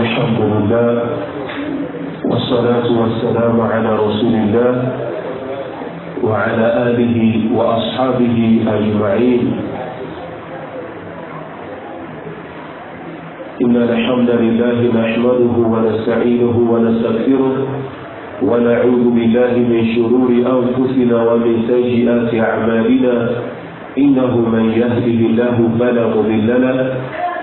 الحمد لله والصلاة والسلام على رسول الله وعلى آله وأصحابه أجمعين إن الحمد لله نحمده ونستعينه ونستغفره ونعوذ بالله من شرور أنفسنا ومن سيئات أعمالنا إنه من يهده الله فلا مضل له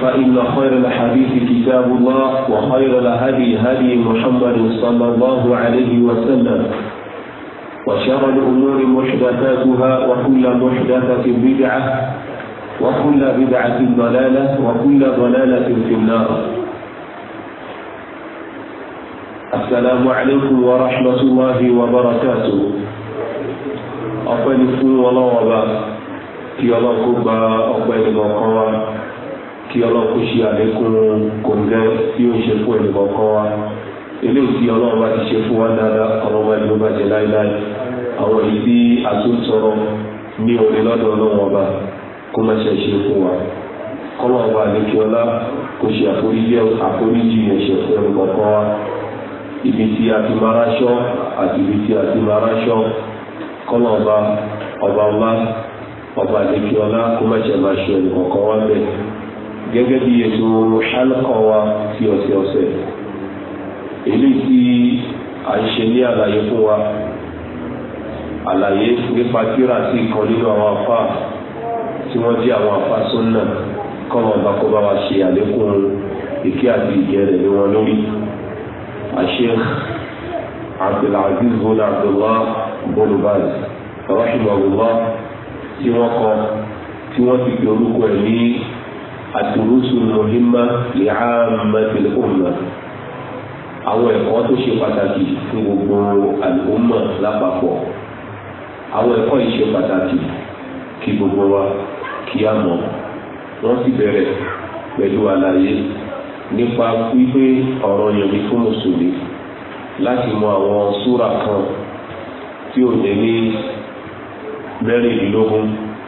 فإن خير الحديث كتاب الله وخير الهدي هدي محمد صلى الله عليه وسلم وشر الأمور محدثاتها وكل محدثة بدعة وكل بدعة ضلالة وكل ضلالة في النار السلام عليكم ورحمة الله وبركاته أقبل فون ولا وبا في الله كبا أقبل مقام kí ọlọ́run kó ṣe àlékún kòǹgẹ́ tí ó ń ṣe fún ẹnì kọ̀ọ̀kan wa eléyìí tí ọlọ́run bá ti ṣe fún wa dáadáa ọlọ́run bá ló bàjẹ́ láíláí àwọn èyí tí a tún tọrọ ní orí lọ́dọ̀ ọlọ́run ọba kó má ṣe ṣe fún wa kọ́lọ́ ọba àlékí ọlá kó ṣe àforíjì àforíjì ẹ̀ṣẹ̀ fún ẹnì kọ̀ọ̀kan wa ibi tí a ti máa ráṣọ àti ibi tí a ti máa ráṣọ kọ́lọ́ ọba ọba ọlá ọba àlékí ọlá kó má ṣe máa ṣe ẹnì kọ̀ọ̀kan wa bẹ́ẹ̀ gẹ́gẹ́ bí ètò ṣálùkọ̀ wa ti ọ̀sẹ̀ ọ̀sẹ̀ èyí tí a ń ṣe ní àlàyé fún wa àlàyé nípa tíra sí kan nínú àwọn afá tí wọ́n jẹ́ àwọn afá súnà kọ́mọ bá kó bá wa ṣe àlékún ìkí àti ìjẹ ní wọn lórí Sheikh Abdulaziz bin Abdullah bin Baz rahimahullah tí wọ́n kọ tí wọ́n ti pe orúkọ ẹ̀ ní àdúrósù mọ̀lẹ́mà lè á mẹ́tẹ̀lẹ́ òmìnà àwọn ẹ̀kọ́ tó ṣe pàtàkì fún gbogbo àlùmọ̀ lápapọ̀ àwọn ẹ̀kọ́ yìí ṣe pàtàkì kí gbogbo wa kí á mọ̀ wọ́n sì bẹ̀rẹ̀ pẹ̀lú àlàyé nípa wípé ọ̀rọ̀ yẹn ni fún mùsùlùmí láti mọ àwọn súra kan tí ò ní ní mẹ́rìndínlógún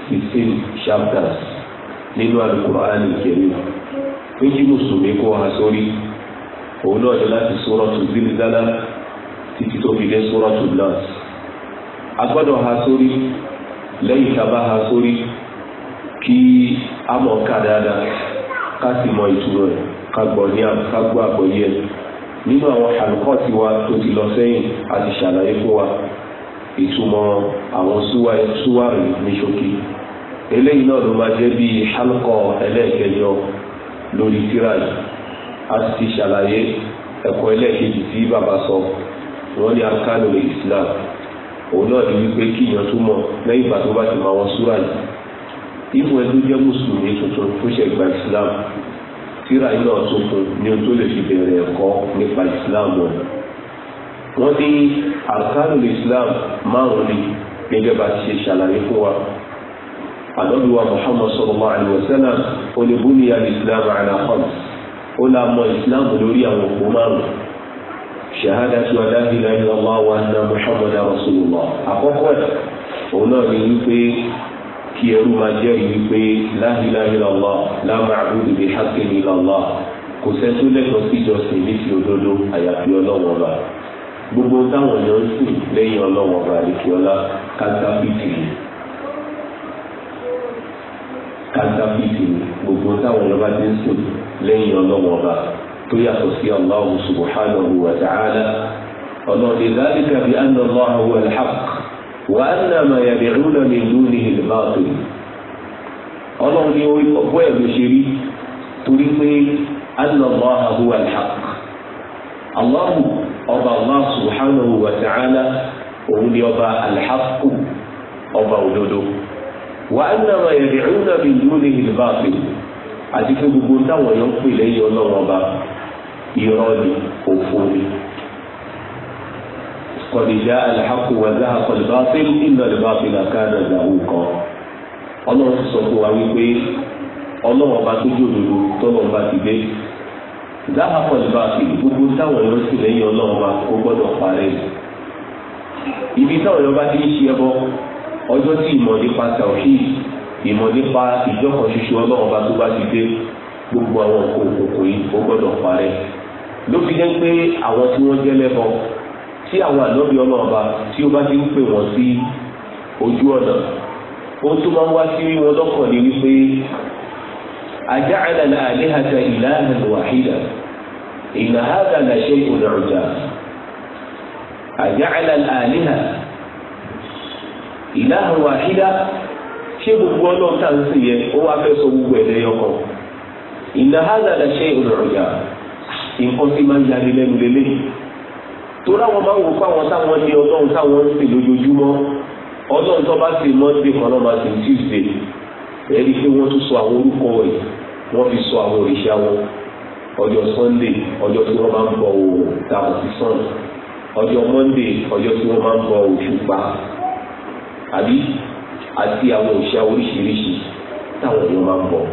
sixteen chapters nínú Al-Qur'an Al-Karim méjì mùsùlùmí kó wa sórí òun náà ni láti Suratul Zilzala títí tó fi dé Suratul Nas a gbọ́dọ̀ ha sórí lẹ́yìn tá a bá ha sórí kí a mọ̀ ká dáadáa ká sì mọ ìtumọ̀ ká gbọ́ ní ká gbọ́ àgbọ́yé ẹ̀ nínú àwọn àlùkọ́ ti wa tó ti lọ sẹ́yìn àti ṣàlàyé fún wa ìtumọ̀ àwọn súwárì ní ṣókí eléyìí náà ló máa jẹ́ bí halkọ ẹlẹ́ẹ̀kẹjọ lórí tírà yìí a ti ṣàlàyé ẹ̀kọ́ ẹlẹ́ẹ̀kejì tí bàbá sọ wọ́n ní arkanu islam òun náà ni wípé kíyàn tó mọ̀ lẹ́yìn ìgbà tó bá ti máa wọn súrà yìí ìmú ẹni jẹ́ mùsùlùmí tuntun tó ṣe gba islam tírà yìí náà tó fún ní o tó lè fi bẹ̀rẹ̀ ẹ̀kọ́ nípa islam wọn. wọ́n ní arkanu islam márùn-ún ni gẹ́gẹ́ bá ti ṣe ṣàlàyé fún wa ànábì wa muhammad sallallahu alayhi wa sallam oníbúni al-islam ala khams ó là mọ islam lórí àwọn òkú márùn shahadatu an la ilaha illallah wa anna muhammadan rasulullah àkọ́kọ́ ẹ̀ òun náà ní wípé kí ẹrú máa jẹ́rìí wípé la ilaha illallah la ma'budu bi haqqin illallah kò sẹ́tú lẹ́tọ̀ọ́ síjọsìn ní ti òdodo àyàfi ọlọ́wọ́n gbogbo kásáfíìsì gbogbo táwọn ọlọ́ba ti ń sùn lẹ́yìn ọlọ́wọ́n ọba tó yàtọ̀ sí Allahu subhanahu wa ta'ala ọlọ́ọ̀dẹ dhalika bi anna Allaha huwa al-haq wa anna ma yad'una min dunihi al-batil ọlọ́run ní orí ọ̀pọ̀ ẹ̀ ló ṣe rí torí pé Allaha huwa al-haq Allahu ọba Allah subhanahu wa ta'ala òun ni ọba al ọba òdodo. wà á nà máa èrè ń nàbí ìlú ní àti pé gbogbo táwọn èèyàn ń pè lẹ́yìn ọlọ́run ọba irọ́ ni òfò ni. kọ̀dìjà alhaku wàzà kọ̀dìbà pé iná lè bá fi káàdà ìyàwó kan ọlọ́run sọ fún wa wípé ọlọ́run ọba tó jò lòlò tọ́lọ́run bá ti dé dáhà kọ̀dìbà pé gbogbo táwọn èèyàn ń lẹ́yìn ọlọ́run ọba ó gbọ́dọ̀ parẹ́ ibi táwọn èèyàn bá ti ń ṣe ọjọ́ tí ìmọ̀ nípa tàwí ìmọ̀ nípa ìjọkan ṣoṣo ọlọ́run bá tó bá ti dé gbogbo àwọn nǹkan òkòkò yìí ó gbọ́dọ̀ parẹ́ ló fi jẹ́ pé àwọn tí wọ́n jẹ́ lẹ́bọ tí àwọn ànábì ọlọ́run bá tí ó bá ti ń pè wọ́n sí ojú ọ̀nà ohun tó máa ń wá sí wọn lọ́kàn ni wípé aja'ala al-alihata ilahan wahida inna hadha la shay'un 'ujab aja'ala al-alihata ìlànà wàhídà ṣé gbogbo ọlọ́run tá à ń sìn yẹn ó wá fẹ́ sọ gbogbo ẹ̀ lẹ́yọkọ ìlà hàzàdà ṣe ìrọ̀rọ̀yà nǹkan tí máa ń yarí lẹ́nu lélẹ̀ tó láwọn máa ń wò fáwọn táwọn di ọlọ́run táwọn ń sìn lójoojúmọ́ ọlọ́run tó bá sì monday kan náà máa sì tuesday ẹni pé wọ́n tún sọ àwọn orúkọ ẹ̀ wọ́n fi sọ àwọn òrìṣà wọn ọjọ́ sunday ọjọ́ tí wọ́n máa ń bọ òòrùn táwọn ti sàn ọjọ́ monday ọjọ́ tí wọ́n máa ń bọ òṣùpá àbí àti àwọn òṣà oríṣiríṣi táwọn èèyàn máa ń bọ̀.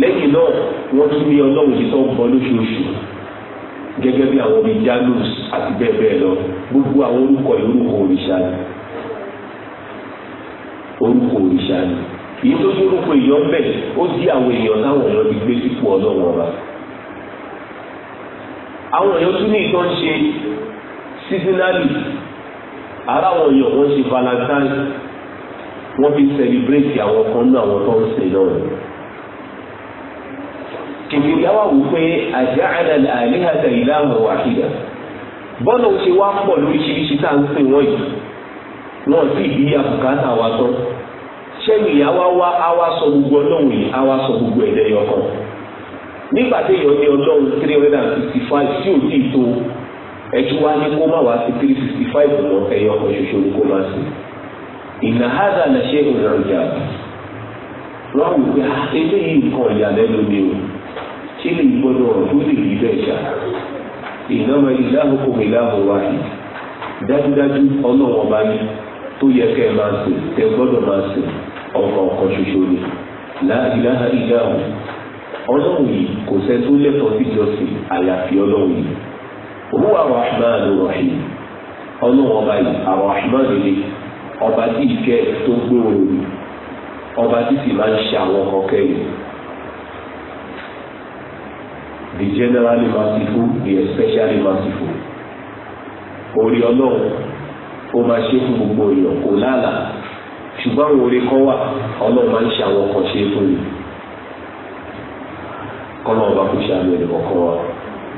lẹ́yìn náà wọ́n tún ní ọlọ́run ti tọ́ ń bọ lóṣooṣù gẹ́gẹ́ bí àwọn bíi janus àti bẹ́ẹ̀ bẹ́ẹ̀ lọ gbogbo àwọn orúkọ ìlórúkọ òrìṣà ni orúkọ òrìṣà ni èyí tó ní orúkọ èèyàn bẹ́ẹ̀ ó dí àwọn èèyàn táwọn èèyàn ti gbé sípò ọlọ́run ọba àwọn èèyàn tún ní ìtàn ṣe seasonally aráwọn èèyàn wọ́n ṣe valentine wọ́n fi celebrate àwọn kan náà àwọn tó ń ṣe náà kìkìkì àwa wò pé àjẹ́ àdàlẹ̀ àìlèhàtà ìlànà wàhídà ò ṣe wá pọ̀ lóríṣiríṣi tá à ń pè wọ́n yìí wọ́n sì bí àbùkátà wa tán ṣẹ́yìn àwa wá àwa sọ gbogbo ọlọ́run yìí àwa sọ gbogbo ẹ̀dẹ́yọ kan nígbà téèyàn ní ọlọ́run three hundred and fifty five tí ò tí ì tó ẹtú wá ní kó má wá sí three sixty five lọ ẹyọ kan ṣoṣo ní kó má sí ìnà hádà nà ṣe ìrìnà ìjà wọn wò pé ah, eléyìí nǹkan ìyàlẹ́nu ni o ṣé lè gbọ́dọ̀ tó lè rí bẹ́ẹ̀ ṣá ìnáwó ìdáhùn kò mí láhùn wáyé dájúdájú ọlọ́wọ́n bá ní tó yẹ kẹ́ ẹ máa sìn tẹ́ gbọ́dọ̀ máa sìn ọkàn ọkàn ṣoṣo ni láìláha ìdáhùn ọlọ́run yìí kò sẹ́ tó lẹ́tọ̀ọ́ síjọ́sìn àyàfi ọlọ́run yìí. huwa rahman rahim ọlọ́run ọba yìí ni ọba tí ìkẹ́ tó gbòòrò ọba tí sì máa ń ṣe àwọn ọkọ kẹ́yìn the generally merciful the especially merciful orí ọlọ́run ó máa ṣe fún gbogbo èèyàn kò lálàá ṣùgbọ́n orí kan wà ọlọ́run máa ń ṣe àwọn kan ṣe fún mi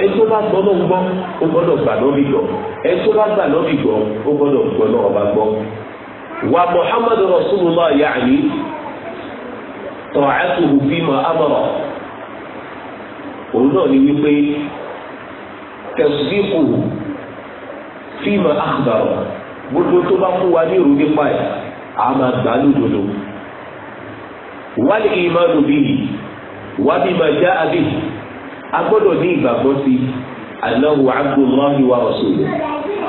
ẹni tó bá gbọ́ lọ́wọ́ gbọ́ ó gbọ́dọ̀ gbà lórí gbọ́ ẹni bá gbà lórí gbọ́ ó gbọ́dọ̀ gbọ́ wa muhammadu rasulullah yaani amara òun náà ni wípé tẹ̀síkù fíìmù àgbàrọ̀ gbogbo tó bá fún wa ní ìrù nípa ẹ̀ a máa gbà lódodo wa Agbọdọ gbọ́dọ̀ ní ìgbàgbọ́ sí aláwo abdullahi wa rasuluhu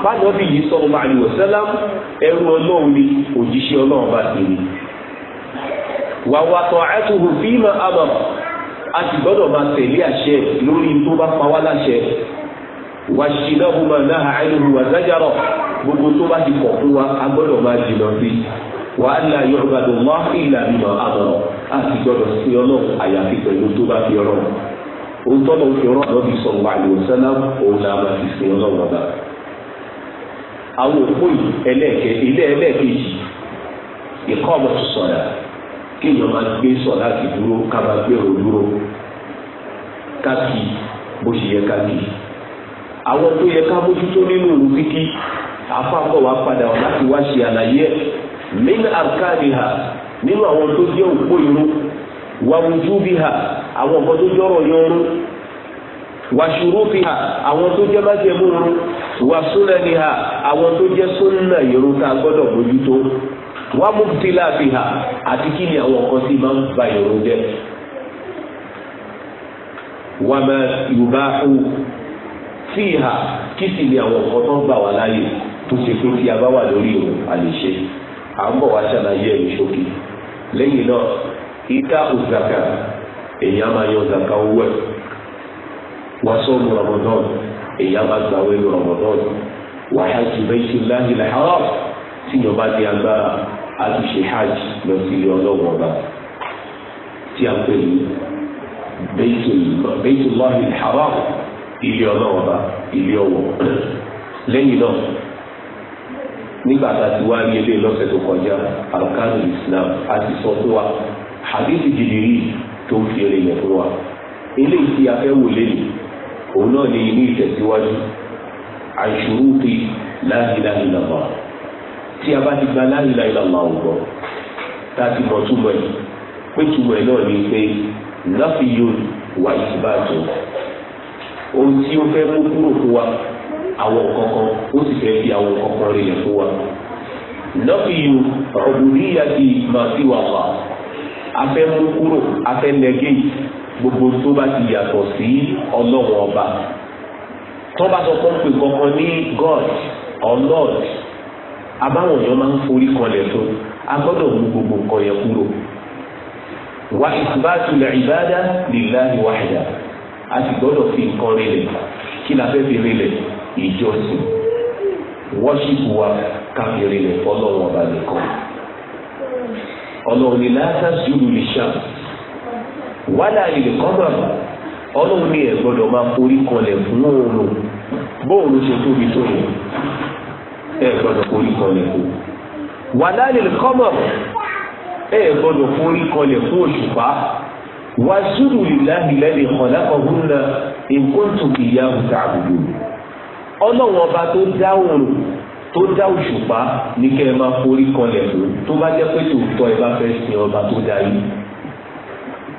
fájọ́bì yìí sallallahu alaihi wasallam ẹrú ọlọ́run ni òjíṣẹ́ ọlọ́run bá ti rí wà wà tọ̀ a sì gbọ́dọ̀ máa tẹ̀lé àṣẹ lórí tó bá pa wá láṣẹ wà náà gbogbo tó bá ti fún a gbọ́dọ̀ máa jìnà sí wà á là ìlànà a sì gbọ́dọ̀ sí ọlọ́run àyàfi pẹ̀lú tó bá fi òótọ́ ló ń fi rán lọ́bí sọ̀rọ̀ àlùsánà òun là máa fi sìn ọlọ́run ọba àwọn òpó ẹlẹ́ẹ̀kẹ́ ilé ẹlẹ́ẹ̀kejì ọmọ tó gbé láti dúró dúró bó ṣe yẹ àwọn tó yẹ ká nínú òun kíkí afáfọ́ wa padà láti wá ṣe ha àwọn nǹkan tó jọrọ yọrùn wàṣúrú fi hà àwọn tó jẹ májẹmú rún wàsúnà ni hà àwọn tó jẹ súnà yòrò tá a gbọ́dọ̀ bójútó wà mùtìlá fi hà àti kí ni àwọn nǹkan tí máa ń ba yòrò jẹ wà má yorùbá hù fi hà kí sì ni àwọn nǹkan tó ń gbà wá láàyè tó ṣe pé kí a bá wà lórí òun a lè ṣe à ń bọ̀ wá ṣàlàyé ẹ̀ ní ṣókí lẹ́yìn náà ìta òṣàkà èyí á máa yan zaka owó ẹ̀ wá sọ́ọ̀mù ramadan èyí á máa gbàwé ní ramadan wà hajj baytullahi al-haram tíyànbá di agbára á ti ṣe hajj lọ sí ilé ọlọ́wọ́ ọba tí a pè ní baytullahi al-haram ilé ọlọ́wọ́ ọba ilé ọwọ́ lẹ́yìn náà nígbà tá a ti wá ilé lọ́sẹ̀ tó kọjá arkanu islam a ti sọ fún wa hadithi jìbìrì tó ń fi rinlẹ̀ fún wa eléyìí tí a fẹ́ wò lélẹ̀ òun náà ni ní ìtẹ̀síwájú àṣùrùkì la ilaha illallah tí a bá ti gba la ilaha illallah ọ̀gbọ́ tá a ti mọ̀ túmọ̀ ẹ̀ pé túmọ̀ ẹ̀ náà ni pé nafiyun wà ìsìbáàtò ohun tí ó fẹ́ mú kúrò fún wa àwọn kankan ó sì fẹ́ fi àwọn kankan rinlẹ̀ fún wa nafiyun rububiyati ma siwa Allah afẹ́ mú kúrò afẹ́ nẹgẹ́yì gbogbo tó bá ti yàtọ̀ sí ọlọ́run ọba tó bá sọ fún pé kankan ní god or lord abáwọn èèyàn máa ń forí kanlẹ̀ tó a gbọ́dọ̀ mú gbogbo nǹkan yẹn kúrò wa ìsìbáàtú lè ìbáadá lillahi wahida a sì gbọ́dọ̀ fi nǹkan rinlẹ̀ kí la fẹ́ fi rinlẹ̀ ìjọsìn wọ́ṣípù wa ká fi rinlẹ̀ fọlọ́run ọba nìkan ọlọ́run ni láàtà sùúrù lè ṣá wàhálà ilẹ̀ kọ́mà ọlọ́run ni ẹ̀ gbọ́dọ̀ máa forí kanlẹ̀ fún oòrùn bóòrùn ṣe tóbi tó yẹ ẹ̀ gbọ́dọ̀ forí kanlẹ̀ fún wàhálà ilẹ̀ kọ́mà ẹ̀ gbọ́dọ̀ forí kanlẹ̀ fún òṣùpá wàásùrù lìláhi lẹ́ni ọ̀làkọ̀hún náà nǹkan tó kìí yá ọ̀tá àbùdù ọlọ́run ọba tó dá oòrùn tó dá òṣùpá ní kẹ́ ẹ máa forí kanlẹ̀ lò tó bá jẹ́ pé tòótọ́ ẹ bá fẹ́ sin ọba tó dá yín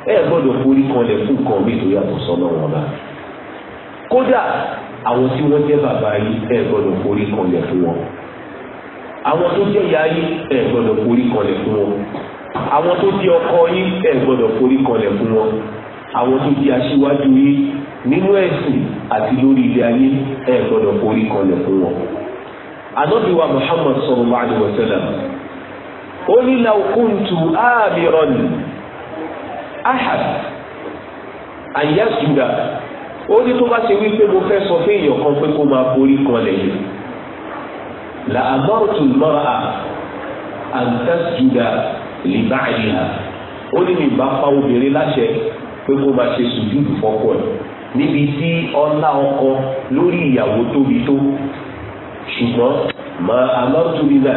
ẹ gbọ́dọ̀ forí kanlẹ̀ fún nǹkan mi tó yàtọ̀ sọ́nà wọn bá kódà àwọn tí wọ́n jẹ́ bàbá yín ẹ gbọ́dọ̀ forí kanlẹ̀ fún wọn àwọn tó jẹ́ ìyá yín ẹ gbọ́dọ̀ forí kanlẹ̀ fún wọn àwọn tó jẹ́ ọkọ yín ẹ gbọ́dọ̀ forí kanlẹ̀ fún wọn àwọn tó jẹ́ aṣíwájú yín nínú ẹ̀sìn àti lórí ilé ayé ẹ gbọ́dọ̀ forí kanlẹ̀ fún wọn ànábì wa muhammad sallallahu alaihi wa sallam ó ní law kuntu amiran ahad an yasjuda ó ní tó bá ṣe wípé mo fẹ́ sọ fún èèyàn kan pé kó máa forí kan lẹ́yìn la amartu al-mar'a an tasjuda li ba'liha ó ní mi bá pa obìnrin láṣẹ pé kó máa ṣe sùjúdù fọ́kọ níbi tí ọlá ọkọ lórí ìyàwó tóbi tó ṣùgbọ́n máa aláwùjọ́rí náà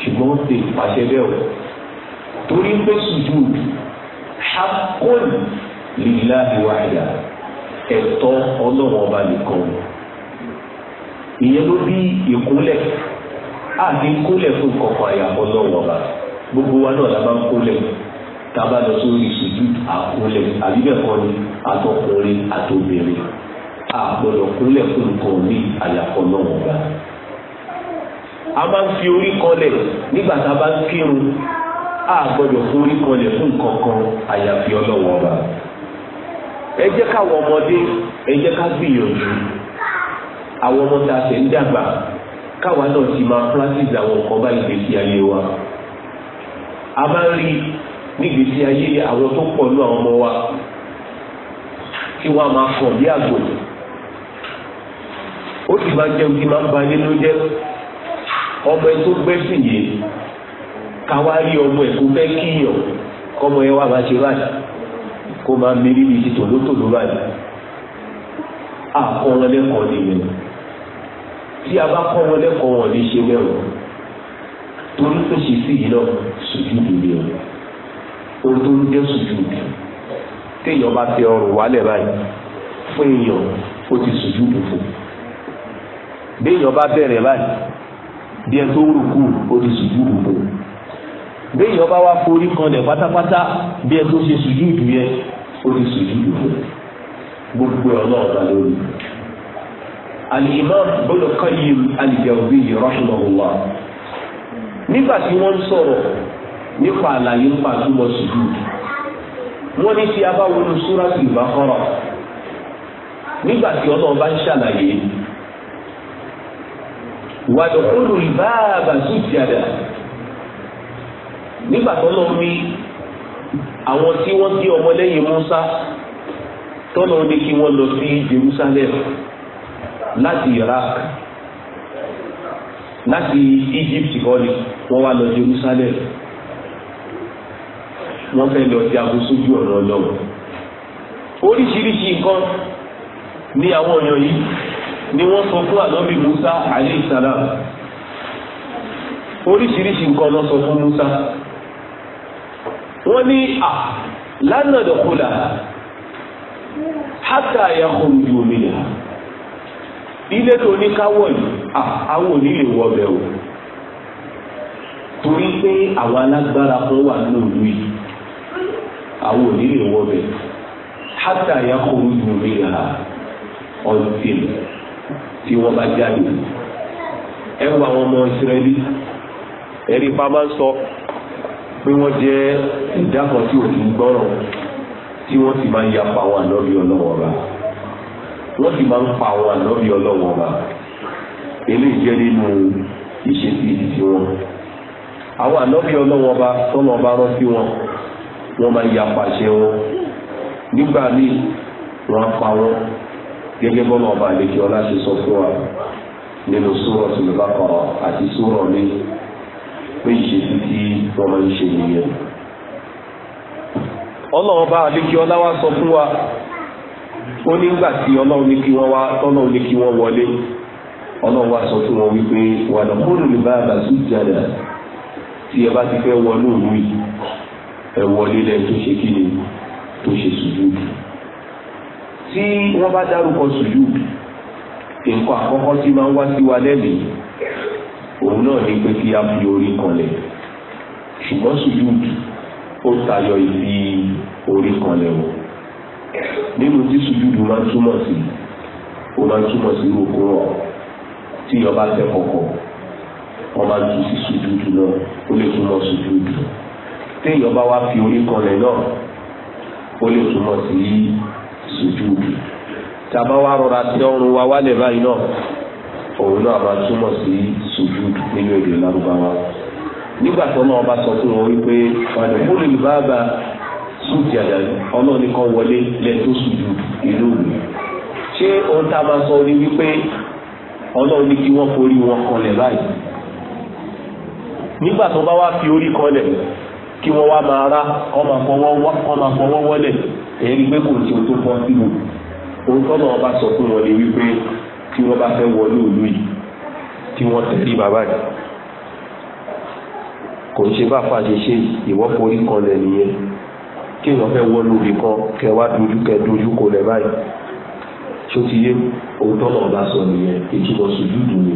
ṣùgbọ́n ó ti pàṣẹ bẹ́ẹ̀ o torí pé sùjúd haqqun lillahi wahda ẹ̀tọ́ ọlọ́wọ́n ọba nìkan ìyẹn ló bí ìkúnlẹ̀ àti ìkúnlẹ̀ fún kọ̀ọ̀kan àyàfọ́ lọ́wọ́ ọba gbogbo wa náà la máa ń kúnlẹ̀ tá sórí sùjúd àkúnlẹ̀ àbí bẹ́ẹ̀ kọ́ ni àtọkùnrin àtobìnrin. àgbọ̀dọ̀ kúnlẹ̀ fún nǹkan ní àyàfọ́ náà a máa ń fi orí kọlẹ̀ nígbà tá a bá ń kírun a fún orí kọlẹ̀ fún nǹkan kan àyàfi ọlọ́wọ́ ọba. ẹ jẹ́ káwọn ọmọdé ẹ jẹ́ ká gbìyànjú àwọn ọmọ tá a ṣẹ̀ ń dàgbà káwa náà ti máa practice àwọn nǹkan ayé wa. a máa ń rí nígbésí ayé àwọn tó pọ̀ ọmọ wa wọ́n máa bí ó sì máa jẹun kí máa ń ba nínú jẹ́ ọmọ ẹ tó gbẹ́sìn yìí káwá rí ọmọ ẹ kó fẹ́ kíyàn kọ́mọ ẹ wá máa ṣe báyìí kó máa mérí ní ti tòlótòló báyìí àkọ́wọn lẹ́kọ̀ọ́ nìyẹn tí a bá kọ́ wọn lẹ́kọ̀ọ́ wọn ní ṣe mẹ́rọ torí tó ṣe sí yìí náà sùjú dùdú ẹ̀ o tó ń jẹ́ sùjú dùdú téèyàn bá tẹ ọrùn wálẹ̀ báyìí fún èèyàn ó ti sùjú dùdú béèyàn bá bẹ̀rẹ̀ báyìí bí ẹ tó ń rùkú ó ti sùjúdù béèyàn bá wá forí kanlẹ̀ pátápátá bí ẹ tó ṣe sùjúdù yẹn ó ti sùjúdù fún gbogbo ọ̀nà lórí. Al-Imam Ibn Qayyim Al-Jawziyyi rahimahullah nígbà tí wọ́n ń sọ̀rọ̀ nípa àlàyé nípa àtúbọ̀ wọ́n ní tí a bá wọnú wàdùkúlù ìbáàbà sùjàdà nígbà tó lọ mi àwọn tí wọ́n bí ọmọlẹ́yìn Musa tọ́lọ́ ní kí wọ́n lọ sí Jerusalem láti Iraq láti Egypt kọ́ni wọ́n wá lọ Jerusalem wọ́n fẹ́ lọ sí agbósójú ọ̀nà ọlọ́run oríṣiríṣi nǹkan ni àwọn èèyàn yìí ni wọ́n sọ fún ànábì Musa alayhi salam oríṣiríṣi nǹkan lọ sọ fún Musa wọ́n ní à lánàá dọ̀kúlà hátà yàkùn ju omi nà ilé tó ní káwọ̀ yìí àwọn ò ní lè wọ ọbẹ̀ o torí pé àwọn alágbára kan wà nínú yìí àwọn ò wọ ọbẹ̀ hátà yàkùn ju omi nà ọ̀sìn tí wọ́n bá jáde ẹ wọ àwọn ọmọ ìsirẹ́lì ẹ̀rí pa máa ń sọ pé wọ́n jẹ́ ẹ̀dá kan tí ò kì í gbọ́ràn tí wọ́n sì máa ń yapa àwọn ànábì ọlọ́wọ́ ọba wọ́n sì máa ń pa àwọn ànábì ọlọ́wọ́ ọba eléyìí jẹ́ nínú ìṣesí ìdí wọn àwọn ànábì ọlọ́wọ́ ọba tọ́nà ọba rán sí wọn máa ń yapa àṣẹ wọn nígbà míì wọ́n á pa wọn. gẹ́gẹ́ bọ́lá ọba àlejò ọlá ṣe sọ fún wa nínú sórọ̀ lè bá kọ̀ọ̀ àti sórọ̀ mi pé ìṣesí tí wọ́n máa ń ṣe nìyẹn. ọlọ́run àlejò sọ fún wa ó nígbà tí ọlọ́run ní kí wọ́n ọlọ́run ní kí wọ́n wọlé ọlọ́run wá sọ fún wọn wípé wà lọ́kùnrin ní tí wọ́n bá dárúkọ sùjúdù nǹkan àkọ́kọ́ tí máa ń wá sí wa lẹ́mìí òun náà ní pé kí a fi orí kanlẹ̀ ṣùgbọ́n sùjúdù ó tayọ ibi orí kanlẹ̀ o nínú tí sùjúdù máa ń túmọ̀ sí ó máa ń túmọ̀ sí òkú rọ̀ tí ìyọba fẹ́ kọ̀kọ̀ wọ́n máa ń tún sí sùjúdù náà ó lè túmọ̀ sùjúdù téèyàn bá wá fi orí kanlẹ̀ náà ó lè túmọ̀ sí sùjúd tàbá wa rọra tẹ ọrùn wa wálẹ̀ báyìí náà òun náà máa túmọ̀ sí sùjúd nínú èdè lárúbáwá nígbà tó náà bá sọ fún wọn wípé fàdùkúlù ìbáàbà sùjì àdàlù ọlọ́run ní kan wọlé lẹ́tọ́ sùjúd ìlú mi ṣé ohun tá a máa sọ ni wípé ọlọ́run ní kí wọ́n forí wọn kanlẹ̀ báyìí nígbà tó bá wá fi orí kanlẹ̀ kí wọ́n wá máa rá wọ́n máa fọwọ́ wọ́lẹ̀ èyí pé kò sí o tó bọ́ sílùú ohun tọ́nà ọba sọ fún wọn ni wípé tí wọ́n bá fẹ́ wọlé òlú yìí tí wọ́n tẹ̀lé bàbá yìí kò ń ṣe bá fà ṣe ṣe ìwọ́pọ̀ orí kan lẹ̀ nìyẹn kí wọ́n fẹ́ wọlé òbí kan kẹ wá dojú kẹ dojú kò lẹ̀ báyìí ṣó ti yé ohun tọ́nà ọba sọ nìyẹn ìtumọ̀ sùdúdù ni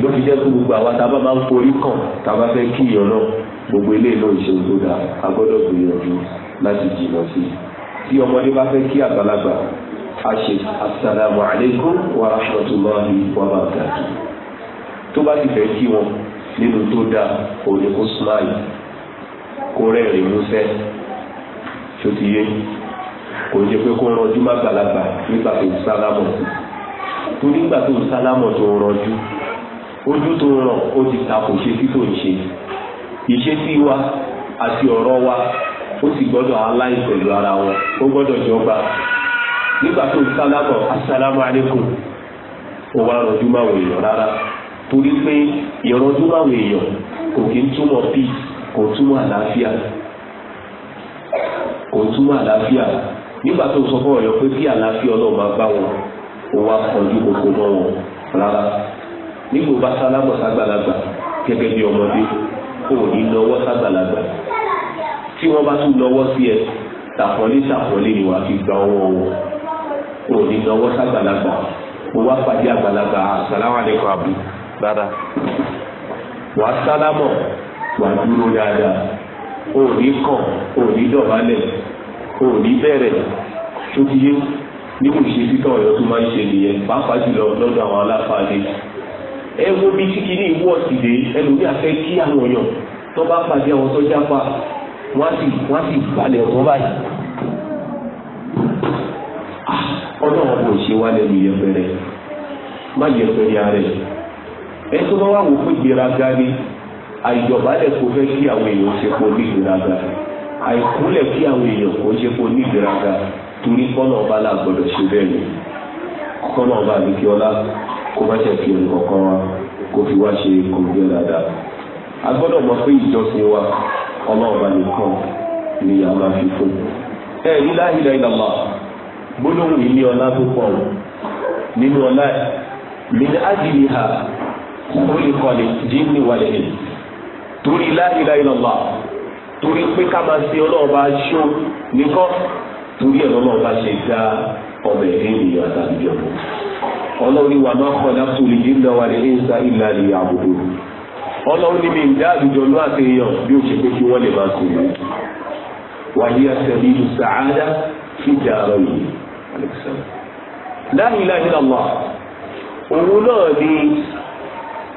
ló fi jẹ́ kí gbogbo àwa tá a bá máa ń forí kàn tá a bá fẹ́ kí ìyàn náà gbogbo ilé náà ṣe tó dáa a gbọ́dọ̀ gbìyànjú láti jìnnà sí i tí ọmọdé bá fẹ́ kí àgbàlagbà a ṣe asalaamu aleykum wa rahmatulahi wa barakatu tó bá ti fẹ́ kí wọn nínú tó dáa òní kó smile kó rẹ́rìn músẹ́ tó ti yé kò jẹ́ pé kó rọjú má gbàlagbà nígbà tó ń sálámọ̀ tó nígbà tó ń sálámọ̀ tó ń rọjú ojú tó ń ràn ó ti ta kò ṣe tí tó ń ṣe. ìṣesí wa àti ọ̀rọ̀ wa ó sì gbọ́dọ̀ aláìn pẹ̀lú ara wọn ó gbọ́dọ̀ jọba nígbà tó ń sálábọ̀ asálámù alaykum ó wá rọjú máwò èèyàn rárá torí pé ìrọjú máwò èèyàn kò kí ń túmọ̀ peace kò túmọ̀ àlàáfíà kò túmọ̀ àlàáfíà nígbà tó ń sọ fún ọ̀yọ́ pé kí àlàáfíà ọlọ́run máa bá wọn ó wá ò ní lọ́wọ́ ságbàlagbà tí wọ́n bá tún lọ́wọ́ sí ẹ tàpọ́lé tàpọ́lé ni wàá fi gba ọwọ́ wọn ò ní lọ́wọ́ ságbàlagbà mo wá pàdé àgbàlagbà àsàlámàlẹ́kọ̀ àbí rárá wàá sálámọ̀ wàá dúró dáadáa ò ní kàn ò ní dọ̀bálẹ̀ ò ní bẹ̀rẹ̀ tó ti yé níbo ìṣesí tọ̀yọ́ tó máa ń ṣe nìyẹn pàápàá jùlọ lọ́dọ̀ àwọn aláfáàdé ẹ wo bí tí kìíní ìwọ ìdè ẹlòmí àfẹ́ kí àwọn èèyàn tó bá pàdé àwọn tó jápa wọ́n á sì wọ́n á sì balẹ̀ ọ̀tún báyìí. Ah, ọlọ́run kò ṣe wá lẹ́nu yẹpẹrẹ má yẹpẹrẹ ara ẹ̀ ẹ tó bá wà wò fún ìgbéraga ni àìjọba lẹ̀ kó fẹ́ kí àwọn èèyàn ṣe pọ̀ ní ìgbéraga àìkúnlẹ̀ kí àwọn èèyàn kò ṣe pọ̀ ní ìgbéraga torí kọ́nà ọba làgbọ́dọ̀ ṣe bẹ́ẹ̀ ni kọ́nà ọba àbíkí kó má ṣe fi wa kó fi wá ṣe kòǹgẹ́ dáadáa. a gbọ́dọ̀ mọ̀ pé ìjọsìn wa ọlọ́ọ̀bá nìkan ni a máa fi fún. ẹ ní la ilaha gbólóhùn yìí ní ọlá tó pọ̀ nínú ọlá ẹ̀ min ajliha ha jinni wal insi torí la ilaha illallah torí pé ká máa ṣe ọlọ́ọ̀bá ṣó nìkan torí ẹ̀ lọ́lọ́ọ̀bá ṣe dá àtàlùjọ́ ọlọ́run ní wà náà kọ́ dáṣù lè jí lọ́wọ́ ní ẹ̀ńsà ìlà lè àbùdó ọlọ́run ní mi ìdá àdùjọ náà ti yàn bí ó ṣe pé kí wọ́n lè máa sùn mí wàyí àtẹ̀lé ìlú sàádà fi jà àrọ̀ yìí láyé láyé lọ́wọ́ òun náà ni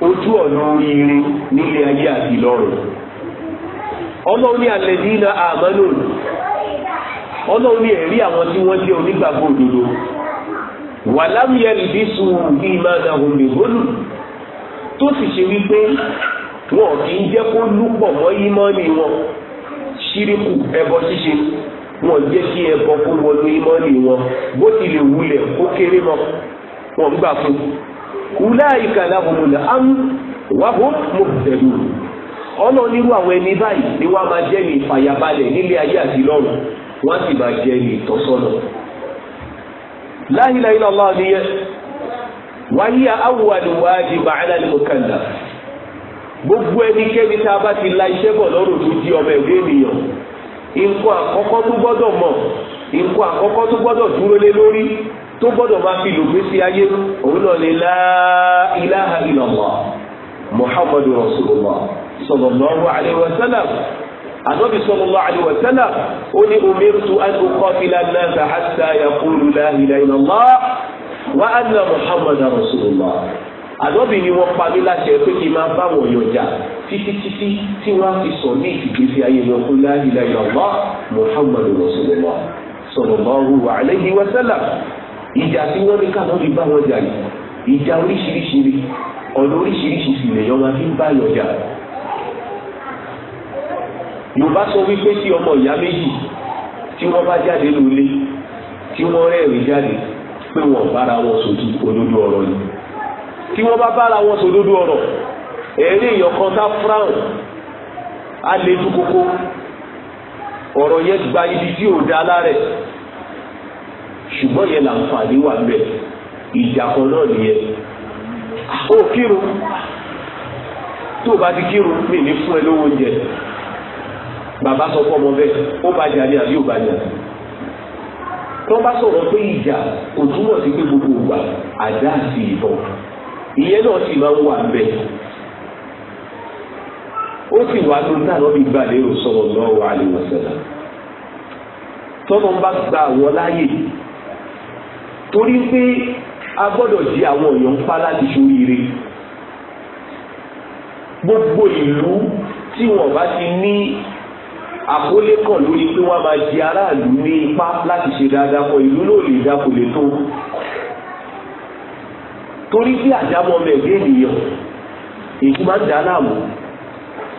ojú ọ̀nà oríire nílé ayé àti lọ́run ọlọ́run ní alẹ́ ní àmọ́ lónìí ọlọ́run ní ẹ̀rí àwọn tí wọ́n jẹ́ onígbàgbọ́ òdodo wàlámìyẹlì bí sùn bí máa dàgbò lè gbólù tó sì ṣe wípé wọn kì í jẹ́ kó lúpọ̀ mọ́ ìmọ̀ọ́nì wọn ṣíríkù ẹbọ ṣíṣe wọn jẹ́ kí ẹbọ kó wọnú ìmọ̀ọ́nì wọn bó tilẹ̀ wulẹ̀ kó kéré mọ́ wọn gbà fún wúláyìíkà láhùnmùlà ám wàhùn mọ̀tẹ̀lù ọ̀nà onírú àwọn ẹni báyìí ni wọ́n á máa jẹ́ ní ìfàyàbalẹ̀ nílé ayé àti lọ́run wọ́n á sì máa jẹ́ ní ìtọ́sọ́nà. la ilaha illallah nìyẹn wa hiya awwal wajib ala al-mukallaf gbogbo ẹnikẹ́ni tá a bá ti la iṣẹ́ bọ̀ lọ́rùn tó di ọmọ ẹ̀gbẹ́ ènìyàn nǹkan àkọ́kọ́ tó gbọ́dọ̀ mọ̀ nǹkan àkọ́kọ́ tó gbọ́dọ̀ dúró lé lórí tó gbọ́dọ̀ máa fi lògbé sí ayé òun náà ànábì sallallahu alaihi wasallam ó ní umirtu an uqatila an-nasa hatta yaqulu la ilaha illallah wa anna muhammadan rasulullah ànábì ni wọ́n pa mí láṣẹ pé kí n máa bá wọn yọjà títí títí tí wọ́n á fi sọ ní ìgbésí ayé wọn fún la ilaha illallah muhammadan rasulullah sallallahu alaihi wasallam ìjà tí wọ́n ní káàdọ́bì bá wọn jà yìí ìjà oríṣiríṣi ọ̀nà oríṣiríṣi sì lèèyàn máa fi ń bá yọjà yorùbá sọ wípé tí ọmọ ìyá méjì tí wọ́n bá jáde lólé tí wọ́n rẹ́rìn jáde pé wọ́n bára wọn sòdí òdodo ọ̀rọ̀ yìí tí wọ́n bá bára wọn sòdodo ọ̀rọ̀ ẹ̀rí èèyàn kan tá fúráhùn á lè dú kókó ọ̀rọ̀ yẹn gba ibi tí ò da alárẹ̀ ṣùgbọ́n yẹn làǹfààní wà bẹ̀ ìjà kan náà nìyẹn ó kírun tó o bá ti kírun mi ní fún ẹ lówó oúnjẹ bàbá sọ fọmọ bẹ́ẹ̀ ó bàjá ni àbí ò bàjá tó bá sọ̀rọ̀ pé ìjà kò túmọ̀ sí pé gbogbo ìgbà àdá àti ìbọn ìyẹn náà sì máa ń wà ń bẹ̀ ó sì wà ló ń dáná bí gbàlẹ́ ò sọ̀rọ̀ náà wà lè wọ̀ sẹ́lá tọ́nà ń bá gba àwọn láàyè torí pé a gbọ́dọ̀ jí àwọn èèyàn pa láti ṣoríire gbogbo ìlú tí wọ́n bá ti ní àkólé kàn lórí pé wọ́n máa di aráàlú ní ipá láti ṣe dáadáa kan ìlú náà lè dá kò lè tó torí bí àdámọ́ mẹ́ẹ̀dé ènìyàn èyí máa ń dá láàmú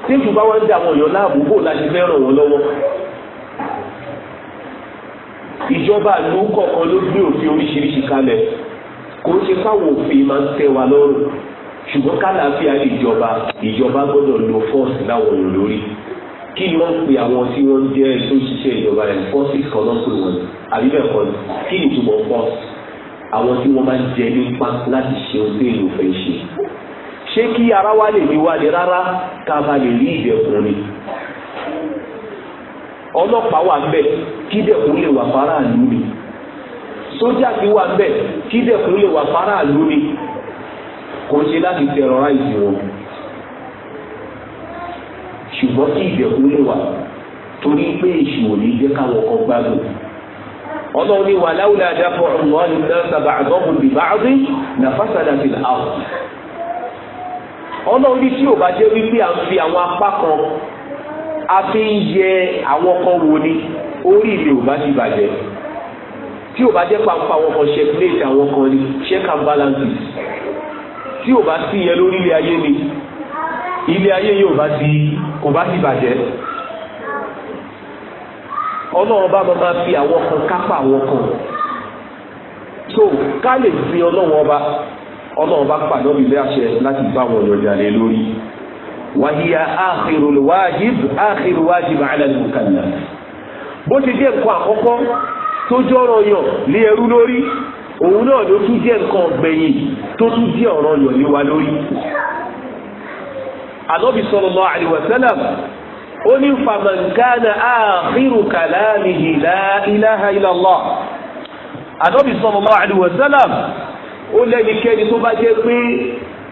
tẹ́jú bá wá ń dá àwọn èèyàn láàmú bò láti fẹ́ ràn wọ́n lọ́wọ́ ìjọba ìlú kọ̀ọ̀kan ló gbé òfin oríṣiríṣi kalẹ̀ kò ń ṣe káwọn òfin máa ń tẹ́ wa lọ́rùn ṣùgbọ́n kálàáfíà ìjọba ìjọba gbọ́dọ̀ lo fọ́ọ̀sì láwọn èèyàn lórí kí ni wọ́n pe àwọn tí wọ́n jẹ́ tó ṣiṣẹ́ ìjọba rẹ̀ forces kan náà pè wọ́n àbí bẹ́ẹ̀ kọ́ kí ni ìtumọ̀ force àwọn tí wọ́n máa ń jẹ nípa láti ṣe ohun tí èèyàn fẹ́ ṣe ṣé kí ara wa lè ní wálé rárá ká bá lè rí ìdẹ̀kùn ni ọlọ́pàá wà ń kí dẹ̀kùn lè wà fara àlú ni sójà ti wà ń kí dẹ̀kùn lè wà fara àlú ni kò ṣe láti terrorize wọn ṣùgbọ́n tí ìjẹ̀kú lè wà torí pé èṣù ò ní jẹ́ káwọn kan gbádùn. ọlọ́run ní wàláwùlà àdàpọ̀ ọ̀nà àlùdáńsàbà àdọ́gùn bìbá àdé nà fásádàtì àwọn. ọlọ́run ní tí ò bá jẹ́ wípé à ń fi àwọn apá kan a fi ń yẹ àwọn kan wò ni orí ilé ò bá ti bàjẹ́ tí ò bá jẹ́ pàǹpà àwọn kan check plate àwọn kan ni check and balances tí ò bá sí yẹn lórí ayé ni ilé ayé yóò bá ti kò bá ti bàjẹ́ ọlọ́run bá máa fi àwọn kan kápá àwọn kan so ká lè fi ọlọ́run ọba ọlọ́run bá pàdé ọbí bẹ́ẹ̀ àṣẹ láti bá wọn yọjà lé lórí wàhíyà áàkìrò wájib áàkìrò wájib àlẹ́ mukallaf bó ti jẹ́ nǹkan àkọ́kọ́ tó jọ́rọ̀ yàn lé ẹrú lórí òun náà ló tún jẹ́ nǹkan ọ̀gbẹ̀yìn tó tún jẹ́ ọ̀rọ̀ yàn lé wa lórí ànábì sallallahu alaihi wasallam ó ní fàmọ̀nkánà akhiru kalamihi la ilaha illallah ànábì sallallahu alaihi wasallam ó lẹ́nikẹ́ni tó bá jẹ́ pé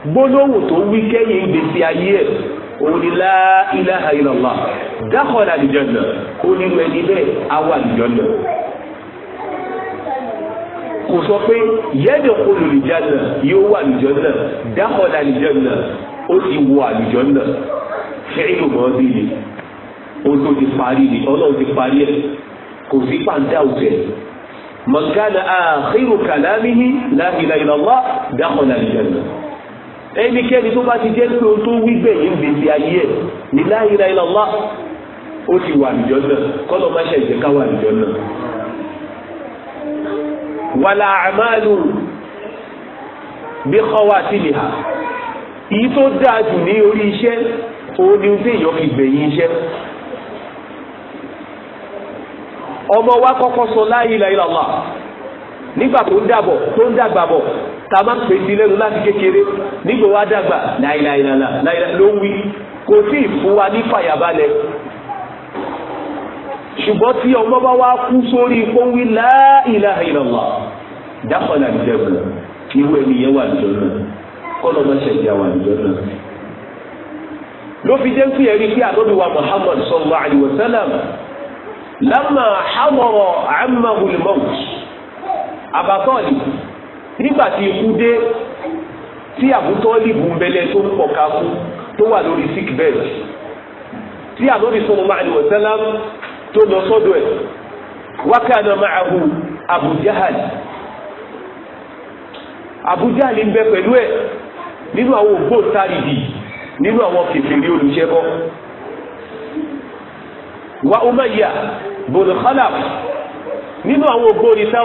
gbólóhùn tó wí kẹ́yìn ìgbésí ayé ẹ̀ òun ni la ilaha illallah dakhala aljanna kó nínú ẹni bẹ́ẹ̀ á wà aljanna kò sọ pé yẹ́dẹ̀ kó lòlìjọ́nà yóò wà aljanna dakhala aljanna ó ti wọ àlùjọ́ náà ṣẹ́yìn mọ́ bí ni ohun tó ti parí ni ọlọ́run ti parí ẹ̀ kò sí pàǹdà òtẹ̀ mọ̀gánà àkírù kàlámìhì láhìlá ìlọ́wọ́ dákọ̀lá ìjẹ̀nà ẹnikẹ́ni tó bá ti jẹ́ pé ohun tó wí gbẹ̀yìn gbèsè ayé ẹ̀ ní láhìlá ìlọ́wọ́ ó ti wà àlùjọ́ náà kọ́lọ́ má ṣe ìjẹ́ká wà àlùjọ́ náà wàlà àmàlù bí kọ́wà sílẹ̀ hà. Iyi tó dáa jù ní orí iṣẹ́ òun ni tí èèyàn fi gbẹ̀yìn iṣẹ́ ọmọ wa kọ́kọ́ sọ la ilaha nígbà tó ń dàbọ̀ tó ń dàgbà bọ̀ tá a máa ń pè sí lẹ́nu láti kékeré nígbà wa dàgbà la ló wí kò sí wa ní fàyàbalẹ̀ ṣùgbọ́n tí ọmọ bá kú sórí dákọ̀lá ìjẹ̀bù ẹni yẹn wà kọ́lọ́ má ṣe ìyá wa nìjọ náà. ló fi jẹ́ pé ẹ̀rí pé àdọ́dọ̀ wa Muhammad sallallahu alayhi wa sallam lámà hamọ̀rọ̀ àmàhùn mọ́t àbátọ́ọ̀lì nígbà tí ikú dé tí àbútọ́ọ̀lì bùnbẹ̀lẹ̀ tó ń pọ̀ ká kú tó wà lórí sick bed tí àdọ́dọ̀ sallallahu alayhi wa sallam tó lọ sọ́dọ̀ ẹ̀ wákàna ma'ahu Abu Jahal Abu ń bẹ pẹ̀lú ẹ̀ nínú àwọn ògbóǹtarìdì nínú àwọn kèfèrí olùṣẹbọ wa umayya bonu khalaf nínú àwọn ògbó nìta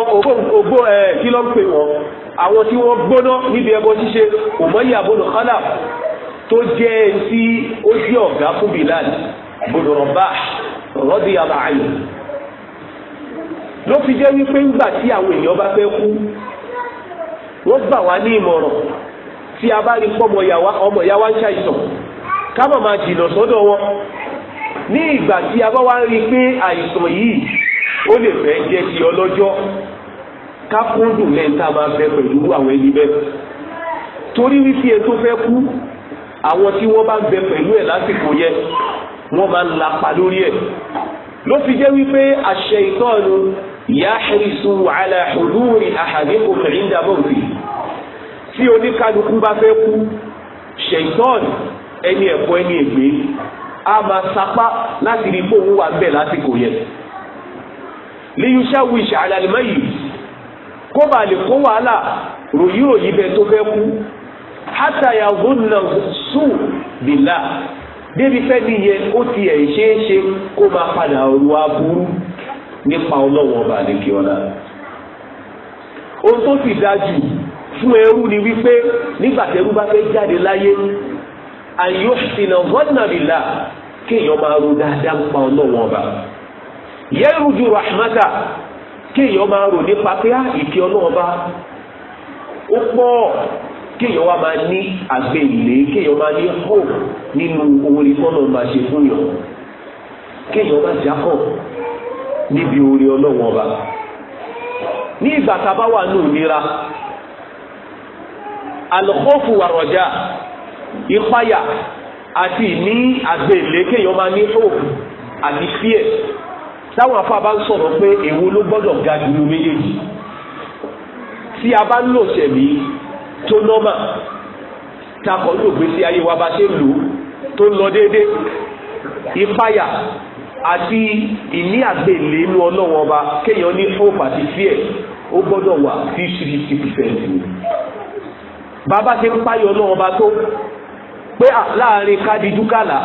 ògbó ẹ kí ló ń pè wọn àwọn tí wọn gbóná níbi ẹbọ ṣíṣe umayya bonu khalaf tó jẹ́ ẹni tí ó jẹ́ ọ̀gá fún bilal bonu rabah radiyallahu anhu ló fi jẹ́ wípé ńgbà tí àwọn èèyàn bá fẹ́ kú wọ́n gbà wá ní ìmọ̀ràn tí a bá rí pọ́mọ ọmọ ìyá wa ń ṣàìsàn ká má máa jìnnà sọ́dọ̀ wọn ní ìgbà tí a bá wá ń rí i pé àìsàn yìí ó lè fẹ́ jẹ́ ti ọlọ́jọ́ ká kúndùn lẹ́yìn tá a máa bẹ pẹ̀lú àwọn ẹni bẹ́ẹ̀ torí wípé tó fẹ́ kú àwọn tí wọ́n bá ń bẹ pẹ̀lú ẹ̀ lásìkò yẹn wọ́n máa ń lapa lórí ẹ̀ ló fi jẹ́ wípé àṣẹ ìtọ́nu yahrisu ala huduri ahadikum inda mawti tí oníkálukú bá fẹ́ kú ṣèǹtọ́n ẹni ẹ̀kọ́ ẹni ègbé a máa sapá láti rí bóun wà bẹ́ẹ̀ lásìkò yẹn liyusa wish alalimọ yìí kó bá lè kó wàhálà ròyìnròyìn bẹ́ẹ̀ tó fẹ́ kú hátàyà gómìnà sùn bìlà débi fẹ́ nìyẹn ó ti ẹ̀ ṣeé ṣe kó máa padà ru aburú nípa ọlọ́wọ́n ọba àdékè ọ̀la ohun tó sì dájú fún ẹrú ni wípé nígbà tẹrú bá fẹ́ jáde láyé àyò ìnà vọ́nàbìlà kéèyàn máa ro dáadáa pa ọlọ́wọ́n ọba yẹ́rù ju rahmata kéèyàn máa rò nípa pé á ah, ìkẹ́ ọlọ́wọ́n ọba ó pọ̀ kéèyàn wá máa ní àgbélé kéèyàn máa ní hope nínú oore fọ́nà máa ṣe fún yàn kéèyàn máa jákọ̀ níbi oore ọlọ́wọ́n ọba ní ìgbà tá a bá wà ní òmìnira alukófù wàrọ̀jà ìpayà àti ìní àgbèlè kéèyàn máa ní hope àti fear táwọn afá bá ń sọ̀rọ̀ pé èwo ló gbọ́dọ̀ ga jùlọ méjèèjì tí a bá ń lò sẹ̀mí tó nọ́mà takọ̀ ní ògbésí ayé wa bá ṣe ń lò tó ń lọ déédé ìpayà àti ìní àgbèlè inú ọlọ́wọ́n ọba kéèyàn ní hope àti fear ó gbọ́dọ̀ wà sí sixty percent bàbá ṣe ń páyọ̀ náà ọba tó pé láàrin kádi dúkàlà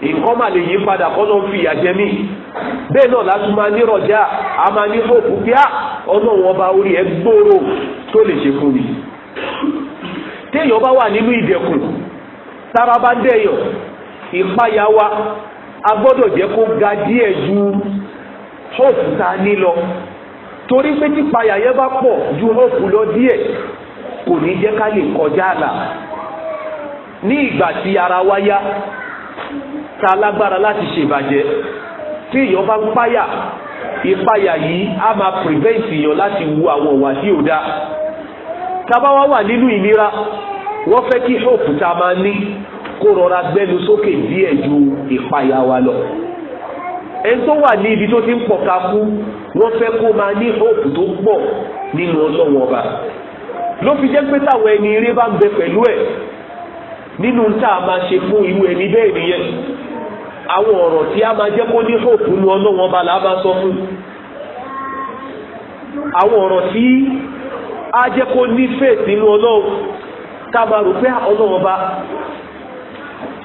nǹkan mà lè yí padà kọ́ ló ń fi ìyà jẹ mí bẹ́ẹ̀ náà látún máa ní rọ̀jà a máa ní hóòpù pé á ọlọ́run ọba orí ẹ gbòòrò tó lè ṣe fún mi téèyàn bá wà nínú ìdẹ̀kùn tára bá dẹ̀yàn ìpáyà wa a gbọ́dọ̀ jẹ́ kó ga díẹ̀ ju hóòpù tá ní lọ torí pé típayà yẹn bá pọ̀ ju hóòpù lọ díẹ̀ kò ní jẹ́ ká lè kọjá àlà ní ìgbà tí ara wa yá ta lágbára láti ṣèbàjẹ́ tí èèyàn bá páyà ìpáyà yìí á máa prevent èèyàn láti wu àwọn ìwà tí ò dáa tábá wá wà nínú ìnira wọ́n fẹ́ kí hope tá a máa ní kó rọra gbẹ́nu sókè díẹ̀ ju ìpáyà wa lọ ẹni tó wà ní ibi tó ti ń pọ̀ ká kú wọ́n fẹ́ kó máa ní hope tó pọ̀ nínú ọlọ́wọ́n ọba ló fi jẹ́ pé táwọn ẹni eré bá ń bẹ pẹ̀lú ẹ̀ nínú tá a máa ṣe fún irú ẹni bẹ́ẹ̀ nìyẹn àwọn ọ̀rọ̀ tí a máa jẹ́ kó ní hope nu ọlọ́wọ́n bá là á bá sọ fún àwọn ọ̀rọ̀ tí a jẹ́ kó ní faith nínú ọlọ́wọ́ tá máa rò pé ọlọ́wọ́n bá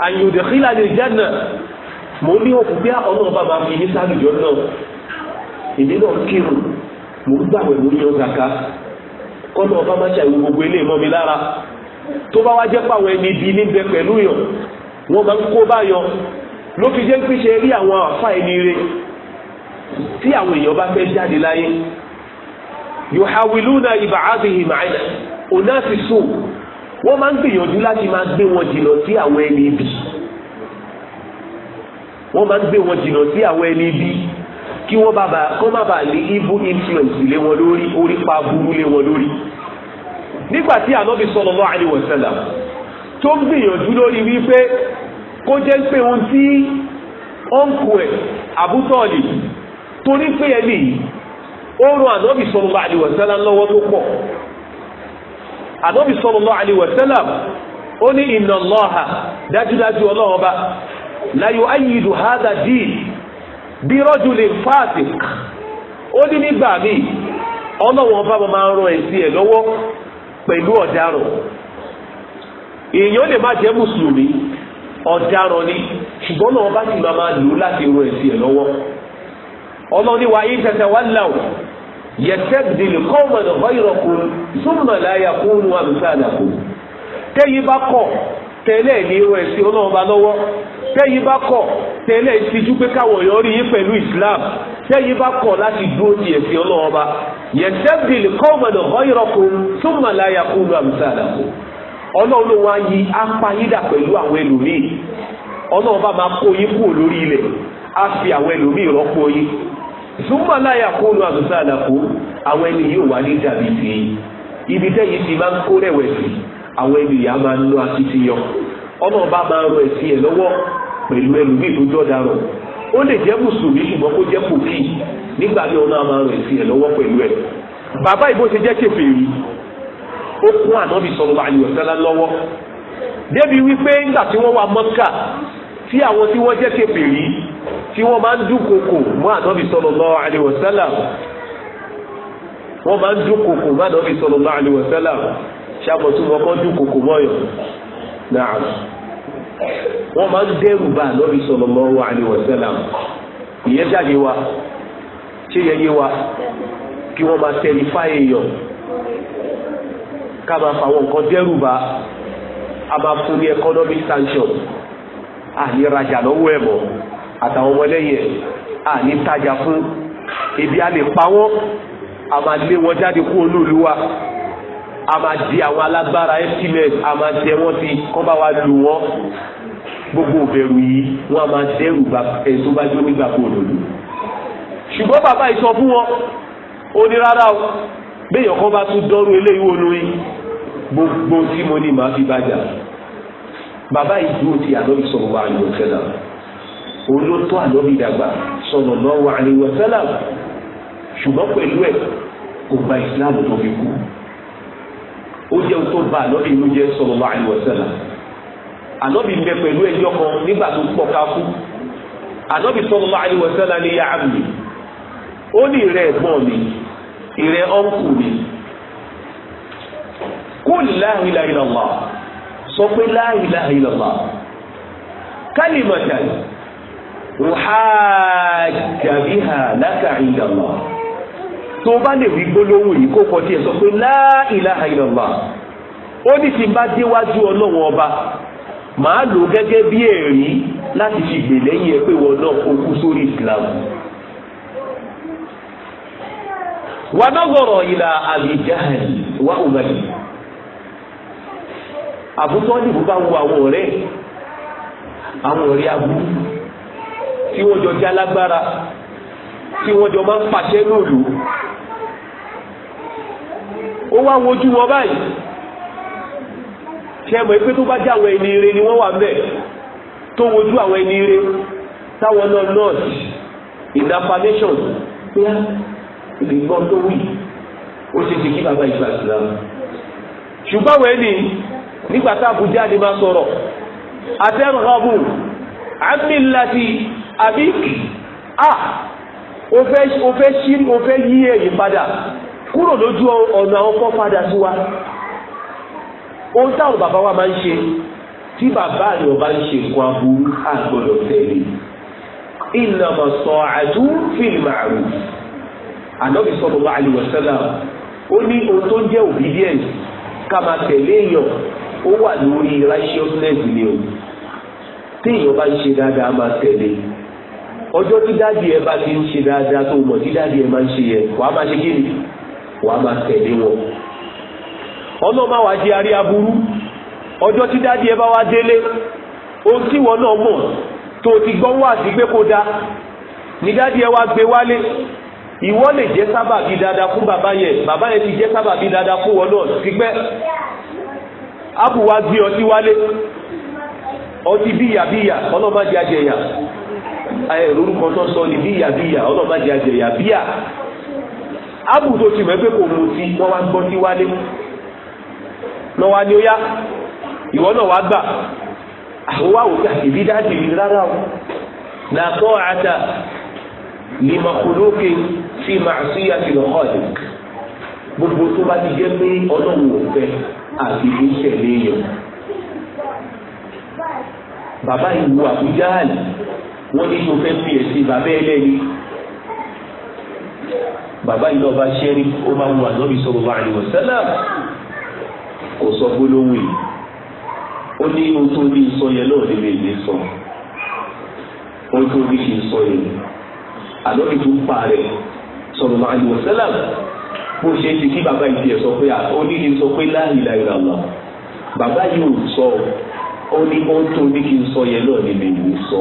àyùdẹ̀kílà lè jẹ́nà mo ní hope pé ọlọ́wọ́n bá máa fi ní sáàlùjọ náà ìdí náà kírun mo ń mo ń yan zaka kọ́nà ọba máa ṣàìwò gbogbo ilé ìmọ̀ mi lára tó bá wá jẹ́ pàwọn ẹni ibi níbẹ̀ pẹ̀lú yàn wọ́n máa ń kó báyọ̀ ló fi jẹ́ píṣe rí àwọn àfa ẹni re tí àwọn èèyàn bá fẹ́ jáde láyé yòhawilúna ìbàádìhì màáyà onásìsò wọ́n máa ń gbìyànjú láti máa gbé wọn jìnnà sí àwọn ẹni ibi wọ́n máa ń gbé wọn jìnnà sí àwọn ẹni ibi. kí wọ́n bàbá kó má bàa ní evil influence lé wọn lórí orí pa burú lé wọn lórí nígbà tí ànábì sallallahu alaihi wasallam tó ń gbìyànjú lórí wípé kó jẹ́ pé ohun tí ọ̀nkù ẹ̀ àbútọ́ọ̀lì torí pé ó ran lọ́wọ́ tó bí rọ́jù lè fáàtì ó ní nígbà míì ọlọ́wọ́n bábọ̀ máa ń ran ẹ̀sìn ẹ̀ lọ́wọ́ pẹ̀lú ọ̀daràn èèyàn lè má jẹ́ mùsùlùmí ọ̀daràn ni ṣùgbọ́n náà bá sì máa máa lò láti ran ẹ̀sìn ẹ̀ lọ́wọ́ ọlọ́ni wa yín tẹ̀tẹ̀ wá láwù yẹtẹ́gìdìlì kọ́ọ̀mọ̀nà ọ̀yọ̀kùn súnmọ̀láyà kúnnú àmì sáàdàkùn tẹ́yìn bá kọ̀ tẹ́lẹ̀ ní ran ẹ̀sìn ọlọ́wọ́ tẹ́yìn bá kọ̀ tẹ́lẹ̀ ìtìjú pé káwọn èèyàn rí pẹ̀lú islam tẹ́yìn bá kọ̀ láti dúró ti ẹ̀sìn ọlọ́wọ́ bá yẹ̀sẹ̀bìlì kọ́ọ̀mọ̀nà ọ̀yọ̀kùn súnmọ̀ láyà kúlù àmìsàlàkù ọlọ́run pẹ̀lú àwọn ọlọ́run lórí ilẹ̀ àwọn ibi pẹ̀lú ẹlòmíì tó jọ́dá rọ̀ ó lè jẹ́ mùsùlùmí ṣùgbọ́n kó jẹ́ pòkì nígbà tí ọ̀nà máa rẹ̀ sí ẹ̀ lọ́wọ́ pẹ̀lú ẹ̀ bàbá ìbò ṣe jẹ́ kèfèrí ó kún ànábì sọ̀rọ̀ àlùwẹ̀sẹ́lá lọ́wọ́ débi wípé nígbà tí wọ́n wá mọ́kà tí àwọn tí wọ́n jẹ́ kèfèrí tí wọ́n máa ń dúnkokò mọ́ ànábì sallallahu alaihi wasallam wọ́n máa ń dúnkokò mọ́ ànábì sallallahu alaihi wasallam ṣàkóso wọn kọ́ dúnkokò mọ́yọ̀ náà wọ́n máa ń dẹ́rù bá ànábì sallallahu alaihi wasallam ìyẹn jáde wa ṣé yẹ yé wa kí wọ́n máa tẹlifá èèyàn ká máa fa àwọn nǹkan dẹ́rù bá a máa fún ní economic sanction àní rajà lọ́wọ́ ẹ̀ mọ́ àtàwọn ọmọlẹ́yìn ẹ̀ àní tajà fún ebi a lè pa wọ́n a máa lé wọn jáde kúrò nílùú a máa di àwọn alágbára estimate a máa jẹ wọ́n ti kọ́ bá wa lù wọ́n gbogbo òbẹ̀rù yìí wọ́n a máa dẹ́rù bá ẹni tó bá jó nígbà kó lò lù. ṣùgbọ́n bàbá yìí sọ fún wọn ó ní rárá o béèyàn kan bá tún dọ́rù eléyìí wọnú yín gbogbo tí mo ní màá fi bàjá bàbá yìí ti àlọ́ ìsọ̀rọ̀ wa àlọ́ ìfẹ́lá olótó àlọ́ ìdàgbà sọ̀rọ̀ lọ́wọ́ àlọ́ ìwẹ̀fẹ́lá ṣùgbọ́n pẹ̀lú ẹ̀ kò gba ìsìláàmù tó fi kú ó jẹ́ ohun tó ba ànábì inú jẹ́ sallallahu alaihi wasallam ànábì ń bẹ pẹ̀lú ẹjọ́ kan nígbà tó pọ̀ ká kú ànábì sallallahu alaihi wasallam ní yá àmì ó ní ìrẹ́ ẹ̀gbọ́n mi ìrẹ́ ọ̀nkù mi kul la ilaha illallah sọ pé la ilaha illallah kalimatan uhajja biha laka indallah. tó o bá lè wí gbólóhùn yìí kó kọ tiẹ̀ sọ pé láà ilaha illallah ó ní ti bá déwájú ọlọ́wọ́n ọba màá lò gẹ́gẹ́ bí ẹ̀rí láti fi gbè lẹ́yìn ẹ pé wọn náà kú sórí islam. wà nọ́gọ̀rọ̀ ìlà wà ògbàdì nìbú bá àwọn ọ̀rẹ́ àwọn ọ̀rẹ́ tí wọ́n jọ jẹ́ alágbára ó wá wojú wọn báyìí ṣe mọ̀ pé tó bá jẹ́ àwọn ẹni ire ni wọ́n wà mẹ́ tó wojú àwọn ẹni ire táwọn náà nọ́ọ̀sì ìdáfàmẹ́ṣọ̀n pé á ìgbìgbọ́n tó wì ó ṣe ti kí bàbá ìgbà ìsìlámù ṣùgbọ́n àwọn ẹni nígbà tá àbújá ni máa sọ̀rọ̀ àtẹ́rọ̀bù àmìlàtì àbíkì à ó fẹ́ yí èyí padà kúrò lójú ọ̀nà àwọn kan padà sí wa ohun táwọn bàbá wa máa ń ṣe tí bàbá rẹ̀ ọba ń ṣe nǹkan aburú àgbọ̀dọ̀ tẹ̀lé ìlànà sọ àdú fíìmù àrùn ànábì sallallahu alaihi wasallam ó ní ohun tó ń jẹ́ obedience ká máa tẹ̀lé èèyàn ó wà lórí righteousness ni o tí èèyàn bá ń ṣe dáadáa máa tẹ̀lé ọjọ́ tí ẹ bá ti ń ṣe dáadáa tó mọ̀ tí ẹ máa ń ṣe yẹ wàá máa ṣe kí ni. wàá máa tẹ̀lé wọn. ọlọ́mọ àwa di arí aburú ọjọ́ tí dádì ẹ bá wá délé ohun tí náà mọ̀ tó ti gbọ́ wá sí pé kó dá ní dádì ẹ wá gbé wálé ìwọ lè jẹ́ sábàbí dáadáa fún bàbá yẹn bàbá yẹn ti jẹ́ sábàbí dáadáa fún wọn náà ábù wá gbé ọtí wálé ọtí ajẹ̀yà ábù tó ti mọ̀ pé kò mú sí wọ́n wá gbọ́ sí wálé lọ́ wá ní ó yá ìwọ náà wá gbà àwọn wá wò káàkiri bí dáàtì rí rárá o làtọ́ àtà limakulóke fi màá sí àtìlọ́ ọ̀dẹ̀ gbogbo tó bá ti jẹ́ pé ọlọ́run ò fẹ́ àti ìṣẹ̀lẹ̀ èèyàn bàbá ìwò àbújá àlè wọ́n ní mo fẹ́ fi ẹ̀sìn bàbá ẹlẹ́ni bàbá yìí lọ́ba ṣẹ́rí ó máa ń wà lọ́bi sallallahu alaihi wasallam kò sọ gbólóhùn yìí ó ní ohun tó ní sọ yẹn náà lè lè sọ ohun tó ní kì í sọ yẹn àlọ́bi tó pa rẹ̀ sallallahu alaihi wasallam bó ṣe ti kí bàbá yìí tiẹ̀ sọ pé ó ní kí n sọ pé la ilaha illallah bàbá yìí ò sọ ó ní ohun tó ní kí n sọ yẹn náà lè lè sọ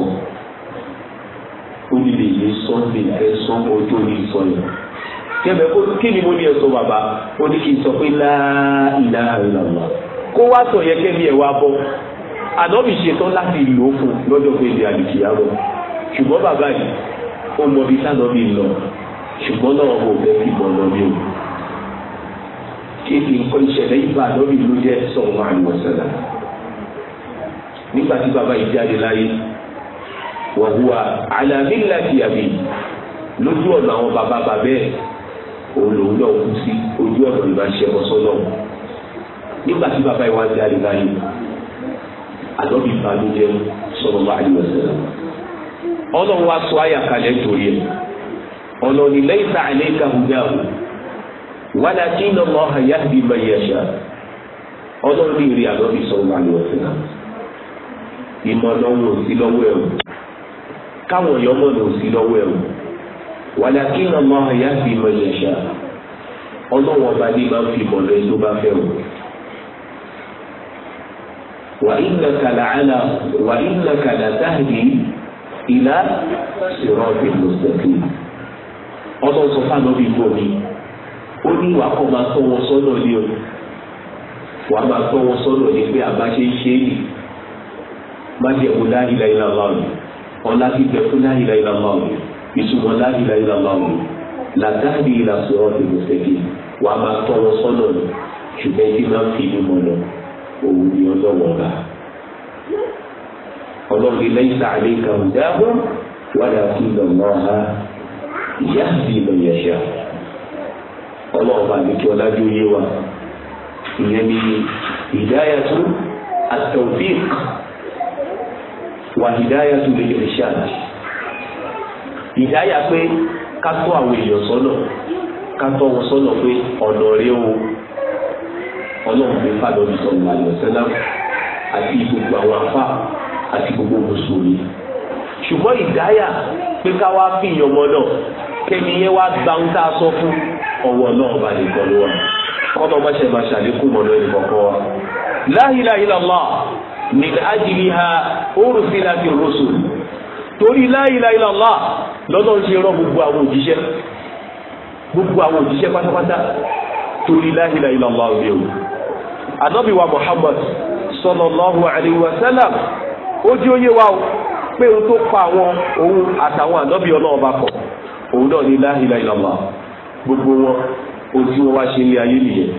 ó ní lè lè sọ lè fẹ́ sọ ohun kẹmẹ kó kí ni mo ní ẹsọ bàbá ó ní kí n sọ pé la ilaha illallah kó wá sọ yẹ kẹmi ẹ wá bọ ànábì ṣetán láti lò ó fún lọ́jọ́ pé ìdí àdìkìyàwó ṣùgbọ́n bàbá yìí ó mọ bí sànàbì lọ ṣùgbọ́n náà kò fẹ́ fi bọ̀ lọ bí o kí ni nǹkan ìṣẹ̀lẹ̀ yìí bá ànábì ló jẹ́ sọ̀rọ̀ àìmọ̀sẹ̀lá nígbà tí bàbá yìí jáde láyé wàhùwà àlàmílà ti àbí lójú ọ̀nà àwọn bàbá bàbá ẹ̀ òun lòun náà kú sí ojú ẹ̀kọ́ ìbá ṣe ẹbọ sọ́nà nígbà tí bàbá ìwà ti àlè báyìí àdọ́bí ìbànújẹ́ sọ̀rọ̀ bá àyè ọ̀sẹ̀ ọlọ́run wa sọ àyà kalẹ̀ torí ẹ̀ ọlọ́ni laysa alayka hudahu walakinna Allaha yahdi man yasha ọlọ́run ní ìrìn àdọ́bí sọ̀rọ̀ bá àyè ọ̀sẹ̀ ìmọ̀ lọ́wọ́ òsì lọ́wọ́ ẹ̀ káwọn mọ̀ walakin Allah yahdi man yasha ọlọ́wọ́ ọba ní máa ń fi mọ̀ lẹ́yìn tó bá fẹ́ o. wa innaka la'ala wa innaka latahdi ila siratin mustaqim ọlọ́wọ́ sọ fáwọn ọbí bò mí ó ní ìwà kan máa tọ́ sọ́nà ní o wà máa tọ́ sọ́nà ní pé àbá ń ṣe é nì má jẹ́ kó la ilaha illallah ọ̀la ti bẹ̀ fún la ilaha illallah ọ̀la ìtumọ̀ láìla ìlà lọ́wọ́ làdáàbí ìlà sọ̀rọ̀ ti mú sẹ́kì wà á máa tọ́ lọ sọ́nà lọ ṣùgbọ́n tí máa ń fi inú mọ̀ lọ òun ni ọlọ́wọ́ bá ọlọ́run ilé ìsàlẹ̀ ìkàwé dáàbò wàdà kí lọ́mọ́ ha ìyá sí lọ yẹ̀ṣẹ̀ ọlọ́run bá mi kí ọlájú yé wa ìyẹn ni ìdáyàtú àtọ̀fíìk wà ìdáyàtú lè ṣáàjì. ìdáyà pé ká tó àwọn èèyàn sọ́nà ká tó wọn sọ́nà pé ọ̀nà rí o ọlọ́run fi fà lọ́dún sọ̀rọ̀ àlọ́sẹ́lá àti gbogbo àwọn afá àti gbogbo mùsùlùmí ṣùgbọ́n ìdáyà pé ká wá fi náà kẹ́mi yẹn wá gba ohun tá a sọ fún ọwọ́ náà bá lè lọ́wọ́ má ṣe máa ṣàlékún wa. torí lọ́dọ̀ ń ṣe rán gbogbo àwọn òjíṣẹ́ gbogbo àwọn òjíṣẹ́ pátápátá torí la ilaha illallah òde o ànábì wa Muhammad sallallahu alayhi wa sallam ó jí ó yé wa o pé o tó pa àwọn òun àtàwọn ànábì ọlọ́run bá kọ̀ òun náà ní la ilaha illallah gbogbo wọn ohun tí wọ́n wá ṣe ilé ayé nìyẹn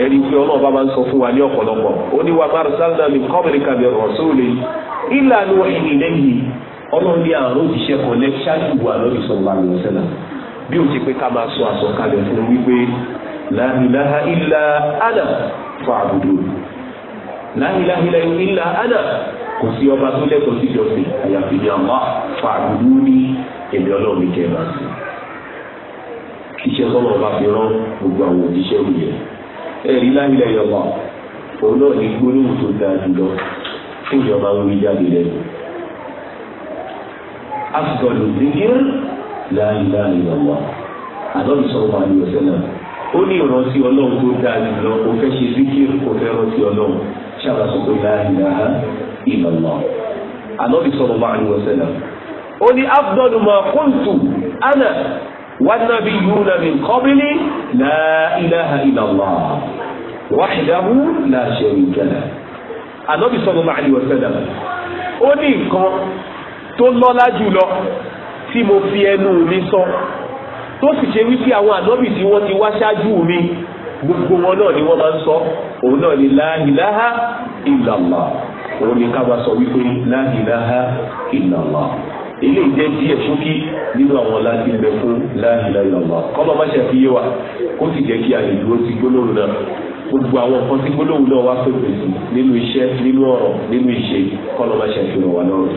ẹ̀rí pé ọlọ́run máa ń sọ fún wa ní ọ̀pọ̀lọpọ̀ ó ní wa ma arsalna min qablika min ọlọ́run ní àrùn òjíṣẹ́ kan lẹ́ ṣáájú ìwà lọ́bì sọ̀rọ̀ àmì ọ̀sẹ̀là bí ó ti pé ká máa sọ àsọkalẹ̀ fún wípé la ilaha illa ana fa'budu la ilaha si kò sí ọba tó lẹ́tọ̀ọ́ sí ìjọsìn àyàfi ní àmọ́ fa'budu ní èmi iṣẹ́ sọ́nà ọba fi rán gbogbo àwọn òye òun náà ní gbólóhùn tó dáa afdọ́lù zikir la ilaha illallah àlọ́bí sọ̀rọ̀ wà ní ọ̀sẹ̀ náà ó ní ìrántí ọlọ́run tó dáa jùlọ o fẹ́ ṣe zikir o fẹ́ rántí ọlọ́run ṣáàbà sọ pé la ilaha illallah àlọ́bí sọ̀rọ̀ wà ní ọ̀sẹ̀ náà ó ní afdọ́lù ma qultu ana wànàbí yúna mi kọ́bílì la ilaha illallah wàhídáhù la sharika lah àlọ́bí sọ̀rọ̀ wà ní ọ̀sẹ̀ náà ó tó lọ́lá jùlọ tí mo fi ẹnu mi sọ tó sì ṣe wípé àwọn ànábì tí wọ́n ti wá ṣáájú mi gbogbo wọn náà ni wọ́n máa ń sọ òun náà ni la ilaha illallah òun ni ká máa sọ wípé la ilaha illallah ilé ìjẹ́ díẹ̀ ṣókí nínú àwọn láti bẹ fún la ilaha illallah kọ́lọ́ má ṣe fi yé wa kó sì jẹ́ kí a lè dúró sí gbólóhùn náà gbogbo àwọn nǹkan tí gbólóhùn náà wá pèpè sí nínú iṣẹ́ nínú ọ̀rọ̀ nínú ìṣe kọ́lọ́ má ṣe fi ràn lọ́rùn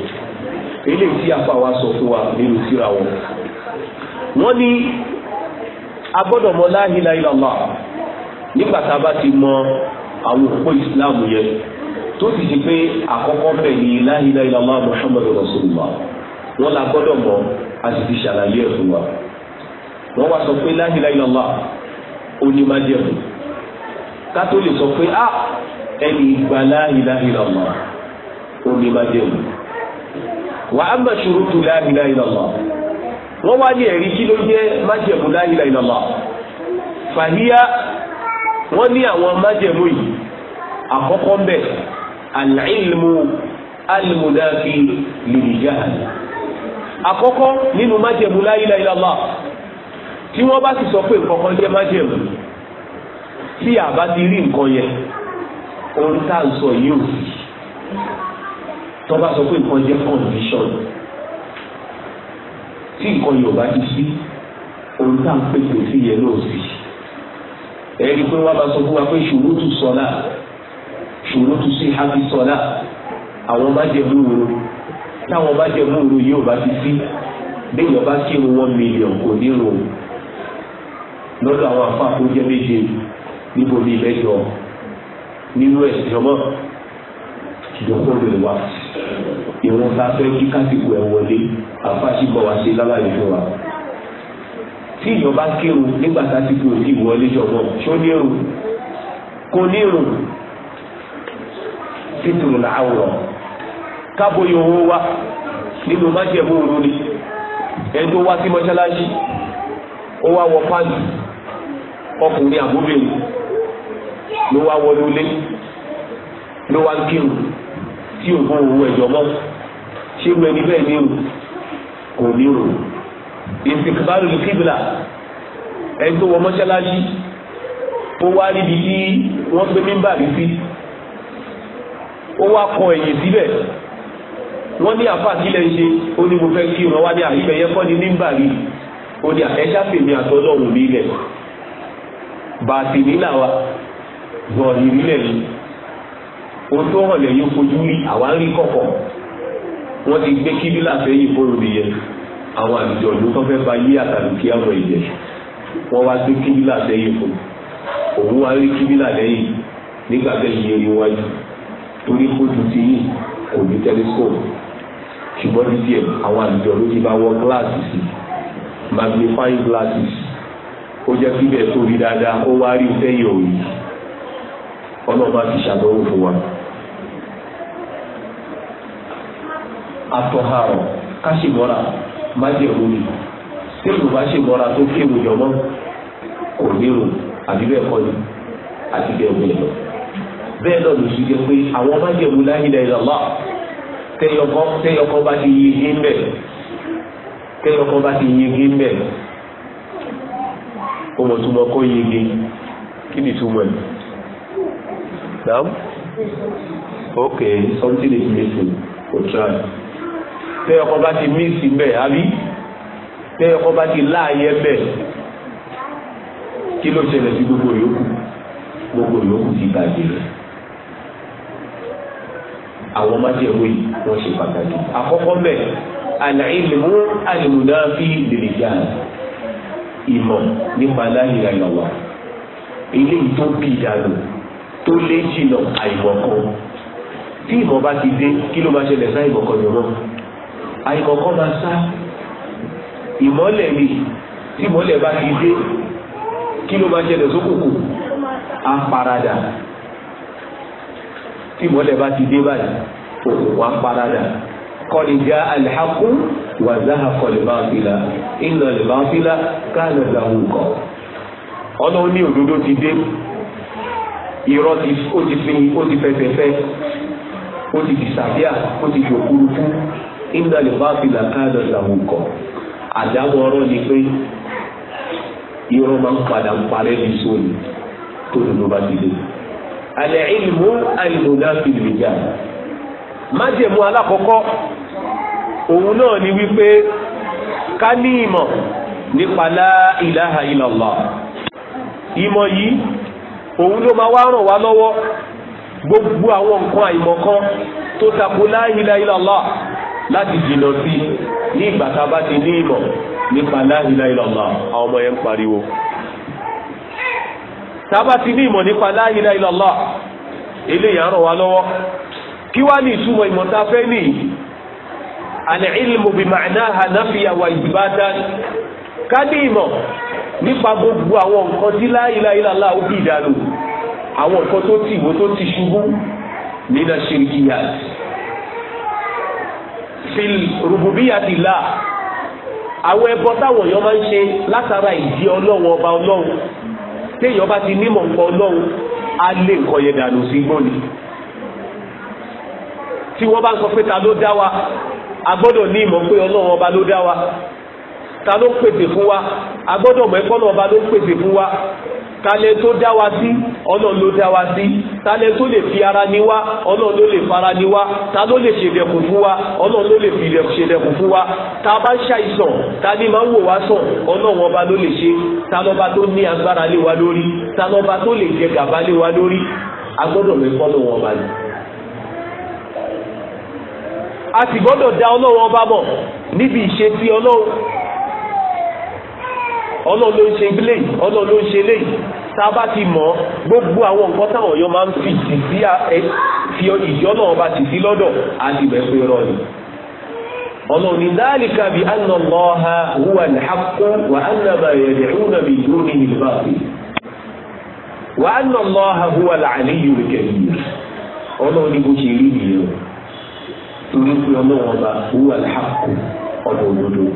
eléyìí tí afa wa sọ fún wa nínú síra wọn. wọ́n ní agbọ́dọ̀ mọ la ilaha illallah nígbà tá a bá ti mọ àwọn òpó ìsìláàmù yẹn tó ti di pé àkọ́kọ́ bẹ̀ ní la ilaha illallah muhammadu rasulullah wọ́n la gbọ́dọ̀ mọ a sì ti ṣàlàyé ẹ̀ fún wa. wọ́n wá sọ pé la ilaha illallah ó lè sọ pé a ah, ẹni ìgbà la ilaha illallah ó ní wa amma mà ṣurutu la ilaha illallah wọ́n wá ní ẹ̀rí kí ló jẹ́ májẹ̀mú la ilaha illallah fàhíyá ní àwọn májẹ̀mú yìí ń nínú tí bá ti sọ pé nǹkan kan jẹ́ tí a bá ti rí nǹkan yẹn ohun tó bá sọ pé nǹkan jẹ́ condition tí nǹkan yóò bá ti sí ohun tá à ń pèsè sí yẹn náà sí ẹni pé wọ́n bá sọ fún wa pé ṣòro tù sọ́lá ṣòro tù sí hábí sọ́lá àwọn bá jẹ múru táwọn bá jẹ múru yóò bá ti sí béèyàn bá kírun one million kò ní rò lọ́dọ̀ àwọn afáà tó jẹ́ méje níbo ni mẹ́jọ nínú ẹ̀sìn ọmọ ìdókòwò ìwà sí ìwọ̀n ta fẹ́ kí kásìkò ẹ̀ wọlé àfàṣìbọ̀ wá ṣe lálàyé fún wa. tí èèyàn bá kírun nígbà tásìkò òsì wọlé ṣọgbọ́n ṣó ní èrò kò ní èrò títùrù làwùrọ̀ kábòyò owó wa nínú májẹ̀mú òru ni ẹni tó wá sí mọ́ṣáláṣí ó wá wọ pálí ọkùnrin àbúrò ló wá wọlé ló wá ń kírun tí o fún owó ẹ̀jọ̀ mọ́ ṣé wọ́n ẹni bẹ́ẹ̀ ní o kò ní o ìsìnkìbálò ní kíbìlà ẹni tó wọ mọ́ṣáláṣí ó wá níbi tí wọ́n gbé mímbà rí sí ó wá kọ ẹ̀yìn síbẹ̀ wọ́n ní àfa kílẹ̀ ń ṣe ó ní mo fẹ́ kí wọ́n wá ní àyíkẹ́ yẹn kọ́ ní mímbà rí ó ní àtẹ́sà fèmí àtọ́lọ́run nílẹ̀ bàtì nílà wa gbọ̀ọ̀lì nílẹ̀ yìí ohun tó hàn lẹ́yìn fojú rí àwa rí kọ̀kọ̀ wọ́n ti gbé kíbílà sẹ́yìn fóònù yẹn àwọn àlùjọ ọdún tó fẹ́ ba yí àtàlùkí àwọn ìjẹ wọ́n wá gbé kíbílà sẹ́yìn fún òun wá rí kíbílà lẹ́yìn nígbà tẹ́yìn eré wájú torí kójú ti yìí kò ní tẹlifóònù ṣùgbọ́n ní tiẹ̀ àwọn àlùjọ ló ti bá wọ gíláàsì sí magnifying glasses ó jẹ́ kí bẹ́ẹ̀ tóbi dáadáa ó wá rí sẹ́yìn òòyì ọlọ́run á ti ṣàdánwò fún wa. àtọ̀hárọ̀ káṣìmọ́ra májẹ̀mú mi tí kò bá ṣèmọ́ra tó kéwù jọmọ́ kò nírò àbí bẹ́ẹ̀ kọ́ ni àti bẹ́ẹ̀ bẹ́ẹ̀ lọ. bẹ́ẹ̀ náà ló ṣe jẹ́ pé àwọn májẹ̀mú la ilaha illallah tẹ́yọkọ́ bá ti yege ń bẹ̀ tẹ́yọkọ́ bá ti yege ń bẹ̀ ọmọ túmọ̀ kọ́ yege kí ni túmọ̀ ẹ̀ naam ok something is missing for try tẹ́ ọkọ bá ti míìsì bẹ́ẹ̀ àbí tẹ́ ọkọ bá ti láàyè bẹ́ẹ̀ kí ló ṣẹlẹ̀ sí gbogbo yòókù gbogbo yòókù ti bàjẹ́ rẹ̀ àwọn májèwé wọ́n ṣe pàtàkì àkọ́kọ́ bẹ́ẹ̀ àlàyémú àlùmùdáfí lèlèjà ìmọ̀ nípa láyé àyàwó eléyìí tó bí ìdánù tó lé jìnnà àìmọ̀kan tí ìmọ̀ bá ti dé kí ló máa ṣẹlẹ̀ sáà ìmọ̀kan yọ̀mọ́ àìkọ̀kọ́ máa sá ìmọ́lẹ̀ mi tí ìmọ́lẹ̀ bá ti dé kí ló máa ṣẹlẹ̀ sókùnkùn á paradà tí ìmọ́lẹ̀ bá ti dé báyìí òkùnkùn á paradà kọ́ni já alhaku wà záhà kọ́ni bá fila iná lè bá fila káàlẹ̀ làwọn kọ́ ọlọ́run ní òdodo ti dé irọ́ ti ó ti fi ó ti fẹsẹ̀ fẹ́ ó ti fi sàbíà ó ti fi òkúrufú inna lè bá fìlà káàdọ̀ làwọn kọ̀ àdámọ́ ọ̀rọ̀ ni pé irọ́ máa ń padà ń parẹ́ bí sóòlù tó lòlò bá ti dé. àlẹ́ ìlú àìlòdà fi lè jà májèmú alákọ̀ọ́kọ́ òun náà ni wípé ká ní ìmọ̀ nípa la ilaha illallah ìmọ̀ yìí òun ló máa wá ràn wá lọ́wọ́ gbogbo àwọn nǹkan àìmọ̀kan tó takò la ilaha láti jìnnà sí ní ìgbà tá a bá ti ní ìmọ̀ nípa la ilaha illallah àwọn ọmọ yẹn ń pariwo tá a bá ti ní ìmọ̀ nípa la ilaha eléyà ràn wá lọ́wọ́ kí wá ní ìtumọ̀ ìmọ̀ tá a fẹ́ nìyí al-ilmu bi ma'naha nafiya wa ithbatan ká ní ìmọ̀ nípa gbogbo àwọn nǹkan tí la ilaha illallah ó bì dànù àwọn nǹkan tó tì wó tó tì ṣubú nínú ṣèkìyà fil rububiyatila àwọn ẹbọ táwọn èèyàn máa ń ṣe látara ìdí ọlọ́run ọba ọlọ́run téèyàn bá ti nímọ̀ nǹkan ọlọ́run á lé nǹkan yẹn dànù sí gbọ́n ni tí wọ́n bá ń sọ pé ta ló dá wa a gbọ́dọ̀ ní ìmọ̀ pé ọlọ́run ọba ló dá wa ta ló pèsè fún wa a gbọ́dọ̀ mọ̀ ẹ̀kọ́ náà ọba ló pèsè fún wa talẹ̀ tó dá wa sí ọlọ́run ló dá wa sí talẹ̀ tó lè fi ara ni wá ọlọ́run ló lè fara ni wá ta ló lè ṣèdẹ̀kùn fún wa ọlọ́run ló lè fi ṣèdẹ̀kùn fún wa ta bá ṣàìsàn ta ni máa ń wò wá sàn ọlọ́run ọba ló lè ṣe ta lọ́ba tó ní agbára lé wa lórí ta lọ́ba tó lè jẹ gàba lé wa lórí a gbọ́dọ̀ mẹ́kọ́ lọ́wọ́ ọba ni a sì gbọ́dọ̀ dá ọlọ́run ọba mọ̀ níbi ìṣesí ọlọ́run ọlọ́run ló ń ṣe ilé ọlọ́run ló ń ṣe tá a bá ti mọ̀ gbogbo àwọn nǹkan táwọn fi jì sí fi ìjọ náà bá jì sí lọ́dọ̀ á ti ni. ọlọ́run ní dáàlìkà bíi anna al-haqqu wa wa anna Allaha ha al-'aliyyu al-kabir ọlọ́run ní bó ṣe rí nìyẹn torí pé ọlọ́run ọba huwa al-haqqu ọ̀dọ̀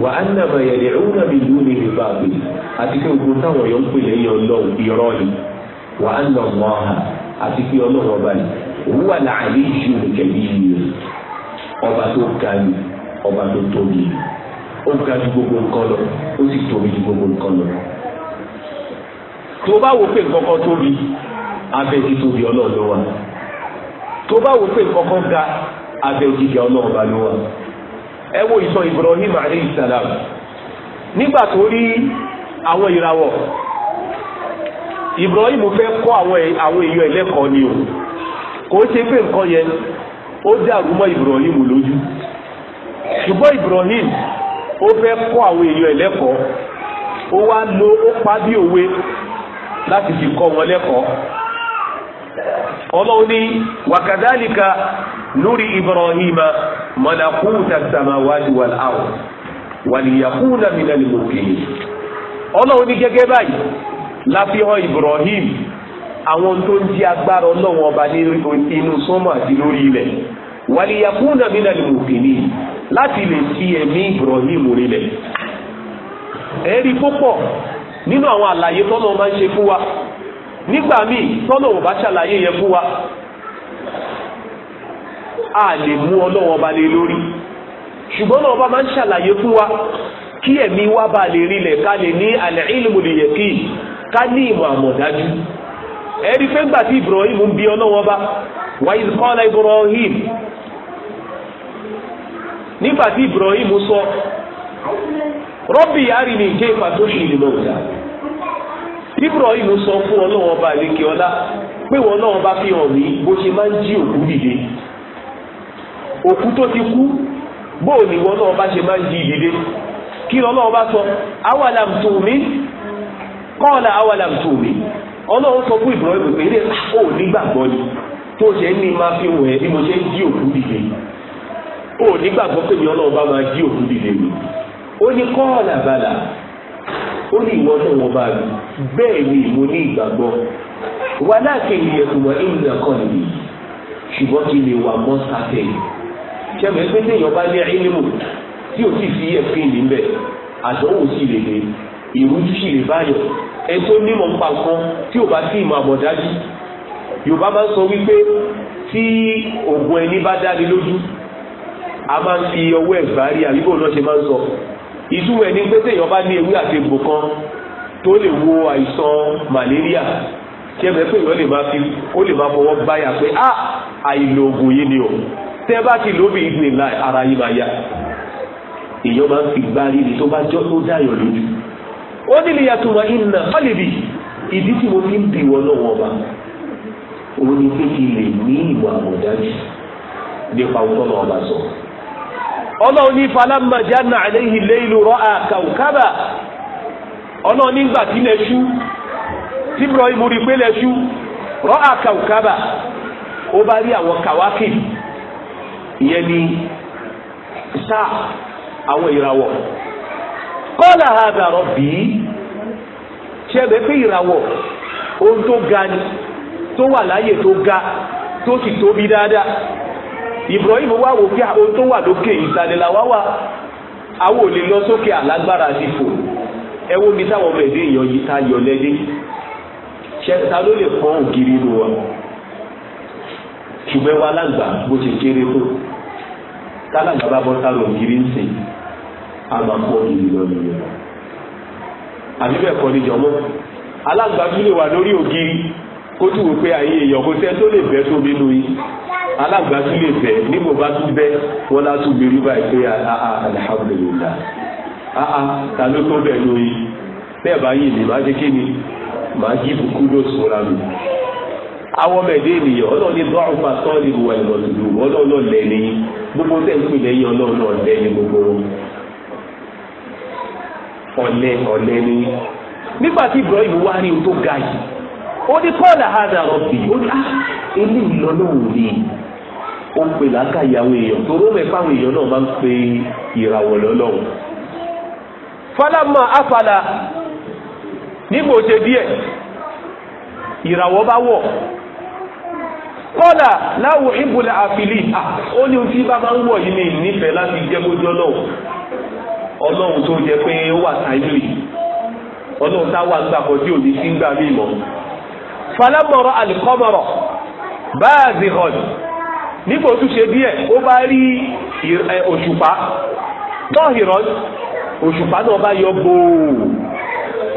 wà á nà mà yẹ̀dẹ̀ ó nà mí lù ní ìgbà àgbè àti pé ogun táwọn yọ ń pè lẹ́yìn ọlọ́run irọ́ ni wà á nà mọ́ ha àti pé ọlọ́run ọba ni òun wà láàyè ìṣú ìkẹ̀lẹ́ yìí ọba tó ga ni ọba tó tóbi ó ga ju gbogbo nǹkan lọ ó sì tóbi ju gbogbo nǹkan lọ. tó bá wo pé nǹkan tóbi abẹ́ ti tóbi ọlọ́run ló wà tó bá wo pé nǹkan ga abẹ́ òjijì ọlọ́run ló wà. ẹ wo Ibrahim alayhi salam nígbà tó rí àwọn ìràwọ̀ Ibrahim fẹ́ kọ́ àwọn èèyàn ẹlẹ́kọ̀ọ́ ni o kò ṣe pé nǹkan yẹn ó dàrú mọ́ Ibrahim lójú ṣùgbọ́n Ibrahim ó fẹ́ kọ́ àwọn èèyàn ẹlẹ́kọ̀ọ́ ó wá lo ó pa bí òwe láti fi kọ́ wọn lẹ́kọ̀ọ́. ọlọ́run wa wàkàdálìkà lórí ibrahima malakuta samawati wal ard wàlìyàkúnà minal muqinin ọlọ́run ní gẹ́gẹ́ báyìí láfihàn ibrahim àwọn tó ń di agbára ọlọ́run ọba ní inú sọ́mọ̀ àti lórí ilẹ̀ wàlìyàkúnà minal muqinin láti fi ibrahim rile. Eri púpọ̀ ninu àwọn àlàyé tọ́lọ́ máa ń ṣe nígbà míì tọ́nà ò bá ṣàlàyé yẹn fún wa a lè mú ọlọ́wọ́n ba lé lórí ṣùgbọ́n náà ọba máa ń ṣàlàyé fún wa kí ẹ̀mí wa ba lè rinlẹ̀ ká lè ní àlẹ́ ìlú lè yẹ kí ká ní ìmọ̀ àmọ̀dájú ẹ̀rí pé ńgbà tí Ibrahim ń bi ọlọ́wọ́n ba wàyí kọ́lá Ibrahim nígbà tí Ibrahim sọ rọ́bì arìnrìn kéfà tó ṣe ìlú náà Ibrahim sọ fún ọlọ́wọ́n ọba àlékè ọlá pé wọn náà bá fi hàn mí bó ṣe máa ń jí òkú dìde òkú tó ti kú bóò ní wọn náà bá ṣe máa ń jí dìde kí ọlọ́wọ́n bá sọ awalam tu'mi qala awalam tu'mi ọlọ́wọ́n sọ fún Ibrahim pé eré ó nígbàgbọ́ ni tó ṣe ní máa fi hàn ẹ́ bí mo ṣe ń jí òkú dìde ó nígbàgbọ́ pé ní ọlọ́wọ́n bá máa jí òkú dìde mi ó ní qala bala ó ní ìwọ náà wọn bá mi bẹ́ẹ̀ ni mo ní ìgbàgbọ́ wà láàkè ìyẹ̀kùn wọn èyí nìkan nìyí ṣùgbọ́n kí lè wà mọ́ sáfẹ́ yìí ṣẹ́mi pé téèyàn bá ní ẹ̀ẹ́nìmù tí ò sì fi ẹ̀fín níbẹ̀ àdánwò sì lè dé ìrújú sì lè báyọ̀ ẹ tó nímọ̀ nípa kan tí ò bá sí ìmọ̀ àbọ̀dájú yorùbá máa ń sọ wípé tí òògùn ẹni bá dáni lójú a máa ń fi ọwọ́ ẹ̀gbá rí àbíkò náà ṣe máa ń sọ ìtumọ̀ ẹni pé téèyàn bá ní ewé àti egbò kan tó lè wo àìsàn malaria tí ẹ bẹ pé èèyàn lè máa fi ó lè máa fọwọ́ gbáyà pé a ah, àìlò oògùn yìí ni o tẹ́ bá ti lóbi ìgbìn ara yìí máa yá èèyàn máa ń fi gbárí ni tó bá jọ́ tó dáyọ̀ lójú ó nílé yàtọ̀ wá iná kọ́lìbì ìdí tí mo fi ń bì wọ́n lọ́wọ́ ọba òun ni pé kí n lè ní ìwà àmọ̀dájú nípa ọgbọ́n ọba sọ̀rọ̀ ọlọ́run ní falamma jana alayhi laylu ra'a kawkaba ọlọ́run nígbà tí ilẹ̀ ṣú tí Ibrahim rí pé ilẹ̀ ṣú ra'a kawkaba ó bá rí àwọn kàwákì ìyẹn ni sáà àwọn ìràwọ̀ qala hadha rabbi ṣe é bẹ́ẹ̀ pé ìràwọ̀ ohun tó ga ni tó wà láyè tó ga tó sì tóbi dáadáa. Ibrahim wá wò pé ohun tó wà lókè ìsàlẹ̀ làwa wà àwọn ò lè lọ sókè àlágbára ti fò ẹ wo mi táwọn ọmọ ẹ̀dẹ́ èèyàn yìí ta yọ lẹ́dẹ́ ṣe ta ló lè pọ́n ògiri nu wa ṣùgbọ́n wa lágbà bó ṣe kéré tó tálágbà bá bọ́ sáré ògiri ń sìn a máa pọ́n ògiri lọ nìyẹn àbí kọ́ ni jọmọ́ alágbà tún lè wà lórí ògiri kó tún wò pé àyè èèyàn kò sẹ́ tó lè bẹ́ tóbi nù yìí alága tún lè bẹ̀ ní mo bá tún bẹ́ wọ́n lá tún gbèrú báyìí pé ah, ah, ah, alhamdulillah àà ta ló tó bẹ̀ lórí bẹ́ẹ̀ bá yìí ni máa ṣe kí ni máa jí bukú ló sọ́ra mi. àwọn ni ẹ̀dẹ́ ènìyàn ọlọ́ọ̀ni dọ́rùn pa sọ́ọ̀lì ìwà ìmọ̀lùdù ọlọ́ọ̀lọ́ lẹ́ni gbogbo tẹ̀ ń pè lẹ́yìn ọlọ́ọ̀lọ́ lẹ́ni gbogbo ọ̀lẹ́ ọ̀lẹ́ ni nígbà tí Ibrahim wá ní ohun tó ga yìí ó ní kọ́ọ̀lá hádà rọ̀bì ó ní á ilé ìlọ́lọ́wọ́ rí ó ń pe làákà ìyàwó èèyàn tó rọ́ mẹ́fà àwọn èèyàn náà máa ń pe ìràwọ̀ lọ́lọ́run. fálámà àfàlà nígbò ṣe díẹ̀ ìràwọ̀ bá wọ̀ kọ́là láwù ìbùlẹ̀ àfìlì ó ní ohun tí bá máa ń wọ̀ yìí ní nífẹ̀ẹ́ láti jẹ́ kójú ọlọ́run ọlọ́run tó jẹ pé ó wà táìmìlì ọlọ́run tá wà gbà tí ò ní sí ń gbà mí mọ́ falamọ̀rọ̀ alikọ́mọ̀rọ̀ báàzì hàn nígbà tó ṣe díẹ̀ ó bá rí òṣùpá tọ́hìrọ́ òṣùpá náà bá yọ gbòò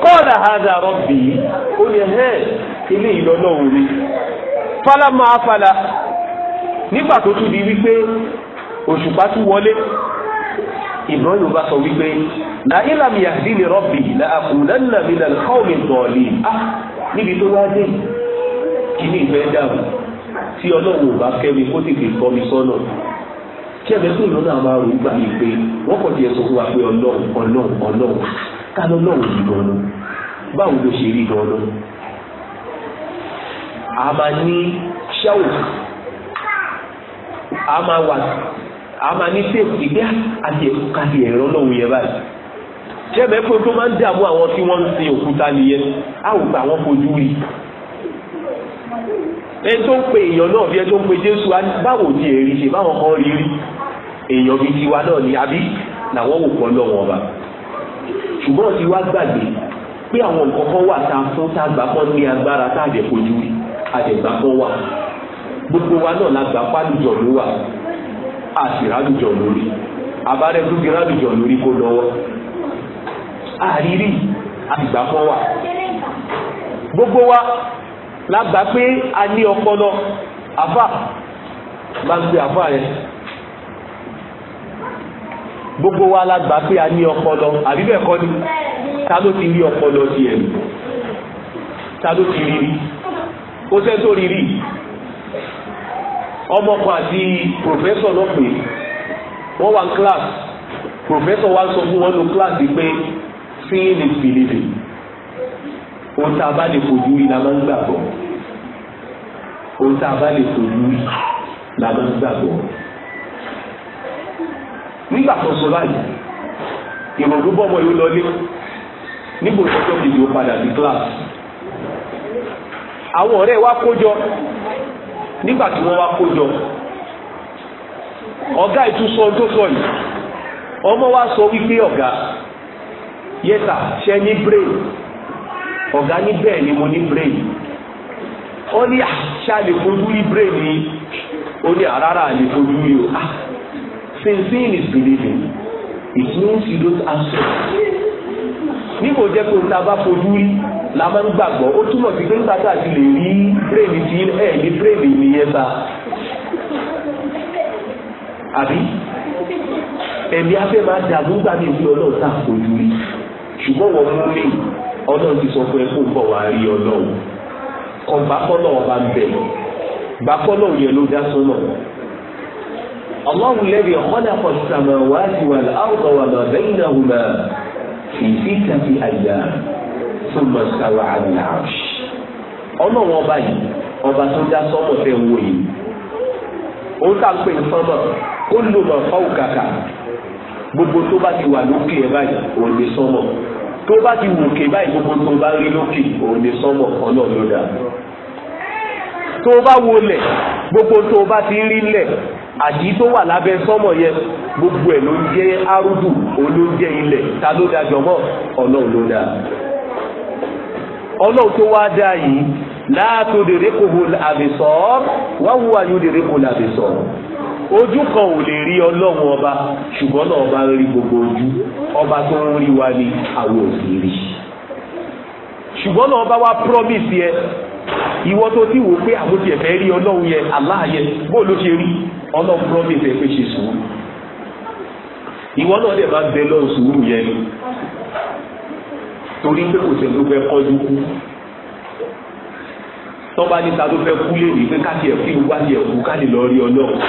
kọ́ọ̀dà hàdà rọ́bì ó ní ẹ̀ ilé ìlọ́lọ́ òwe fálámà afala nígbà tó tún di wípé òṣùpá tún wọlé Ibrahim bá sọ wípé láìlàmì àdínì rọ́bì làkùnlẹ́nà mi nà kọ́ọ̀mì dọ̀ọ̀lì níbi tó wá dé kí ní ìfẹ́ dáhùn tí ọlọ́run ò bá kẹ́mi kó sì fi kọ́ mi sọ́nà kí ẹ̀fẹ́ tó ìlú náà máa rò gbà yìí pé wọ́n kàn ti ẹ̀sọ́ fún wa pé ọlọ́run ọlọ́run ọlọ́run ká lọ́lọ́run yìí gan-an báwo ló ṣe rí gan a máa ní ṣáwò a máa wà a máa ní sèpù ìgbé àti ẹ̀kọ́ káfí ẹ̀rọ lọ́wọ́ yẹn báyìí jẹ́bẹ̀ẹ́ pé tó máa ń dààmú àwọn tí wọ́n ń sin òkúta nìyẹn á ò gbà wọ́n fojú rí ẹ ń pe èèyàn náà bí ẹ tó ń pe jésù báwo ti èrì ṣe báwọn kan rí rí èèyàn bíi tiwa náà ni àbí làwọn wò pọ̀ lọ́wọ́ ọba ṣùgbọ́n ti wá gbàgbé pé àwọn nǹkan kan wà tá a fún tá a gbà kan ní agbára tá a jẹ fojú rí a jẹ gbà kan wà gbogbo wa náà la gbà pálùjọ ló wà a sì rádùjọ lórí abárẹ́dúgbìn rádùjọ lórí kó lọ́wọ́ àrírí àgbà kan wà gbogbo wa lágbà pé a ní ọpọlọ àfà máa ń pe àfà rẹ gbogbo wa lágbà pé a ní ọpọlọ àbí bẹ́ẹ̀ kọ́ ni ta ló ti rí ọpọlọ ti ẹ̀ ta ló ti rí rí ó sẹ́ tó rí rí àti pòfẹ́sọ̀ náà pè wọ́n wá kíláàsì pòfẹ́sọ̀ wa sọ fún wọn ní kíláàsì pé seeing is believing tá a bá lè fojú rí gbàgbọ́ ohun tá a bá lè fojú la máa ń gbàgbọ́. nígbà tó sọ báyìí ìrònú bọ́mọ̀ yóò lọlé nígbò lọ́jọ́ kejì ó padà sí kíláàsì. àwọn ọ̀rẹ́ wa kójọ nígbà tí wọ́n wá kójọ ọ̀gá ìtúsọ tó sọ yìí ọmọ wa sọ wípé ọ̀gá yẹ́sà ṣẹ́ ní brain ọ̀gá ní bẹ́ẹ̀ ni mo ní brain ó ní àṣà ah, lè fojú rí bírèdì yìí ó ní àràrà lè fojú rí o ah sinsin is believing it means you don't answer ní kò jẹ́ pé o ta bá fojú rí la máa ń gbàgbọ́ ó túmọ̀ sí pé nígbà tá a ti lè rí bírèdì tí ẹ̀ ní bírèdì nìyẹn bá àbí ẹ̀mí afẹ́ máa dàgbù gbàgbé bí ọlọ́run tá a fojú rí ṣùgbọ́n wọ́n mú mi ọlọ́run ti sọ fún ẹ kó bọ̀ wá rí ọlọ́run ọgbà kọ́lọ̀ ọba ń bẹ̀ gbà kọ́lọ̀ yẹn ló dá sọ́nà. Allahu alladhi khalaqa as-samawati wal-arda wa ma baynahuma fi sittati ayyam thumma istawa 'ala al-'arsh. ọlọ́run ọba yìí ọba tó dá sọ́mọ̀ fẹ́ wo yìí. ó ń tà ń pè ní sọ́mọ̀ kullu ma fawqaka gbogbo tó bá ti wà lókè ẹ̀ báyìí òun ni sọ́mọ̀ tó bá ti wù ké báyìí gbogbo tó bá rí lókè òun ni sọ́mọ̀ kan náà ló dà tó bá wọlẹ̀ gbogbo tó bá ti rí lẹ̀ àdí tó wà lábẹ́ sọ́mọ̀ yẹn gbogbo ẹ̀ ló ń jẹ́ arúgbù òun ló ń jẹ́ ilẹ̀ ta ló dá jọmọ́ ọlọ́run ló dá ọlọ́run tó wá dá yìí láàtò dèrè kò hó àbẹ̀sọ́ wáwú àyò dèrè kò làbẹ̀sọ́ ojú kan ò lè rí ọlọ́run ọba ṣùgbọ́n náà ọba rí gbogbo ojú ọba tó ń rí wa ni àwọn ò rí ṣùgbọ́n náà ọba wa promise yẹ ìwọ tó ti wò pé àwọn tiẹ̀ fẹ́ rí ọlọ́run yẹ aláàyẹ bó ló ṣe rí ọlọ́run promise yẹ pé ṣe sùúrù ìwọ náà dẹ̀ bá bẹ lọ́run sùúrù yẹn torí pé kò sẹ́ni tó fẹ́ kọ́jú kú tọ́ba níta tó fẹ́ kú lè rí pé káti ẹ̀ kí wá ti ẹ̀ kú ká lè lọ rí ọlọ́run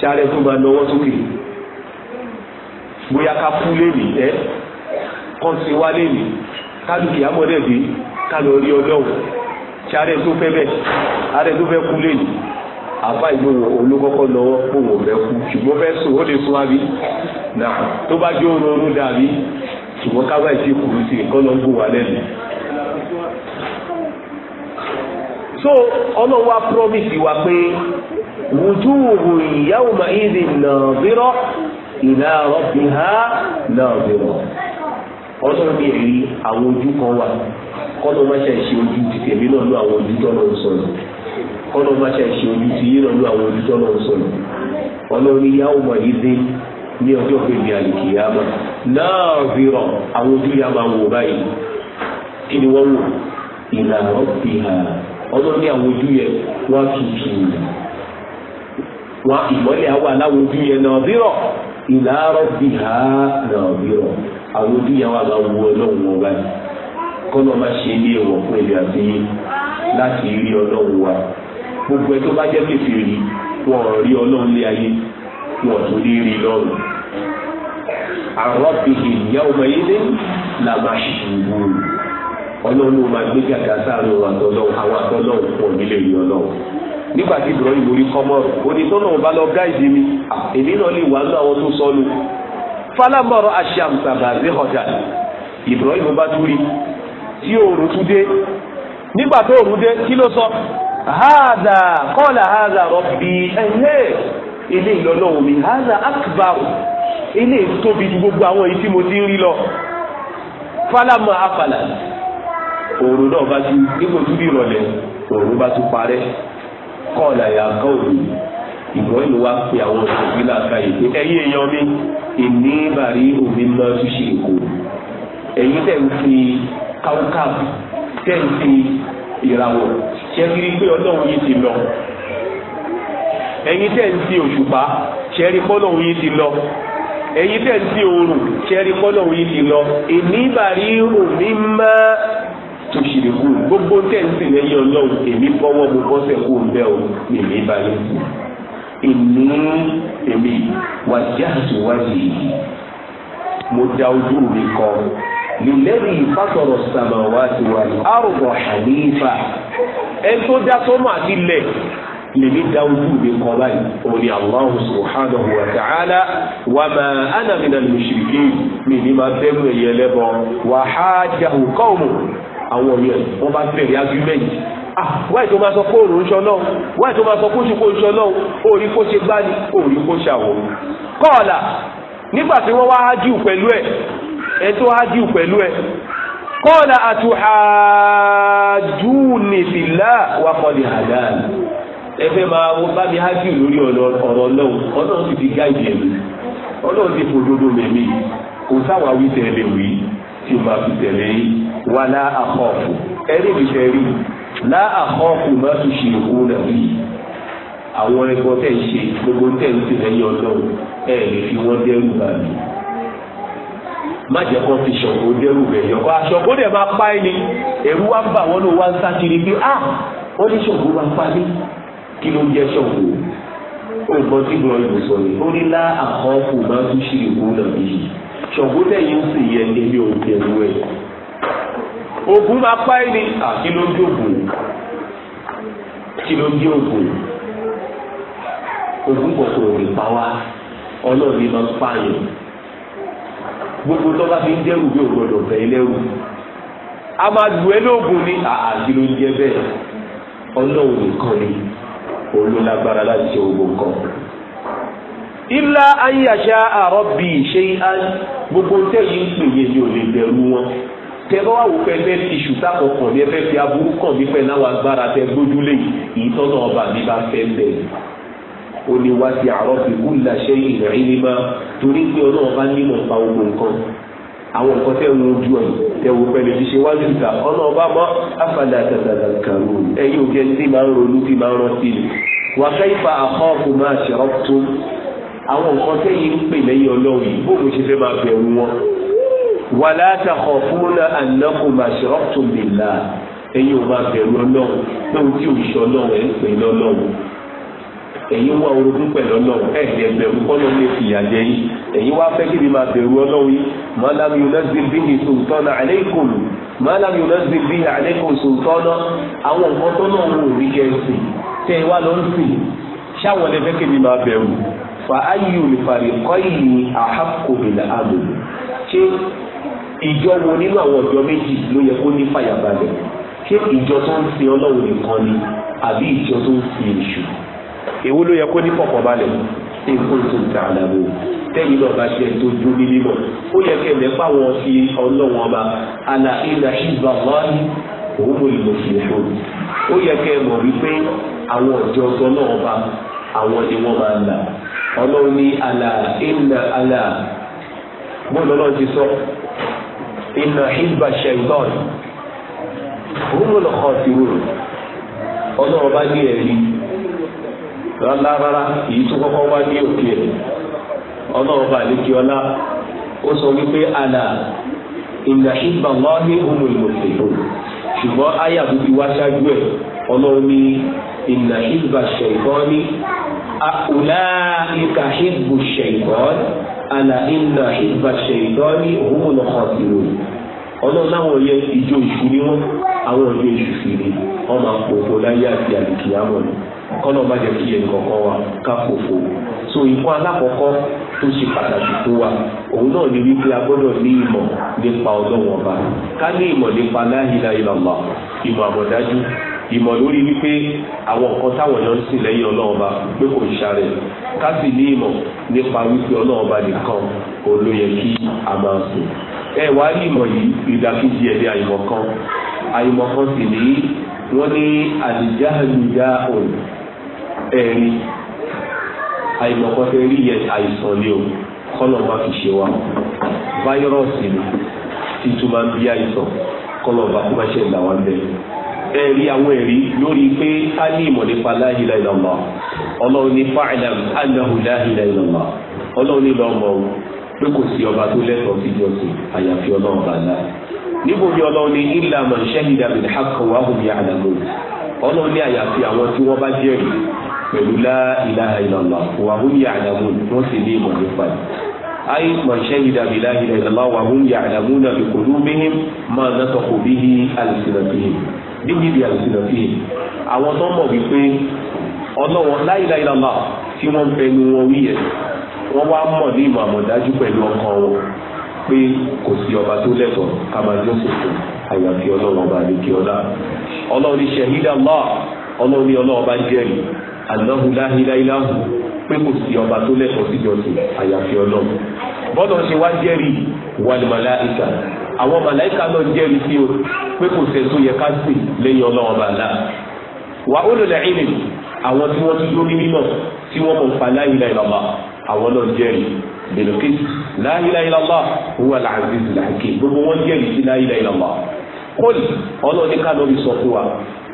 ṣáré tó máa nọwọ́ sókè bóyá ká kú lè rí ẹ́ kọ́ sí wá lè rí kálukì amọ̀dẹ̀bí ká lọ rí ọlọ́run ṣáré tó fẹ́ bẹ́ẹ̀ ṣáré tó fẹ́ kú lè rí àbá ìlú olókọ́kọ́ lọ́wọ́ kó wọ́n fẹ́ kú ṣùgbọ́n fẹ́ sùn ó lè sún àbí tó bá jó oorun dàbí ṣùgbọ́n ká so ọlọ́run wa promise wa pé wujuhun yawma idhin nadira ila rabbiha nadira ọlọ́run bí èyí àwọn ojú kan wà kọ́nà ṣe ojú ti tèmi náà ló àwọn ojú tọ́nà ń sọ̀rọ̀ kọ́nà má ṣe ojú ti yé náà ló àwọn ojú tọ́nà ń sọ̀rọ̀ ọlọ́run yawma ní ọjọ́ kejì àwọn ojú máa wò báyìí kí ni wọ́n wò ọlọ́run ní àwọn ojú yẹn wá tutù wá ìmọ́lẹ̀ àwọn aláwọ̀ ojú yẹn náà bírọ̀ ìlàárọ̀ bí ha náà bírọ̀ àwọn ojú yẹn wà máa wú ọlọ́run wọn báyìí kọ́nà máa ṣe ní èèwọ̀ fún èmi àti yín láti rí ọlọ́run wa gbogbo ẹ tó bá jẹ́ kékeré wọn ò rí ọlọ́run lé ayé wọn tó lè rí lọ́rùn làbàṣìṣì gbòòrò. ọlọ́run máa gbé gàgà sáànù àtọ́lọ́ àwọn àtọ́lọ́ pọ̀ nílé ìyọ̀ náà nígbà tí ìbúrọ̀ ìborí kọ́mọ́ onítọ́nà ọba lọ gáìdì mi èmi náà lè wà nínú àwọn tó sọnù fálámọ̀rọ̀ aṣàmùsàbàzẹ́ ọ̀dà ìbúrọ̀ ìbò bá tún rí tí òòrùn tún dé nígbà tó òòrùn dé kí ló sọ haza kọ́ọ̀là haza rọ̀bì ẹ̀hẹ́ ilé ìlọ́lọ́wọ́ mi haza akbar ilé tóbi ju gbogbo àwọn èyí tí mo ti ń rí òòrùn náà bá tún dípò tún bí ìrọ̀lẹ́ òòrùn bá tún parẹ́ kọ́ọ̀lá yà kọ́ òòrùn ìgbọ́n ìlú wa pe àwọn òṣèlú làkà yìí pé ẹ̀yin èèyàn mi ìní bàrí omi náà tún ṣe èkó ẹ̀yin tẹ̀ ń fi káwùkáw tẹ̀ ń fi ìràwọ̀ ṣẹ́kiri pé ọlọ́run yìí ti lọ ẹ̀yin tẹ̀ ń fi òṣùpá ṣẹ́rí pọ́lọ́run yìí ti lọ ẹ̀yin tẹ̀ ń fi òòrùn ṣẹ́rí pọ́lọ́run yìí ti lọ ìní bàrí omi máa tó ṣe lè kú gbogbo tẹ̀sí lẹ́yìn ọlọ́run èmi fọwọ́ mo bọ́sẹ̀ kó ń bẹ́ o èmi balẹ̀ ìnú èmi wàjá àtúwájì yìí mo da ojú mi kọ lìlẹ́rì ìfàsọ̀rọ̀ sàmàwá ti wà ní àrùbọ̀ hànífà ẹ tó dá sọ́mọ́ àti ilẹ̀ lèmi da ojú mi kọ báyìí òun ni Allahu subhanahu wa ta'ala wa ma ana minal mi ni ma bẹ́ẹ̀ mú ẹ̀yẹ lẹ́bọ̀ wàhálà jàù kọ́ọ̀mù àwọn yẹn wọ́n bá bẹ̀rẹ̀ argument ah, wáyé tó máa sọ kó òrùn ṣọ náà wáyé tó máa sọ kó ṣùkó ṣọ náà òòrí kó ṣe gbá ní òòrí kó ṣàwọ̀ kọ́ọ̀là nígbà tí wọ́n wá ájú pẹ̀lú ẹ̀ ẹ̀ tó ájú pẹ̀lú ẹ̀ kọ́ọ̀là àtúhájú nìfìlà wà kọ́ọ̀lì àdáàlì ẹ fẹ́ máa wọ bá mi ájú lórí ọ̀rọ̀ náà ọlọ́run ti di gáìdì ẹ̀mí ọlọ́run ti fòdodo mẹ̀mí kò sáwà wí tẹ̀lé wí tí o máa fi tẹ̀lé yín wà lá àkọ́ọ̀fù ẹni mi fẹ́ rí lá àkọ́ọ̀fù má tún ṣe òkú rẹ̀ wí. àwọn ẹgbọ́ tẹ̀ ń ṣe gbogbo tẹ̀ ń tẹ̀lé yín ọlọ́run ẹ lè fi wọ́n dẹ́rù bá mi. má jẹ́ kó fi ṣọ̀gbọ́n dẹ́rù bẹ̀ yọ kó aṣọ̀gbọ́n dẹ̀ máa pa ẹni ẹ̀rú wa ń bà wọ́n ló wá ń sá kiri pé ah wọ́n ní ṣọ̀gbọ́n máa pa mí kí ló ń jẹ́ ṣọ̀gbọ́n ó gbọ́ sí gbọ́n ìbùsọ̀ ni ó ní lá àkọ́ọ̀fù má tún ṣe òkú rẹ̀ ṣògbódẹ̀ yìí ń sì yẹ ilé òbí ẹ̀rú ẹ̀ ogun máa pa ẹni kí ló ń dé ogun kí ló ń dé ogun ogun kòtò òní pa wá ọlọ́ọ̀ni máa ń pààyàn gbogbo tó bá fi ń dẹ́rù bí ògbọ́dọ̀ fẹ́ lẹ́rù a máa lù ẹ́ lóògùn ní àkí ló bẹ́ẹ̀ ọlọ́ọ̀ni kan ni olólágbára láti ṣe ogun kan ilá ayíyàṣá àrọ́bì ṣe gbogbo tẹ́yìn ń pè yẹn yóò lè bẹ̀rù wọn tẹ́bọ́ wà wò pẹ́ẹ́lẹ́ ti ṣùtá kọ̀ọ̀kan ní ẹfẹ́ fi aburú kàn mí pẹ́ náà wà gbára tẹ gbójúlé ìtọ́nà ọba mi bá fẹ́ bẹ́ẹ̀ ó ní wá sí àrọ́bì kúlà ṣe ìrìn ní ma torí pé ọlọ́run bá nímọ̀ pa ogun nǹkan àwọn nǹkan tẹ́ ń wojú ẹ̀ tẹ́ wo pẹ́ẹ́lẹ́ fi ṣe wájú ìta ọlọ́run bá mọ́ àfàdà àtàtà kàrú òkè tí máa ń ronú tí máa ń rántí àwọn nǹkan tẹ́yìn ń pè lẹ́yìn ọlọ́run yìí bóògùn ṣe fẹ́ máa bẹ̀rù wọn. wàlá takhafuna annakum ashraktum billah ẹ̀yin ò máa bẹ̀rù ọlọ́run lóhun tí òṣìṣẹ́ ọlọ́run ẹ̀ ń pè lọ́lọ́run ẹ̀yin wá orogún pẹ̀lú ọlọ́run ẹ̀ ẹ̀ bẹ̀rù kọ́lọ́ lè fìyà jẹ yín ẹ̀yin wá fẹ́ kí ni máa bẹ̀rù ọlọ́run yìí máa lábí yunazil bihi sultana aleikum máa lábí ṣáwọn ẹlẹfẹ kèmí máa bẹ̀rù fa ayu nìfàlẹ kọyìlì àhàkùnrin àgbò ṣé ìjọ wo nínú àwọn ọjọ́ méjì ló yẹ kó ní fàyàbalẹ̀ ṣé ìjọ tó ń sin Ọlọ́run nìkan ni àbí ìjọ tó ń sin èṣù èwo ló yẹ kó ní fọkànbalẹ̀ nǹkan tó ta àdàbò tẹ́yìn náà bá ṣe tó dún ní mímọ́ ó yẹ kí ẹ̀mẹ́ pàwọn fi Ọlọ́run ọba àlà ìlà ìgbà wáyé òun mo lè mọ̀ sí ẹ̀ṣọ́ ó yẹ kí ẹ mọ̀ wípé àwọn ọ̀jọ̀ ọ̀gọ́ náà ọba àwọn ni wọ́n máa là ọlọ́run ní àlà ìnà àlà bóòlù ọlọ́run ti sọ ìnà ìgbà ṣẹ̀gbọ́n òun ló kọ́ sí wúrò ọlọ́run bá ní ẹ̀rí rárá rárá èyí tó kọ́kọ́ wá ní òkè ẹ̀ ọlọ́run bá lè kí ọlá ó sọ wípé àlà ìnà ìgbà wọ́n ní òun ìmọ̀lẹ́gbọ̀n ṣùgbọ́n àyà tó ti wá ṣáájú ẹ̀ ọlọ́run ní ìnà ìgbà ṣẹ̀gbọ́n ní àkùlá ìka ìbò ṣẹ̀gbọ́n àlà ìnà ìgbà ṣẹ̀gbọ́n ní òun lọ kàn sí òun ọlọ́run láwọn yẹ ìjọ ìṣú ni àwọn ìjọ ìṣú ni wọ́n máa pòpò láyé àti àlìkìyàmọ̀ ni. kọ́nà má jẹ́ kí wa so nǹkan alákọ̀ọ́kọ́ tó ṣe pàtàkì fún wa òun náà ni wípé a gbọ́dọ̀ ní ìmọ̀ nípa ọlọ́wọ́n ọba ká ní ìmọ̀ nípa la ilaha ìmọ̀ àmọ̀dájú ìmọ̀ lórí wípé àwọn nǹkan táwọn èèyàn ń sìn lẹ́yìn pé kò ń ní ìmọ̀ nípa wípé ọlọọba nìkan ló yẹ kí a máa ẹ wá rí yìí ìdàkejì sì ní wọ́n ní òun ẹ̀rí àìmọ̀kọ́tẹ́ rí yẹn àìsàn ni o kọ́lọ̀ fi ṣe wa fáírọ́ọ̀sì ni títún máa ń bí àìsàn kọ́lọ̀ kó má ṣe ìgbà wa bẹ́ẹ̀ ẹ̀rí àwọn ẹ̀rí lórí pé a ní ìmọ̀ nípa ọlọ́run ní ọlọ́run ní pé ọlọ́run ní àyàfi àwọn tí wọ́n bá jẹ́rìí pẹ̀lú la ilaha illallah wa hum ya'lamun wọ́n sì ní ìmọ̀ nípa ẹ̀. ayé man shahida bi la ilaha illallah wa hum ya'lamuna bi qulubihim ma nataqu bihi alsinatihim níbi ibi alsinatihim. àwọn tó mọ̀ wípé ọlọ́run la ilaha tí wọ́n fẹnu wọn wí wọ́n wá mọ̀ ní ìmọ̀ àmọ̀dájú pẹ̀lú ọkàn wọn pé kò sí ọba tó lẹ́tọ̀ọ́ ká máa jọ́sìn àyàfi ọlọ́run ọba àdìkí ọlá ọlọ́run ní ṣẹ̀hídà lọ́ ọlọ́run ní ọlọ́run ọba jẹ́rìí àdáhùn láhíláhíláhù pé kò sí ọba tó lẹ́tọ̀ọ́ sí ìjọsìn àyàfi ọlọ́run bọ́dọ̀ ṣe wá jẹ́rìí wà ní màláìka àwọn màláìka náà jẹ́rìí sí o pé kò sẹ́ tó yẹ ká sì lẹ́yìn ọlọ́run ọba àlá wà ó lọ́lẹ̀ ìlẹ̀ àwọn tí wọ́n ti lórí mímọ̀ tí wọ́n mọ̀ nípa láhílá ìlọ́ba àwọn náà jẹ́rìí kóòlì ọlọ́ọ̀ni ká lóbi sọ fún wa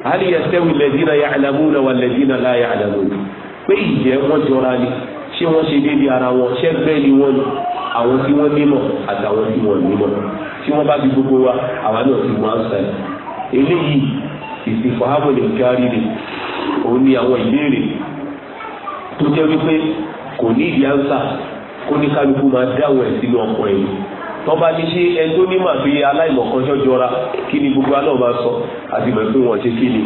hali yastawi lẹ́dínà ya'lamuna wà lẹ́dínà la ya'lamuna pé ìjẹ́ wọ́n jọra ni ṣé wọ́n ṣe déédéé ara wọn ṣé bẹ́ẹ̀ ni wọ́n ni àwọn tí wọ́n mímọ̀ àtàwọn tí wọ́n mímọ̀ tí wọ́n bá fi gbogbo wa àwa náà ti mú àṣà eléyìí ìsìnkọ́hábò lè kárí ni òun ni àwọn ìbéèrè tó jẹ́ wípé kò ní ìdí ànsà kó ní kálukú máa dáwọ̀ ẹ̀ sínú ọkọ̀ ẹ̀yìn tó bá ní ṣe ẹni tó ní mà bí aláìmọ̀kan ṣọ́jọ́ra kí ni gbogbo aná máa sọ àti mọ̀ pé ṣe kí ni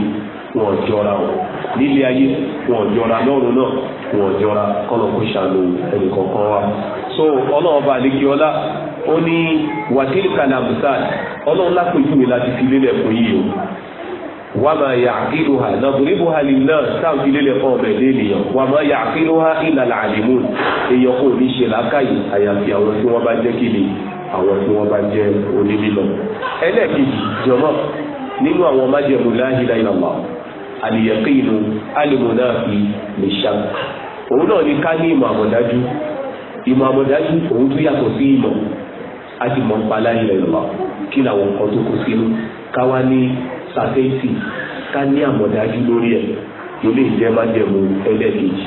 jọra wọn nílé ayé jọra náà jọra kọ́nà kó ẹnì kọ̀ọ̀kan wa. so ọlọ́run ó ní ọlọ́run láti fi lélẹ̀ fún yìí o lélẹ̀ fún ọbẹ̀ èèyàn kò ní ṣe làákàyè àyàfi àwọn tí wọ́n bá àwọn tí wọ́n bá jẹ́ onílílọ. ẹlẹ́ẹ̀kejì jọmọ́ nínú àwọn májẹ̀mú la ilaha illallah al-yaqinu al-munafi li shak. òun náà ni ká ní ìmọ̀ àmọ̀dájú ìmọ̀ àmọ̀dájú òun tún yàtọ̀ sí ìmọ̀ àti mọ̀ nípa la ilaha illallah kí làwọn nǹkan tó kó sínú káwá ní sàfẹ́ǹtì ká ní àmọ̀dájú lórí ẹ̀ ilé ìjẹ́ májẹ̀mú ẹlẹ́ẹ̀kejì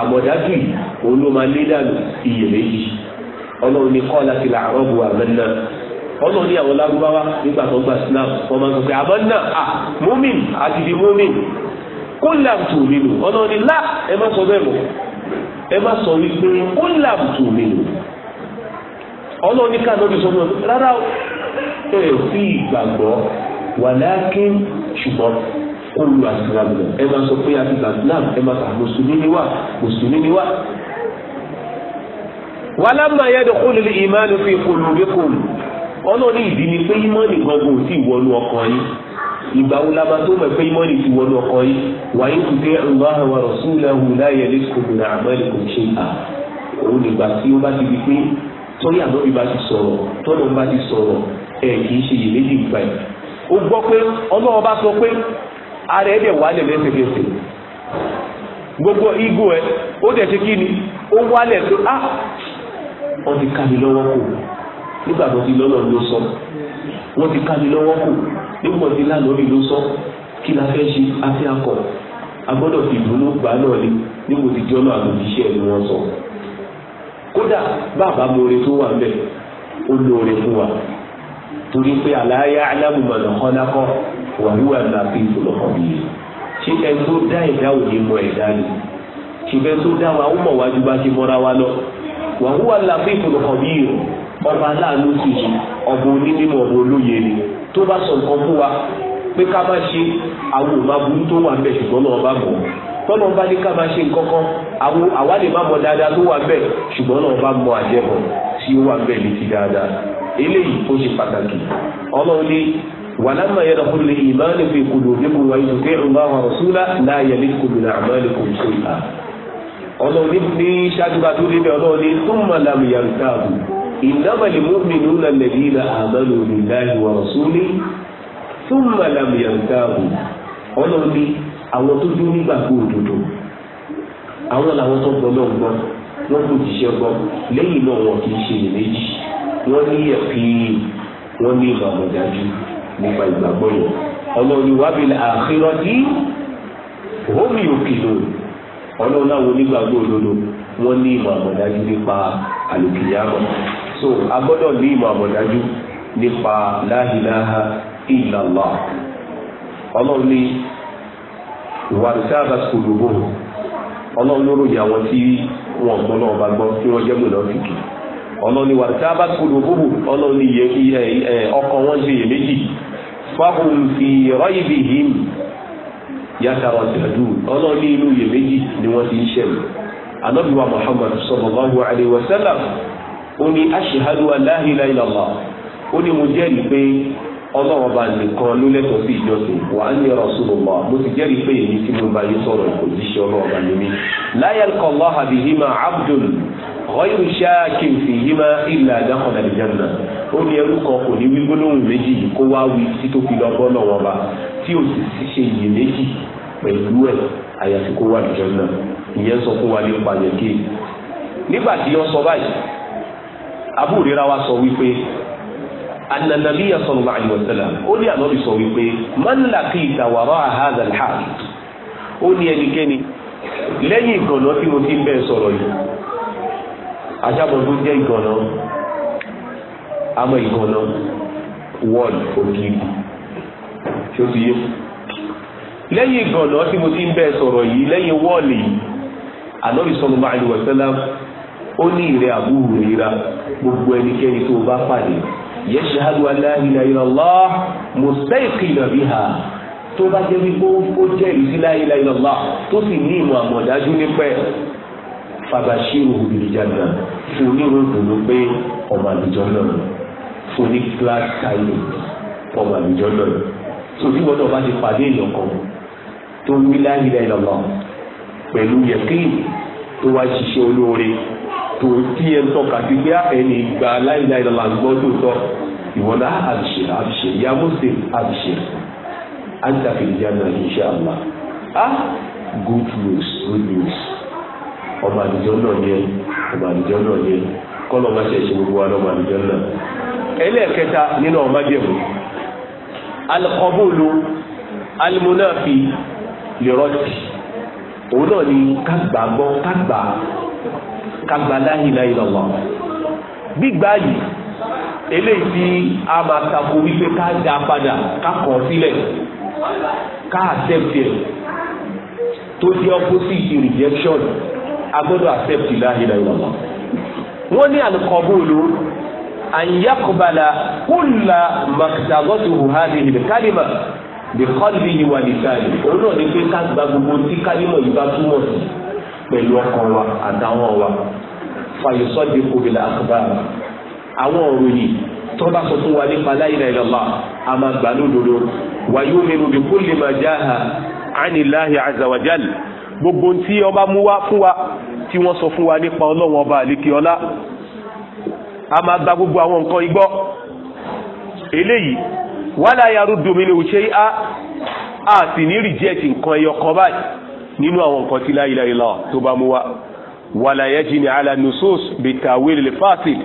àmọ̀dájú yìí òun ló máa lé dànù iyèméjì ọlọ́run ní kọ́ láti là àrọ́ bu àmọ́ náà ọlọ́run ní àwọn lárúbáwá nígbà tó gba Islam wọ́n máa ń sọ pé àmọ́ náà à múmin àti di múmin kó làm tù mí nù ọlọ́run ní là ẹ má sọ bẹ́ẹ̀ mọ́ ẹ má sọ wípé kó làm tù mí nù ọlọ́run ní káà lọ́dún sọ́dún rárá ẹ fi ìgbàgbọ́ wàlákín ṣùgbọ́n kó lu àsìlámù ẹ má sọ pé àti àsìlámù ẹ má sà mùsùlùmí wàlámà ya dẹ̀ kúlù ìmánu fi kúlù bí kúlù ọlọ́ọ̀ni ìdí ni pé ìmọ̀nì gbọ̀ngàn wọnú yín ìgbà wo tó mọ̀ pé ìmọ̀nì ti wọnú yín wa òun tí ó bá ti di pé ti sọ̀rọ̀ bá ti sọ̀rọ̀ ẹ̀ kì í ṣe gbà yìí ó gbọ́ pé ọlọ́wọ́ bá sọ pé ara ẹ̀ dẹ̀ lẹ́sẹ̀kẹsẹ̀ wọ́n ti ká mi lọ́wọ́ kù nígbà tó ti lọ́lọ́ ló sọ wọ́n ti ká mi lọ́wọ́ kù nígbà tí lánàá ló sọ kí la fẹ́ ṣe afẹ́ akọ agbọ́dọ̀ fi ìdùnnú gbà náà ni nígbà tí jọ́nà àlòjíṣẹ́ ni wọ́n sọ kódà bàbá mòore tó wà mbẹ ó lóore fún wa torí pé àlàyé alámùmọ̀nà kọ́lákọ́ wàhíwà nàbí ìfọlọ́kọ̀ yìí ṣé ẹni tó dá ẹ̀dá òní mọ ẹ̀dá ni ṣùgbọ́n tó dá wa ó mọ̀ wájú bá ṣe mọ́ra wa lọ wa huwa al-latiful khabir ọba aláàánú sì ni ọba onímọ̀ ọba olóye ni tó bá sọ nǹkan fún wa pé ká má ṣe àwọn òmà burú tó wà bẹ́ẹ̀ ṣùgbọ́n náà bá mọ̀ tọ́lọ́ bá ní ká má ṣe nǹkan kan àwọn àwa lè má mọ̀ dáadáa tó wà bẹ́ẹ̀ ṣùgbọ́n náà bá mọ̀ àjẹmọ̀ tí ó wà bẹ́ẹ̀ létí dáadáa eléyìí ó ṣe pàtàkì ọlọ́run ní wàlámà yẹn lọ fúnlẹ̀ ìmáàlì fi kùdù nípò wáyé tó kẹ́ ọlọ́ọ̀ni ní ṣáàdúrà tó débẹ̀ ọlọ́ọ̀ni thumma lam yartabu innamal mu'minuna alladhina amanu billahi wa rasulihi thumma lam yartabu ọlọ́ọ̀ni àwọn tó dún nígbàgbọ́ òdodo àwọn làwọn tó gbọ́ náà gbọ́ wọ́n kò jíṣẹ́ gbọ́ lẹ́yìn náà wọn kì í ṣe ìrẹ́jì wọ́n ní ẹ̀fí wọ́n ní ìgbàgbọ́ nípa ìgbàgbọ́ yẹn ọlọ́ọ̀ni wàbí àkhírọ́tì hum ọlọ́run láwọn onígbàgbọ́ òdodo wọ́n ní ìmọ̀ àmọ̀dájú nípa àlùkìyàmọ̀ so a gbọ́dọ̀ ní ìmọ̀ àmọ̀dájú nípa láhìláha ìlàlá ọlọ́run ní wàrúsáàbà sòlòbò ọlọ́run ló àwọn tí wọ́n gbọ́ náà bá gbọ́ tí wọ́n jẹ́ mọ̀lọ́fìkì ọlọ́run ní ọlọ́run ní wọn ṣe fáwọn yàtà ọ̀dàdù ọlọ́run ní inú iyèméjì ni wọ́n ti ń ṣẹ̀mí anábìwá muhammad sallallahu alayhi wa sallam ó ní ashhadu an la ilaha illallah ó ní mo jẹ́rìí pé ọlọ́run ọba nìkan ló lẹ́tọ̀ọ́ sí ìjọsìn wa anni rasulullah mo ti jẹ́rìí pé èmi tí mo bá yín sọ̀rọ̀ ìkòjíṣẹ́ ọlọ́run ọba ni mí la yalqa allaha abdul ọ̀yìn iṣẹ́ akéwìsì yìí máa ìlà àdáhùn àlìjáná ó ní ẹrú kan kò ní wí gbólóhùn méjì yìí kó wá wí tí tó fi lọ bọ́nà wọn bá tí ò sì ṣe iyèméjì pẹ̀lú ẹ̀ àyàfi kó wà àlìjáná ìyẹn sọ fún wa nípa yẹ̀ké nígbà tí wọ́n sọ báyìí abúrera wa sọ wípé ananabi ya sọ̀rọ̀ báyìí wọ́n sẹ́la ó ní ànábi sọ wípé mọ́nlàkì ìtàwárọ̀ aṣáàbọ̀n tó jẹ́ ìgànnà àmọ́ ìgànnà wọ́ọ̀lù ògiri tí ó ti yé lẹ́yìn ìgànnà tí mo ti ń bẹ́ẹ̀ sọ̀rọ̀ yìí lẹ́yìn wọ́ọ̀lì ànábì sallallahu alaihi wasallam ó ní ìrẹ́ Abu Huraira gbogbo ẹnikẹ́ni tó bá pàdé yashhadu an la ilaha illallah mustayqinan biha tó bá jẹ́ wípé ó jẹ́ ìsílá ilaha illallah tó sì ní ìmọ̀ àmọ̀dájú nípẹ́ fabashiru hubilijanna fún onírò ìdùnnú pé ọmọ àlùjọ náà fún ní glass tile ọmọ àlùjọ náà tó wọn náà bá ti pàdé èèyàn kan tó ń gbé ilẹ̀ ìlọ́lọ́ pẹ̀lú yẹ̀kín tó wá ṣiṣẹ́ olóore tó tí ẹ ń tọ́ka sí pé ah, ẹni gba láyé ilẹ̀ ìlọ́lọ́ tó tọ́ ìwọ́n àbìṣe àbìṣe ìyá muslim àbìṣe àǹtàfẹ̀lẹ́jà náà insha Allah ah good news good news ọmọ àlùjọ náà yẹ ọmọ àlùjọ náà yẹ kọ́lọ̀ má ṣe ṣe gbogbo wa lọ́mọ àlùjọ náà. ẹlẹ́ẹ̀kẹta nínú ọmọ jẹ̀mú alikọ́bùlù alimunafi lèrọ́tì òun náà ni kágbà gbọ́ kágbà kágbà la ilaha illallah gbígbà yìí eléyìí tí a máa tako wípé ká da padà ká kọ̀ sílẹ̀ ká accept it tó di opposite rejection agbọ́dọ̀ accept la ilaha illallah wọ́n ní alikọ́bùlù ànyàkùbàlà kúlà màkìtàgọ́tù hùhádìhì kálímà bí kọ́lì yìí wà nìkanì òun náà ní pé ká gba gbogbo tí kálímà yìí bá túmọ̀ sí pẹ̀lú ọkàn wa àtàwọn wa fàyọsọ́dì kòbìlà àkùbàlà àwọn òròyìn tó sọ fún wa nípa la ilaha a máa gbà lódodo wa yu'minu bi kulli ma jaha anillahi azza gbogbo tí ọba mú wá fún wa tí wọ́n sọ fún wa nípa ọlọ́wọ́n ọba àlékè ọlá a máa gba gbogbo àwọn nǹkan igbọ́ eléyìí wala yaruddu minhu shay'a a sì ní rìjẹ́tì nǹkan ẹyọ kan báyìí nínú àwọn nǹkan tí la ilaha illallah tó bá mú wa wala yajni ala nusus bitawil al-fasil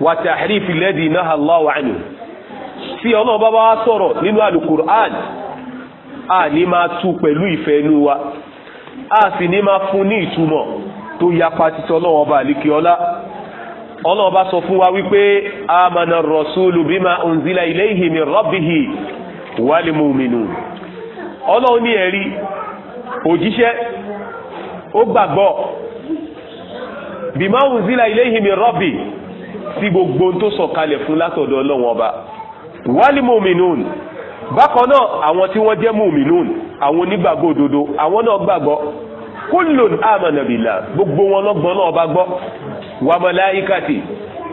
wa tahrif alladhi naha Allahu anhu tí ọlọ́run bá bá sọ̀rọ̀ nínú al a ní máa tú pẹ̀lú ìfẹ́ inú wa a sì ní máa fún ní ìtumọ̀ tó yapa títọ́ lọ́wọ́ ọba àlíkè ọlá ọlọ́wọ́ bá sọ fún wa wípé amana rasulu bima unzila ilayhi min rabbihi wal mu'minun ọlọ́wọ́ ní ẹ̀rí òjíṣẹ́ ó gbàgbọ́ bima unzila ilayhi min rabbi sí gbogbo tó sọ̀kalẹ̀ fún látọ̀dọ̀ ọlọ́wọ́ ọba wal mu'minun bákan náà àwọn tí wọ́n jẹ́ mùmínún àwọn onígbàgbọ́ òdodo àwọn náà gbàgbọ́ kullun amana billah gbogbo wọn lọ́gbọ́n náà bá gbọ́ wa malaikati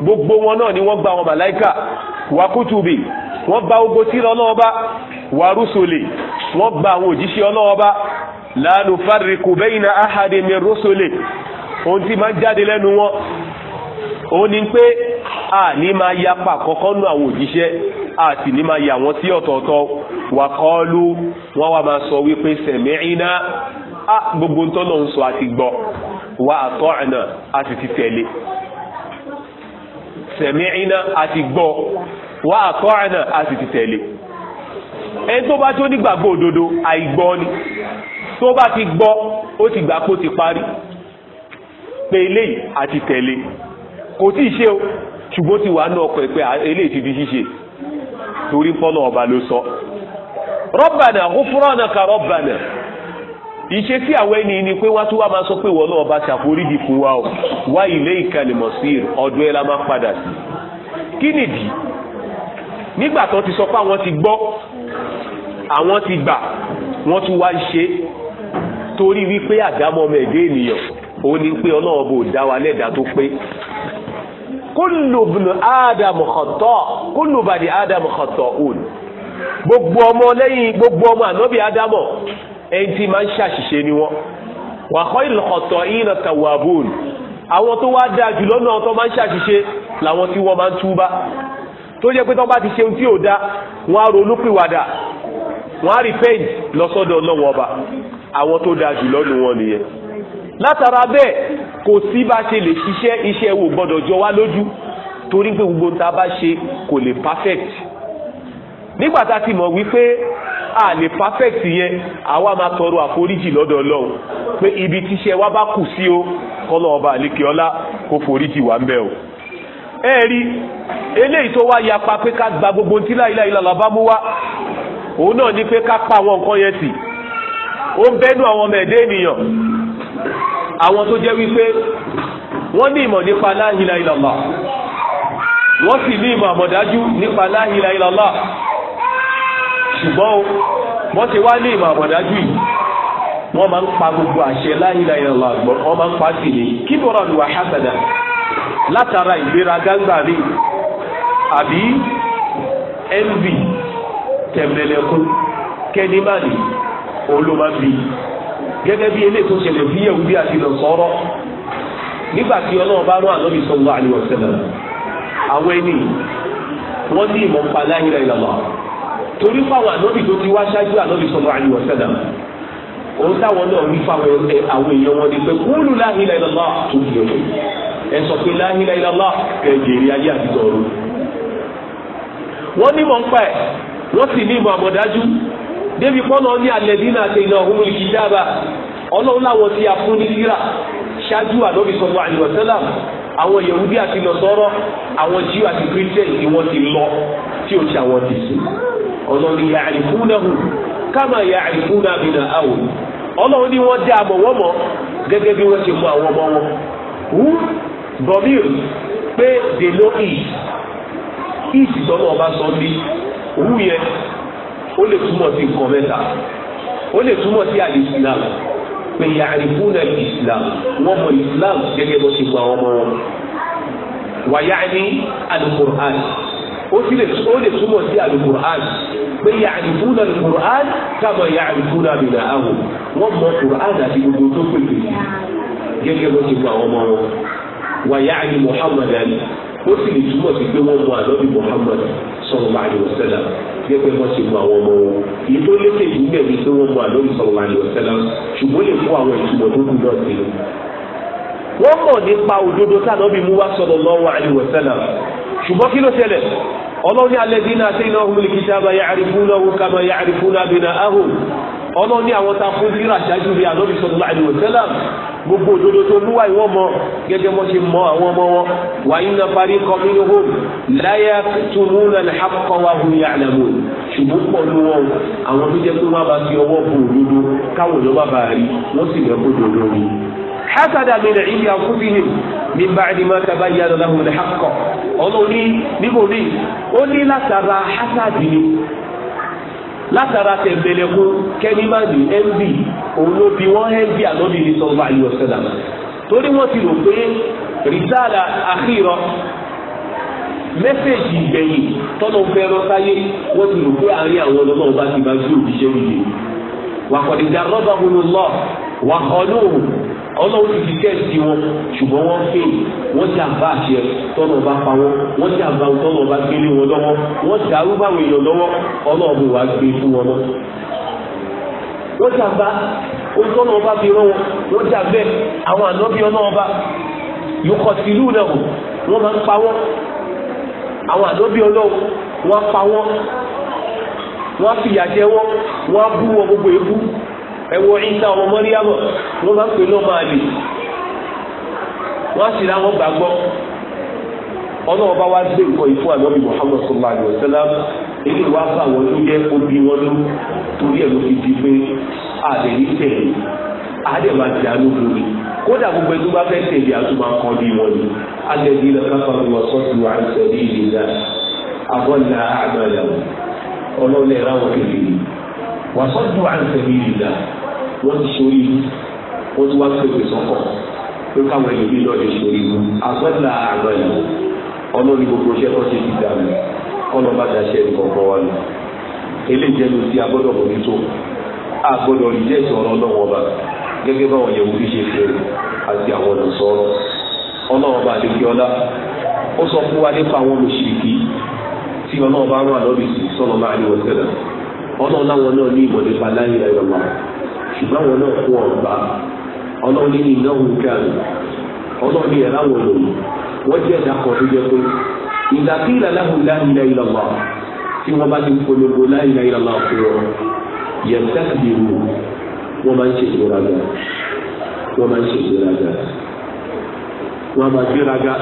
gbogbo wọn náà ni wọ́n gba àwọn màláìkà wa kutubi wọ́n gba ogo tíra ọlọ́wọ́ bá wa rusuli wọ́n gba àwọn òjíṣẹ́ ọlọ́wọ́ bá la nufarriqu bayna ahadin min rusuli ohun tí máa jáde lẹ́nu wọn ó ní pé a ní máa yapa kọ́kọ́ nú àwọn òjíṣẹ́ a sì ní máa yà wọ́n sí ọ̀tọ̀ọ̀tọ̀ wà kọ́ọ́lù wọ́n wá máa sọ wípé sẹ̀mẹ́rìnà a gbogbo tọ́nà ń sọ àti gbọ́ wà àtọ́ àná a sì ti tẹ̀lé sẹ̀mẹ́rìnà a ti gbọ́ wà àtọ́ àná a sì ti tẹ̀lé ẹni tó bá tó nígbàgbọ́ òdodo àìgbọ́ ni tó bá ti gbọ́ ó ti gbà kó ti parí pé eléyìí a ti tẹ̀lé kò tí ì ṣe o ṣùgbọ́n ti wà ní ọkọ̀ ẹ̀ pé eléyìí ti di ṣíṣe torí pọ́nà ọba ló sọ. rọ́bànà gufrana ka rọ́bànà ìṣe tí àwọn ẹni ni pé wá tó wá máa sọ pé wọ́n náà bá ṣàforíjì fún wa o wá ilaykal masir ọ̀dọ̀ ẹ la máa padà sí. kí nìdí nígbà tó ti sọ pé àwọn ti gbọ́ àwọn ti gbà wọ́n tún wá ṣe torí wípé àdámọ́ ọmọ ẹ̀dẹ́ ènìyàn òun ni pé ọlọ́run bò dá wa lẹ́dàá tó pé kúlù bùnú ádámù kọ̀tọ̀ kúlù bàdí ádámù kọ̀tọ̀ òun gbogbo ọmọ lẹ́yìn gbogbo ọmọ ànábì ádámù ẹni tí máa ń ṣàṣìṣe ni wọ́n wàhọ́ ìlọ̀kọ̀tọ̀ ìnà tàwàbùn àwọn tó wá dáa jùlọ náà tó máa ń ṣàṣìṣe làwọn tí wọ́n máa ń túbá tó jẹ́ pé tó bá ti ṣe ohun tí ò da wọ́n á ronúpìwàdà wọ́n á repent lọ́sọ́dọ̀ ọlọ́wọ́ ọba àwọn tó dáa jùlọ nù wọn nìyẹn látara bẹ́ẹ̀ kò sí bá ṣe lè ṣiṣẹ́ iṣẹ́ wo gbọ́dọ̀ jọ wá lójú torí pé gbogbo ta bá ṣe kò lè perfect nígbà tá a ti mọ̀ wípé a lè perfect yẹn àwa máa tọrọ àforíjì lọ́dọ̀ Ọlọ́run pé ibi tíṣẹ́ wa bá kù sí o kọ́lọ́ ọba àlékè ọlá kó foríjì wá ń bẹ̀ o ẹ rí eléyìí tó wá yapa pé ká gba gbogbo tí láìláì lọ́la bá mú wá òun náà ni pé ká pa àwọn nǹkan yẹn tì ó ń bẹ́nu àwọn ọmọ ẹ̀dá ènìyàn àwọn tó jẹ́ wípé wọ́n ní ìmọ̀ nípa la ilaha illallah wọ́n sì ní ìmọ̀ àmọ̀dájú nípa la ilaha illallah ṣùgbọ́n o wọ́n ti wá ní ìmọ̀ àmọ̀dájú yìí wọ́n máa ń pa gbogbo àṣẹ la ilaha illallah àgbọ̀n wọ́n máa ń pa sí ni kíbọ̀rọ̀ ni wà hásàdà látara ìlera gángà rí àbí envy tẹ̀mẹ̀lẹ̀kún kẹ́ni máa ní olóma bíi gẹ́gẹ́ bí eléyìí tó ṣẹlẹ̀ bí Yahudi àti Nasara nígbà tí Ọlọ́run bá rán Ànábì sallallahu alaihi wasallam àwọn ẹni wọ́n ní ìmọ̀ nípa la ilaha illallah torí fáwọn Ànábì tó ti wá ṣáájú Ànábì sallallahu alaihi wasallam òun táwọn náà wí fáwọn ẹ àwọn èèyàn wọn ni pé kúlù la ilaha tó fi ẹ̀wọ̀ ẹ sọ pé la ilaha illallah débi pọ́nà ní alẹ́dínà àti iná ọ̀hún ìkìdába ọlọ́run láwọn tí a fún ní síra ṣáájú ànábì sọ̀rọ̀ àdìbọ̀sẹ́là àwọn yahudi àti nọ̀sọ́rọ́ àwọn jíò àti kírísítẹ́nì ni wọ́n ti lọ tí ó ti àwọn ti sùn ọlọ́run ni ya'rifunahu kama ya'rifuna abna'ahum ọlọ́run ni wọ́n dá àmọ̀ wọ́n mọ̀ gẹ́gẹ́ bí wọ́n ṣe mọ àwọn ọmọ wọn wú bọ̀míl pé dèló ìs ìs ìsọ̀rọ̀ ọba sọ ní wú yẹn ó lè túmọ̀ sí nǹkan mẹ́ta ó lè túmọ̀ sí al-islam pé ya'rifuna al-islam wọ́n mọ islam gẹ́gẹ́ bó ṣe gba àwọn ọmọ wọn wa ya'ni al-qur'an ó sì lè ó lè túmọ̀ sí al-qur'an pé ya'rifuna al-qur'an kama ya'rifuna abna'ahum wọ́n mọ qur'an àti gbogbo tó pèsè gẹ́gẹ́ bó ṣe gba ọmọ wọn wa ya'ni muhammadan ó sì lè túmọ̀ sí pé wọ́n mú ànábì Muhammad sallallahu alaihi wasallam gẹ́gẹ́ wọ́n ṣe mú àwọn ọmọ wọn èyí tó lékè yìí mẹ́rin pé wọ́n mú ànábì sallallahu alaihi wasallam ṣùgbọ́n lè fún àwọn ìtumọ̀ tó kù náà sí i wọ́n mọ̀ nípa òdodo táwọn bí mú wá sallallahu alaihi wasallam ṣùgbọ́n kí ló ṣẹlẹ̀ ọlọ́ni alladhina ataynahumul kitaba ya'rifunahu kama ya'rifuna abna'ahum ọlọ́ni àwọn ta fún rírà ṣáájú bí ànábì sallallahu alaihi wasallam gbogbo òdodo tó mú wá ìwọ́n mọ gẹ́gẹ́ bó ṣe mọ àwọn ọmọ wọn wa inna fariqan minhum la yaktumuna al-haqqa wa hum ya'lamun ṣùgbọ́n pọ̀ wọn àwọn tó jẹ́ pé wọ́n bá fi ọwọ́ bo òdodo káwọn èèyàn bá bá rí wọ́n sì lẹ́kọ̀ọ́ òdodo rí hasada min ilé akúbihìn من بعد ما taba yára lahum al-haqq ọlọ́run ní níbo ní ó ní látara hasadi ni látara tẹ̀gbẹ̀lẹ̀kún kẹ́ni má ní mb òun ló bí wọ́n mb àlọ́bí ní sọ́ọ́bà yóò sẹ́dà torí wọ́n ti rò pé rìsáàlà àkìrọ̀ mẹ́sẹ̀jì ìgbẹ̀yìn tọ́nà fẹ́ rọ́sáyé wọ́n ti rò pé àárín àwọn ọlọ́mọ ọba ti bá ju òbí ṣe wíyẹ wàkọ̀dìdà rọ́bà lọ wàkọ̀lóhùn ọlọ́run ti fi kẹ́ẹ̀sì wọn ṣùgbọ́n wọ́n fè wọ́n jàǹbá àṣẹ tọ́nà bá pa wọn wọ́n jàǹbá tọ́nà bá gbélé wọn lọ́wọ́ wọ́n dàrú báwọn èèyàn lọ́wọ́ ọlọ́run wàá gbé fún wọn lọ. wọ́n jàǹbá ohun tọ́nà ọba fi rán wọn wọ́n jàǹbẹ́ àwọn ànábì ọlọ́ọba yòókọ̀ sílù náà wọ́n máa ń pa wọ́n àwọn ànábì ọlọ́run wọ́n pa wọ́n wọ́n fìyà jẹ wọ́n wọ́n bú wọn gbogbo èébú ẹ wo ìsá ọmọ mọ́ríyámọ̀ wọ́n bá pè lọ́mọ àlè wọ́n á sì láwọn gbàgbọ́ ọlọ́wọ́ bá wá gbé nǹkan ìfún àlọ́bí Muhammad sallallahu alayhi wa sallam èyí wá bá àwọn tó jẹ́ omi wọn ló torí ẹ̀ ló fi di pé àlè ní tẹ̀lé àlè máa tẹ̀ á lóko ni kódà gbogbo ẹni bá fẹ́ tẹ̀lé àti máa kọ́ bí wọn ni alẹ́ ní ilẹ̀ káfà ló wọ sọ́ọ̀tù àìsàn yìí nìyà àbọ̀là àgbàlà ọlọ́ọ̀lẹ̀ ráwọ̀ kẹfì wà sọ́ọ̀tù àìsàn yìí nìyà wọ́n ti sori ibu wọ́n ti wá pépè sọ́kọ̀ pé káwọn ẹlòmíì náà lè sori ibu àgbẹ̀dà àná ẹ̀ ọlọ́ọ̀ni gbogbo iṣẹ́ tó ti di dànù ọlọ́ọ̀bá daṣẹ́ ìkọ̀kọ̀ wa lọ eléyìí jẹ́ lóṣì agbọ́dọ̀ bòmí tó agbọ́dọ̀ ìjẹ́ ìsọ̀rọ̀ ọlọ́wọ́ ọba gẹ́gẹ́ báwọn yẹ̀wò fi ṣe fèrè àti àwọn ọ̀nà sọ̀rọ̀ ọlọ́wọ́ ọba àdékíọ́lá ó sọ fún wa nípa àwọn mùṣìríkí tí ọlọ́wọ́ bá rán àlọ́bì sí sọ́nà máa ní wọ́sẹ̀lẹ̀ ọlọ́wọ́ láwọn náà ní ìmọ̀ nípa láyé ẹ̀rọ máa ṣùgbọ́n àwọn náà kún ọ̀gbà ọlọ́run ní ìnáwó kẹrin ọlọ́run ní ẹ̀rọ àwọn olóyè wọ́n jẹ́ ẹ̀dá kan tó jẹ́ pé ìdàkí ìlàláhùn láìlẹ̀ ìlọ́gbà tí wọ́n bá ti ń polongo láìlẹ̀ ìlọ́gbà fún wọn yẹn tẹ́kìlì rù wọ́n máa ń ṣe ìgbéraga wọ́n máa ń ṣe ìgbéraga wọ́n máa gbéraga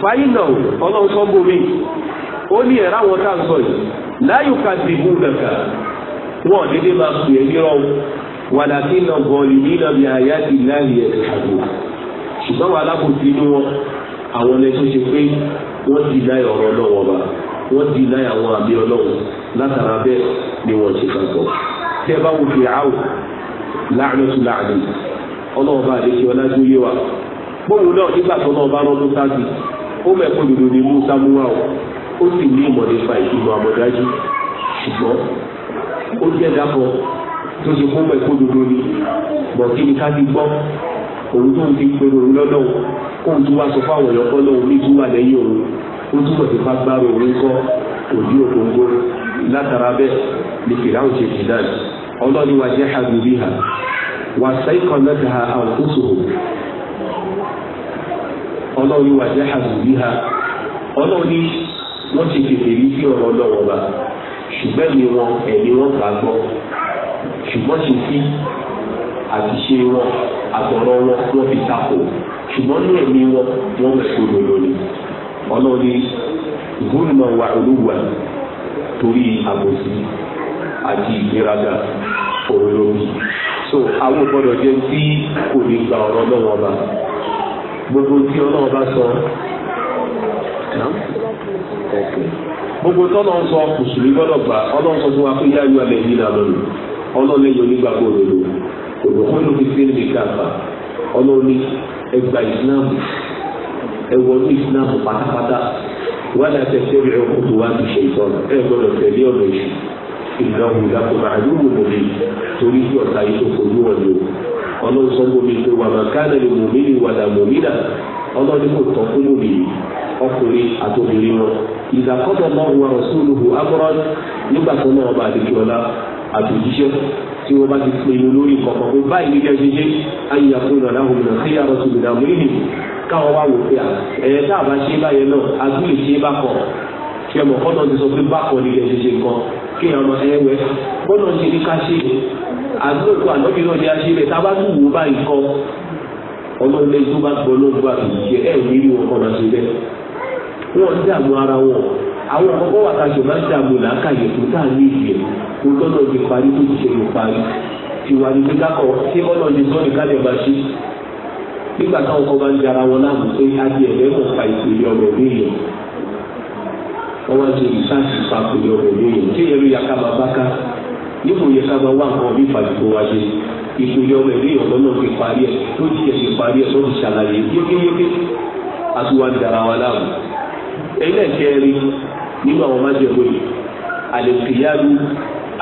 fàyínà ọlọ́run sọ bómi ó ní ẹ̀rọ tá a sọ yìí láyùká ti bú nàkà wọ́n dédé wàlàkì nà bọ̀lì mí nà bí àyà ti láàyè ẹ̀ àgbò ṣùgbọ́n wà lákòókò inú wọn àwọn ẹni tó ṣe pé wọ́n ti láyà ọ̀rọ̀ ọlọ́wọ́n bá wọ́n ti láyà àwọn àmì ọlọ́wọ́n látara bẹ́ẹ̀ ni wọ́n ṣe gbàgbọ́. tẹ́ bá wo fìrà áwò láàánú tún láàánú ọlọ́wọ́n bá àdéhùn ọlájú yé wa bóun náà nígbà tó náà bá rán musa sí ó mẹ́kọ́ lòdò ní musa mú wa o ó sì ní ìmọ̀ nípa ìtumọ̀ àmọ̀dájú ṣùgbọ́n ó jẹ́ dákọ̀ọ́ tó ṣe kó pẹ̀ kó dodo ni bọ̀ kí ni ká ti gbọ́ òun tó ń ti pinnu òun lọ́dọ̀ kóun tún wá sọ fáwọn èèyàn kọ́ lóun ní túbà lẹ́yìn òun ó túbọ̀ ti fa gbára òun kọ́ òdí òkòǹgó látara bẹ́ẹ̀ ni fìdáhùn ṣe fìdáhùn ọlọ́ni wa jẹ́ àgbègbè ha wà sẹ́kọ̀ọ́ náà ha ọlọ́ni wa jẹ́ àgbègbè ha ọlọ́ni wọ́n ti fèfèrè sí ọ̀rọ̀ ọlọ́wọ́ bá wọn ẹ̀mí wọn kà ṣùgbọ́n ṣe sí àti ṣe wọn àtọ̀rọ̀ wọn wọ́n fi tako ṣùgbọ́n ní ẹ̀mí wọn wọ́n fò lòlòlì ọlọ́ọ̀ni gúnmọ̀ wà olúwa torí àbòsí àti ìgbéraga òròlòmí so àwọn gbọ́dọ̀ jẹ́ tí kò ní gba ọ̀rọ̀ náà wọn bá gbogbo tí ọlọ́wọ́ bá sọ gbogbo tí ọlọ́wọ́ sọ kùsùlù gbọ́dọ̀ gbà ọlọ́wọ́ sọ fún wa pé yáyọ alẹ́ yìí nà lónìí ọlọ́run yóò nígbàgbọ́ òdodo òdòkọ́nù fi sí ní gàgbà ọlọ́run ẹgbà islam ẹwọ ní islam pátápátá wàlá tẹsẹ̀rì ọkùnrin wa ti ṣe ìtọ́nà ẹ gbọ́dọ̀ tẹ̀lé ọ̀nà ìṣù ìnáwó ìdákùnrin àdúgbò mòmí torí kí ọ̀tá yìí tó fojú wọn ni o ọlọ́run sọ mòmí pé wàmà kánà ni mòmí ni wàdà mòmí náà ọlọ́run kò tọ́ fún mòmí ọkùnrin àtòmìnrin wọn ìdàkọ́tọ̀ náà wà rọ̀ sóòlù àtòjíṣẹ́ tí wọ́n bá ti pinnu lórí kọ̀ọ̀kan pé báyìí ní kẹ́sí ṣe ayíyá fún ìlànà òmìnira kí yàrá tó gbìdá mú nìyí káwọn wá wò pé ẹ̀yẹ tá a bá ṣe báyẹn náà a tún lè ṣe bákọ̀ kí ọmọ kọ́nà ti sọ pé bákọ̀ ní kẹ́sí ṣe nǹkan kí ọmọ ẹ̀wẹ̀ kọ́nà ṣe ní ká ṣe àdúrókò ànábì náà a ṣe bẹ̀ tá a bá àwọn ọkọ̀ wà ká jọ máa ń dààmú làákàyè tó tá à ní ìdí ẹ̀ kó tọ́nà ti parí tó ti ṣe lè parí tiwa ní pé kákọ̀ tí ọ̀nà ní sọ́ọ̀nì kálẹ̀ bá ṣí nígbà táwọn kan bá ń jara wọn láàmú pé adìẹ lẹ́mọ̀ pa ìpele ọmọ ìbéèyàn wọ́n wá ṣe ìsáàsì pa ìpele ọmọ ìbéèyàn tí ìyẹn ló yà ká máa bá ká níbo yẹ ká máa wá nǹkan bí ìfàdùkọ wa ṣe ìpele ọmọ ìbéèyàn lọ́nà ti parí ẹ̀ tó ti ẹ̀ ti parí ẹ̀ lọ́nà ṣàlàyé yékéyéké a wá ń jara wọn láàmú ẹlẹ́kẹ̀ẹ́rin nínú àwọn májèkó yìí àlèkìyàdù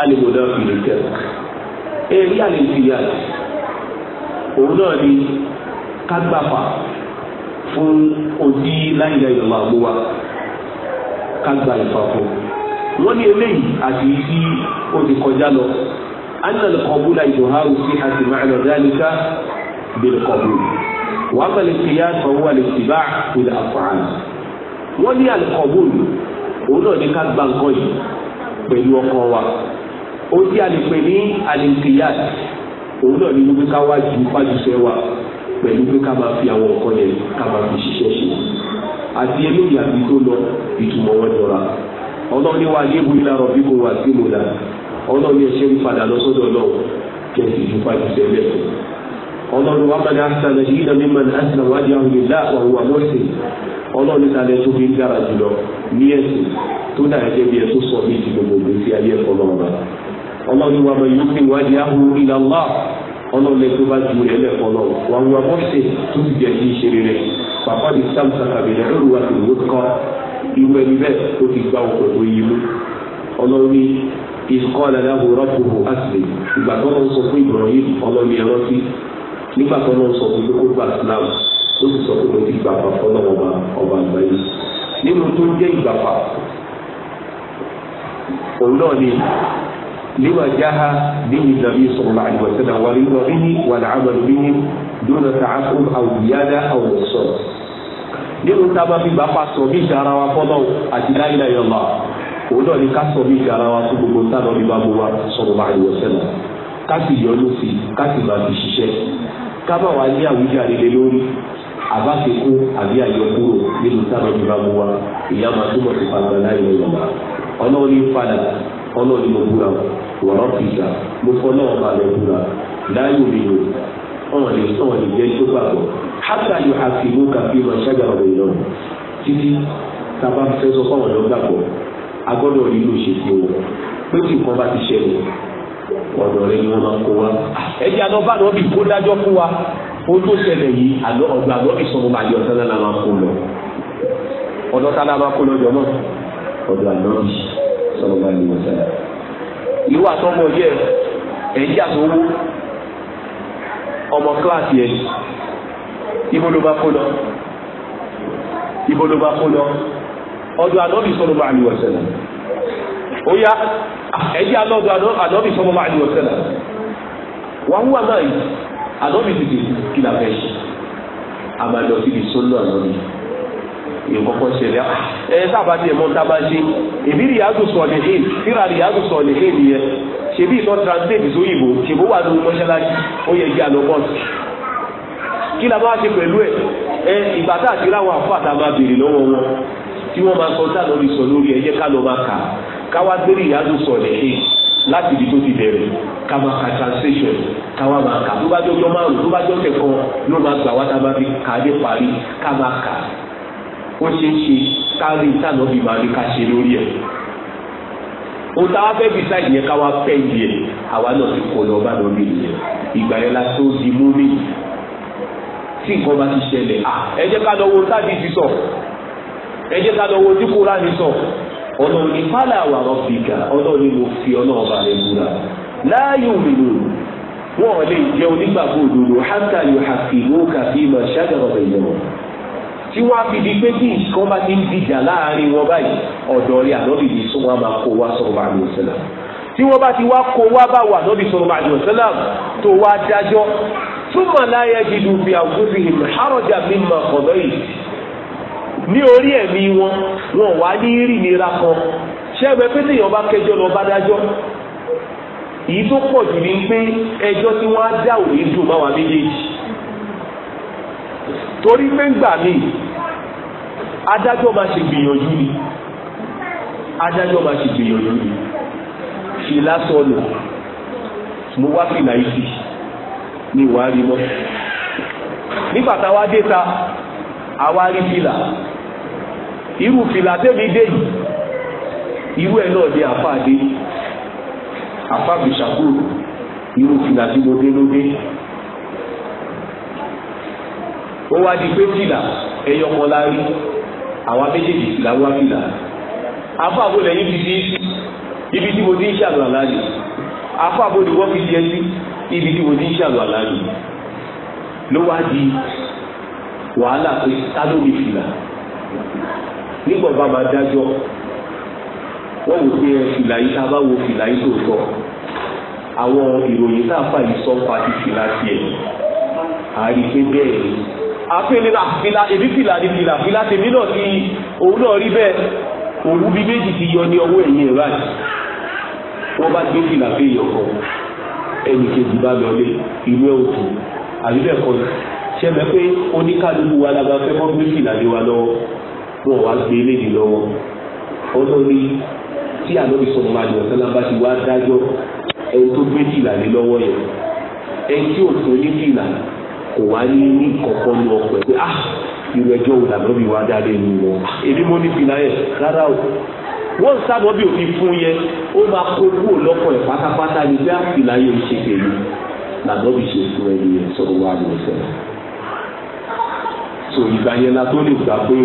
àlèmọdà fìlìkẹ èrí àlèkìyàdù òun náà ni kágbàfà fún odi láyé ìlọmọ àgbówá kágbà ìfàfọ wọn ní eléyìí àti tí ó ti kọjá lọ annal qabula yuharu fi hasi ma'na dhalika bil qabul wa amma al qiyas fa huwa al ittiba' ní al òun náà ní ká gba nǹkan yìí pẹ̀lú ọkàn wa ó tí a lè pè ní alinkiyat òun náà ní wípé ká wá ju fájúṣe wa pẹ̀lú pé ká máa fi àwọn nǹkan yẹn ká máa fi ṣiṣẹ́ ṣe àti eléyìí àti tó lọ ìtumọ̀ wọn jọra ọlọ́run ní wàá yéwu ilá rọ̀bí kò wá sí mùlá ọlọ́run ní ẹṣẹ́ ń padà lọ sọ́dọ̀ náà kẹsì ju fájúṣe lẹ́sìn ọlọ́run wa mọ̀ ní asàlẹ̀ yìí náà mímọ̀ ní asàlẹ̀ wà ní àwọn ìlà ọ̀run wà lọ́sẹ̀ ọlọ́run níta lẹ tó fi ń dára jùlọ ní ẹ̀sìn tó dà gẹ́gẹ́ bí ẹ tó sọ ní ti gbogbo ìgbésí ayé ẹ̀kọ́ náà bá ọlọ́run wa mọ̀ yóò fi wádìí ahu ila Allah ọlọ́run lẹ tó bá ju ẹlẹ́kọ́ náà wà wà lọ́sẹ̀ tó ti jẹ́ sí ìṣeré rẹ̀ pàpà ní sàmùsà kàbílẹ̀ ẹ̀rù ọlọ́run ní ìkọ́ nígbà tó lọ sọ fún kókó gba islam ó sì sọ pé mo ti gbà fà fọlọ́ ọba ọba àgbáyé nínú tó jẹ́ ìgbàfà òun náà ni lima jaha bihi nabi sallallahu alaihi wa sallam wa ridwa bihi wal amal bihi duna ta'aqqub aw ziyada aw naqsan nínú tá a bá fi gbàfà sọ bí ìṣara wa fọlọ́ àti la ilaha illallah òun náà ni ká sọ bí ìṣara wa fún gbogbo tá lọ bí bá bó wa sallallahu alaihi wa yọ lóṣì ká sì máa fi ṣiṣẹ́ kábà wá ní àwíjàre lé lórí àbáṣekú àbí àyọkúrò nínú sábà bí bá mú wa ìyá máa túbọ̀ sí pàgbà láì lọ yọ̀mà ọlọ́ọ̀ni padà ọlọ́ọ̀ni mo búra wọ̀rọ̀ fìgbà mo fọ́ náà máa lọ búra láyò mi lò ọ̀hún ni ọ̀hún ni jẹ́ tó gbàgbọ́ hátà yóò àfi mú kàfí ma ṣága ọ̀rọ̀ ìlọrin títí sábà fẹ́ sọ fáwọn ọ̀dọ́ gbàgbọ́ agbọ́dọ̀ rí lò ṣe sí wọn pé tí nǹkan bá ti ṣẹlẹ̀ ọ̀dọ̀ rẹ ni wọ́n máa kó wa. ẹ̀jẹ̀ àná bá náà bí kó dájọ́ fún wa ó tó ṣẹlẹ̀ yìí àná ọ̀dọ̀ àná bí sọ̀rọ̀ bàjẹ́ ọ̀sán náà la máa kó lọ. ọ̀dọ̀ tá a máa kó lọ́jọ́ náà ọ̀dọ̀ àná bí sọ̀rọ̀ bàjẹ́ ọ̀sán náà. ìwọ àtọ́mọ yẹ ẹ̀jẹ̀ àtọwọ́ ọmọ kíláàsì ẹ̀ ibo ló bá kó lọ ibo ló bá kó lọ ọ̀dọ̀ àná bí sọ̀rọ̀ bàjẹ́ ọ̀sán náà ó yá ẹ̀yí alọ́dọ̀ ànábì sallallahu alaihi wasallam wàá wà máa yìí ànábì dìde kí la fẹ́ ṣe àmàlọ́ síbi sọ́nù ànábì ìkọ̀kọ̀ ṣẹlẹ̀ ah, ẹ sábà tiẹ̀ mọ́ máa ṣe èmi ìtọ́ sóyìnbó wà mọ́ṣáláṣí ó yẹ kí bọ́ọ̀sì kí la máa ṣe pẹ̀lú ẹ ìgbà tá àti láwọn àfọ àtàmà béèrè lọ́wọ́ wọn tí wọ́n máa sọ lórí sọ lórí ká káwá gbérí ìyáàdùn sọ̀lẹ̀ kí láti ibi tó ti bẹ̀rẹ̀ ká ka translation ká wá máa kà tó bá jọ́jọ́ márùn tó bá jọ́jọ́ kan ló máa gbà wá tá a bá fi kà á dé parí ká máa kà ó ṣe é ṣe kárí ìtànà bí màá ní ká ṣe lórí ẹ̀ o ta wá fẹ́ bisá ìyẹn ká wá fẹ́ ìyẹn àwa náà ti kọ̀ lọ lọ bí ìyẹn ìgbà yẹn la tó di mú mi tí nǹkan bá ti ṣẹlẹ̀ ẹ ẹ jẹ́ ká lọ wo tí ọlọ́ni kálá wà rọ́bìkà ọlọ́ni mo fi ọlọ́run bá rẹ̀ búra láàyè òmìnira wọn ò lè jẹ́ onígbàgbọ́ òdodo hátà yóò hàfi lóòkà bí mà ṣàgàrọ̀ bẹ̀yẹ̀ wọn. tí wọ́n á fi di pé kí nǹkan bá ti ń dìjà láàrin wọn báyìí ọ̀dọ̀ rẹ̀ ànábìbí sún wọn máa kó wá sọ̀rọ̀ bá mi sílẹ̀ tí wọ́n bá ti wá kó wá bá wà lọ́bí sọ̀rọ̀ àjò sẹ́lám tó wá dájọ́ túmọ̀ láyé jìdù fi àwùjọ fi hàn hárọ̀jà mímọ̀ ọ̀dọ́ yìí ní orí ẹ̀mí wọn wọn wá ní rìnira kan ṣẹ́gbẹ́ pé téèyàn bá kẹjọ́ lọ bá dájọ́ èyí tó pọ̀ jù ní pé ẹjọ́ tí wọ́n á dá òní dùn máa wà méjèèjì torí pé ń gbà mí adájọ́ máa ṣe gbìyànjú ni adájọ́ máa ṣe gbìyànjú ni fi lásán ọ̀nà mo wá fìlà ìsì ní ìwà rí mọ́ nígbà táwa dé ta àwa rí fìlà irú fìlà tẹ́mi dé yìí irú ẹ̀ náà ni àfa dé àfa mi ṣàkóso irú fìlà tí mo dé ló dé ó wá di pé fìlà ẹyọ kan la rí àwa méjèèjì fìlà wá fìlà àfa àbò lẹ́yìn fi sí ibi tí mo ti ń ṣàlù àlàyé àfa àbò ni wọ́n fi jẹ sí ibi tí mo ti ń ṣàlù àlàyé ló wá di wàhálà pé ta ló ní fìlà nígbà bá máa dájọ́ wọ́n wò pé fìlà yìí tá a bá wo fìlà yìí tó sọ àwọn ìròyìn tá a fà yìí sọ pa ti fìlà tiẹ̀ àrí pé bẹ́ẹ̀ ni àfẹ́lẹ́ náà fìlà èmi fìlà ni fìlà fìlà tèmi náà ti òun náà rí bẹ́ẹ̀ òwú bí méjì ti yọ ní ọwọ́ ẹ̀yìn ẹ̀ báyìí wọ́n bá gbé fìlà pé ìyọ̀kọ̀ ẹnì kejì bá lọlé ìlú ẹ̀ òkú àbí bẹ́ẹ̀ kọ́ ṣẹ́mi pé oníkálukú wa la bá fẹ́ mọ́ gbé fìlà wọn wá gbé léde lọ́wọ́ olórí tí àlóbi sọ̀rọ̀ máa lọ sọ́lá bá ti wá dájọ́ ẹni tó gbé fìlà lé lọ́wọ́ yẹn ẹni tí ò fún ní fìlà kò wá ní ní kọ̀ọ̀kan lọ pẹ̀ pé ah irú ẹjọ́ wò làlóbi wá dáadé ni wọn èmi mo ní fìlà yẹn rárá o wọ́n sábọ̀ bí òfin fún yẹn ó máa kó kúrò lọ́kọ̀ ẹ̀ pátápátá ni bí àfìlà ah, yẹn ṣe tèmi làlóbi ṣe fún ẹni yẹn sọ̀rọ̀ wá lọ so ìgbà yẹn la tó lè gbà pé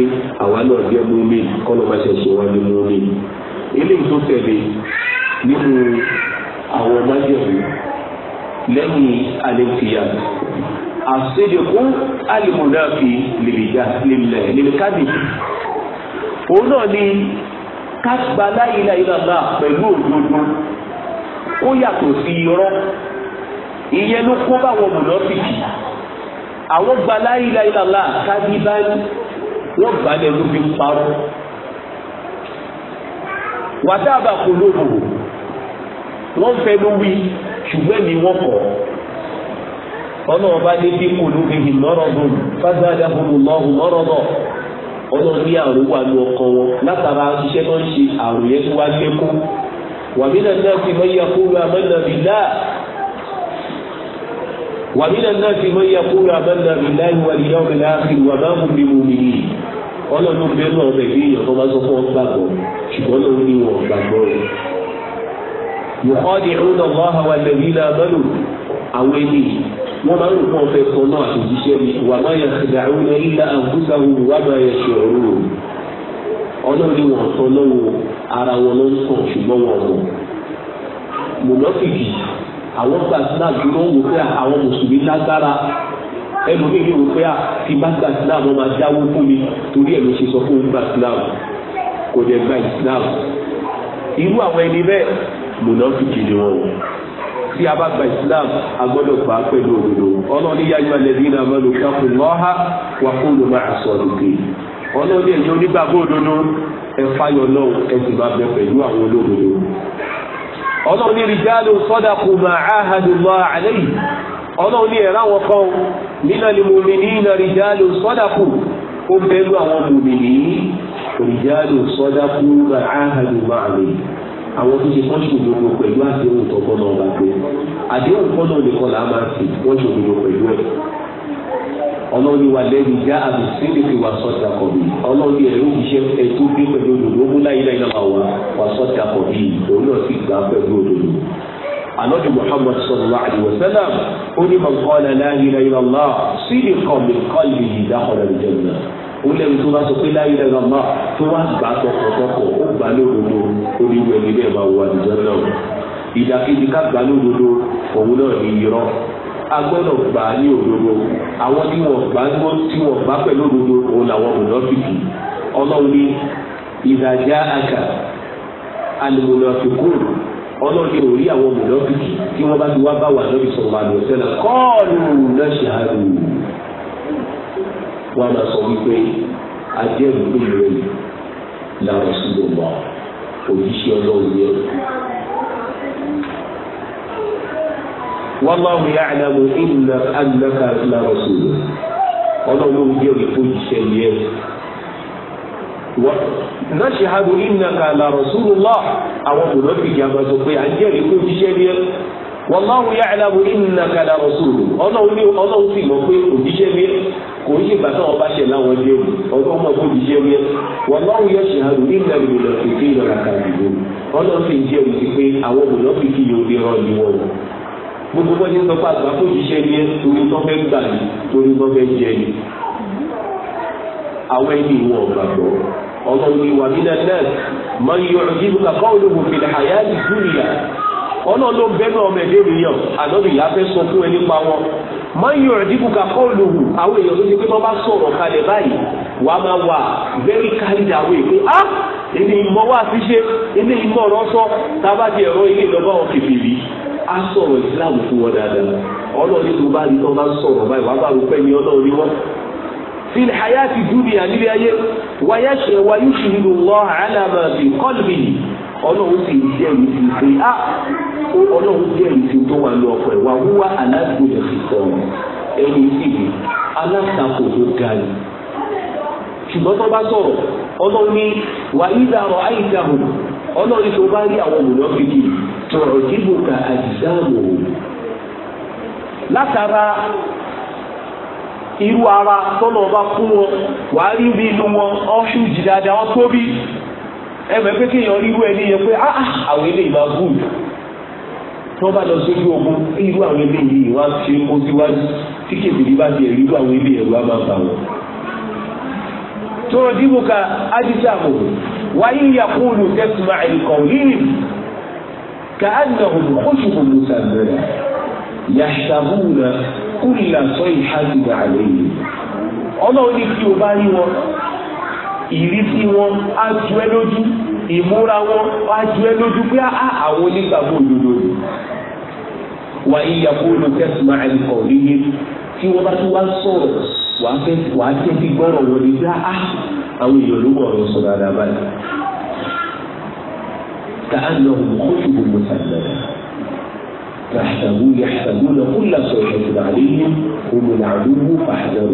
àwa náà jẹ́ múmi kọ́nà má ṣe ṣe wá ní múmi eléyìí tó tẹ̀lé nínú àwọn májèlú lẹ́yìn alẹ́kìyà àṣedẹ̀kú alìmọ̀dáàfi lèmìkádì òun náà ni ká gba la ilaha illallah pẹ̀lú òdodo ó yàtọ̀ sí irọ́ ìyẹn ló kó báwọn mùnà fìkì àwọn gba la ilaha illallah kadiban wọ́n gbà lẹ́nu bí parọ́ wàtàbà kò lóbò wọ́n fẹ́ ló wí ṣùgbọ́n ní wọ́n kọ̀ ọlọ́run bá dé bí kò lóbì yìí lọ́rọ̀dọ̀ fásitì lọ́hùn lọ́rọ̀dọ̀ ọlọ́run ní àrùn wà ní ọkàn wọn látara iṣẹ́ náà ń ṣe àrùn yẹn tó wá gbé kó wàmí náà fi mọ́ yẹ kó àmọ́ wàmínà náà ti mọ iye kúrò àmàlà ìláyìn wà ní yàwó ìlà àfi wà máa mú mi mú mi yìí ọlọ́run bẹ́ẹ̀ náà ọmọ ìdí èèyàn tó bá sọ fún ọ gbàgbọ́ ṣùgbọ́n ló ní wọn gbàgbọ́ rẹ̀. yòkọ́dì ìrúnà Allah wà lẹ́bí ilà àmàlù àwọn ẹni wọ́n máa ń fún ọ̀fẹ́ kan náà àtòjíṣẹ́ mi wà má yà sí dàrú ní àwọn gbàdúrà dúró wò pé àwọn mùsùlùmí lágbára ẹnu mi yóò pé àti bá gba islam wọn máa dáwó fún mi torí ẹ̀ ló ṣe sọ fún gba islam kò dẹ̀ gba islam irú àwọn ẹni bẹ́ẹ̀ mùnàfíkì ni wọn o tí a bá gba islam a gbọ́dọ̀ gbà á pẹ̀lú òdodo ọlọ́ọ̀ni yájú alẹ́bí náà mọ́nu káfù lọ́ha wà fún ló máa sọ lókè ọlọ́ọ̀ni ẹ̀yin onígbàgbọ́ òdodo ẹ fáyọ̀ náà ẹ sì máa bẹ pẹ̀lú àwọn olódodo ọlọ́run ní rìjálù sọ́dàkù màáhàdùmọ́ àlẹ́yìn ọlọ́run ní ẹ̀rọ àwọn kan nínà ni mo mi ní iná rìjálù sọ́dàkù ó bẹ́lú àwọn mòmìnì rìjálù sọ́dàkù màáhàdùmọ́ àlẹ́yìn àwọn tó ṣe kán ṣòdodo pẹ̀lú àdéhùn tọgbọ́n náà bá gbé àdéhùn kọ́nà nìkan là máa fi wọ́n ṣòdodo pẹ̀lú ẹ̀ ọlọ́ni wa lẹ́yìn já àmì sídìkì wà sọ́jà kọ̀ bí ọlọ́ni ẹ̀rọ iṣẹ́ ẹ̀tọ́ bí pẹ̀lú òdòdó ó mú láyé láyé náà wà wà sọ́jà kọ̀ bí òun náà sì gbà pẹ̀lú òdòdó. Ànábì Muhammad sallallahu alayhi wa sallam ó ní man qala la ilaha illallah sidqan min qalbihi dakhala al-janna ó lẹ́yìn tó bá sọ pé la ilaha illallah tó wá gbà tọkọtọkọ ó gbà lódodo ó ní wẹ́n ní bẹ́ẹ̀ máa wà al-janna ìdàkejì ká gbà lódodo òun náà ní irọ́ a gbọ́dọ̀ gbà ní òdodo àwọn tí wọ́n gbà tí wọ́n gbà pẹ̀lú òdodo òun làwọn mùnàfíkì ọlọ́run ní ìdájá àkà alìmùnàfíkù ọlọ́run ní orí àwọn mùnàfíkì tí wọ́n bá ti wá bá wà lórí sọ̀rọ̀ àlùsẹ́lẹ̀ kọ́ọ̀lù náà ṣàlù wọ́n máa sọ wípé ajẹ́rìí pé ìrẹ́lẹ̀ làwọn ìṣúná òjíṣẹ́ ọlọ́run yẹn wallahu ya'lamu inna annaka la rasulu ọlọ́run jẹ́ olùfojìṣẹ́ yẹ. nashhadu innaka la rasulullah àwọn kò lọ́ọ́ fìdí àgbà sọ pé à ń jẹ́rìí kó jíṣẹ́ yẹ. wallahu ya'lamu innaka la rasulu ọlọ́run sì mọ̀ pé kò jíṣẹ́ yẹ kò ń ṣègbà náà ọba ṣe láwọn ilé wò ọgbọ́n ọmọ gbogbo bọ́ ní sọ pé àgbà kò jíṣẹ́ ní torí tó fẹ́ gbà ní torí tó fẹ́ jẹ ní. àwọn ẹni ìwọ̀n gbàgbọ́ ọ̀sán ni wàmínà náà máa ń yọ ọ̀dí ọlọ́run ló bẹ́ẹ̀ náà ọmọ ẹ̀dẹ́ ènìyàn ànábì yà fẹ́ sọ fún ẹ nípa wọn máa ń yọrọ dínkù àwọn èèyàn ló ti pé wọ́n bá sọ̀rọ̀ kalẹ̀ báyìí wà á máa wà very kind away pé á ah! èmi ìmọ̀ wá sí ṣe ìmọ̀ ọ̀rọ̀ sọ tá ero ẹ̀rọ ilé ìlọ́gbà wọn kìfìrí á sọ̀rọ̀ ìsìláàmù fún wọn dáadáa ọlọ́run tó bá rí tó bá sọ̀rọ̀ báyìí wà á bá pẹ́ ní fi hayati nílé ọlọ́run sì jẹ́rìí sí pé á ah, ọlọ́run jẹ́rìí sí tó wà lọ ọ̀pọ̀ ẹ̀wà wúwá alágbèrè fi sọ̀rọ̀ ẹni ìdìbò alátakò tó ga ni. ṣùgbọ́n tó bá sọ̀rọ̀ ọlọ́run ní wà ídà rọ̀ ọlọ́run tó bá rí àwọn fìdí tọ̀rọ̀ dìbò ara tọ́lọ̀ bá fún wọn rí bí inú wọn ẹ mọ̀ pé kéèyàn rí irú ẹni yẹn pé ah, ah àwọn eléyìí máa gùn tí wọ́n bá lọ sójú ogun irú àwọn eléyìí wọ́n á ṣe kó síwájú tí kébìlì bá ti rí irú àwọn eléyìí ẹ̀rù á máa bà wọ́n. tó o dìbò ka adisabo wáyé yakulu tẹ́sùmá ẹ̀kọ́ yìí ka adinahun kóṣùkò musa bẹ̀rẹ̀ yasabuna kúlà sọ ìhàdìgbà àlẹ́ yìí ọlọ́run ní kí o bá rí wọn ìrísí wọn á ju ẹ lójú ìmúra wọn á ju ẹ lójú pé ah, ah, àwọn onígbàgbọ́ òdodo ni wà á yíya kó ló tẹ̀sí máa ẹ̀ kọ̀ níye tí wọ́n bá tún wá sọ̀rọ̀ wà á fẹ́ wà á tẹ́tí gbọ́rọ̀ wọn ni bí a ah, àwọn èèyàn ló wọ̀ ọ̀rọ̀ sọ̀rọ̀ àdá báyìí. kàánà òkútù gbogbo sàgbẹ̀rẹ̀ yàtàgùn yàtàgùn náà kó làtọ̀ ìṣẹ̀tùrọ̀ àdéhùn òmìnira àdúgbò fàdàrù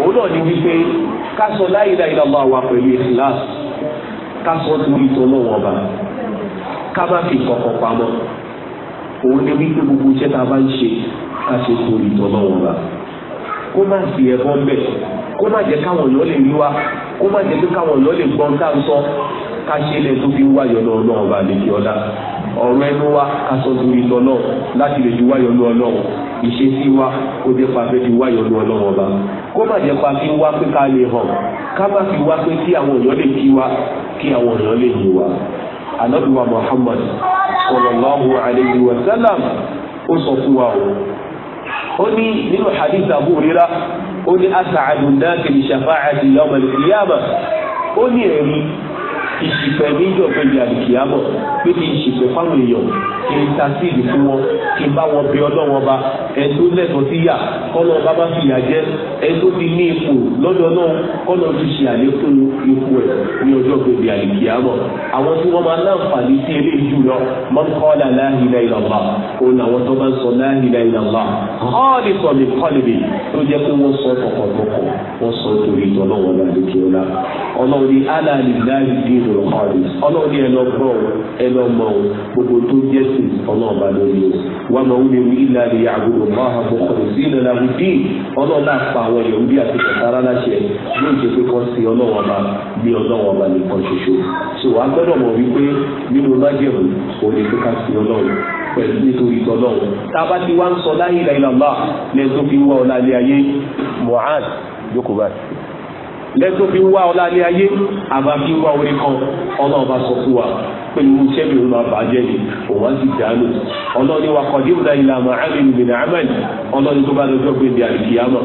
òun náà ni wípé ká sọ la ilaha illallah wa pẹ̀lú ikhlas ká sọ torí tọ́lọ́wọ́ ọba ká má fi kọ̀kọ̀ pamọ́ òun ni wípé gbogbo iṣẹ́ tá a bá ń ṣe ká ṣe torí tọ́lọ́wọ́ ọba kó má sí ẹbọ bẹ́ẹ̀ kó má jẹ́ káwọn èèyàn lè rí wa kó má jẹ́ pé káwọn èèyàn lè gbọ́n tá à ń sọ ká ṣe lè tó fi wáyọ̀ lọ ọlọ́run bá lè fi ọlá ọ̀rọ̀ ẹnu wa ká sọ torí lọ́lọ́ láti lè fi wáyọ̀ lọ ọlọ́run ìṣesí wa kó jẹ́ pa fẹ́ fi wáyọ̀ lọ ọlọ́run ọba kó má jẹ́ pa fi wá pé ká lè hàn ká má fi wá pé kí àwọn èèyàn lè kí wa kí àwọn èèyàn lè yìn wa. ànábì wa Muhammad sallallahu alayhi wa sallam ó sọ fún wa o ó ní nínú hadith Abu Hurairah ó ní as'adu an-nasi bi shafa'ati yawm al-qiyamah ó ní ẹ̀rí ìṣìpẹ̀ níjọ́ pẹ̀lú àdìkìyàmọ̀ pé kí n ṣìpẹ̀ fáwọn èèyàn kí n ta sí ìdí wọn kí n bá wọn bẹ ọlọ́wọ́n ba ẹni lẹ́tọ̀ọ́ sí yà kọ́nà ọba bá fìyà jẹ ẹni ti ní ipò lọ́dọ̀ náà kọ́nà ti ṣe àlékún ipò ẹ̀ ní ọjọ́ pẹ̀lú àdìkìyàmọ̀ àwọn tí wọ́n máa láǹfààní sí ilé ìjù lọ mọ́n kọ́lá la òun àwọn tó máa ń sọ la ilaha illallah kọ́ọ̀lì sọ̀mí àlìmù kọ́ọ̀lì ọlọ́ọ̀ni ẹ lọ gbọ́ ẹ lọ mọ o gbogbo tó jẹ́ sí ọlọ́ọ̀ba lórí o wà máa wúlò wí ilà rí àbúrò máa ha bọ̀ kọ́ọ̀lì sí ilẹ̀ làwọn ìdí ọlọ́ọ̀nà pa àwọn èèyàn bí àti kàtàrà láṣẹ yóò jẹ́ pé kọ́ sí ọlọ́wọ́ba bí ọlọ́wọ́ba nìkan ṣoṣo so wàá gbọ́dọ̀ mọ̀ wípé nínú májèmù òní pé ká sí ọlọ́run pẹ̀lú nítorí tọ́lọ́run tá a bá ti wá ń sọ láyé ìlà ìlàmbá lẹ́ẹ̀tọ́ lẹ́tọ́ fi wá ọlá ilé ayé àbá fi wá orí kan ọlọ́run bá sọ fún wa pẹ̀lú iṣẹ́ mi ò máa bàjẹ́ ni òun á sì dànù ọlọ́run ni wa qadimna ila ma amilu min amal ọlọ́run tó bá lọ́jọ́ pé ní àlùkìyàmọ̀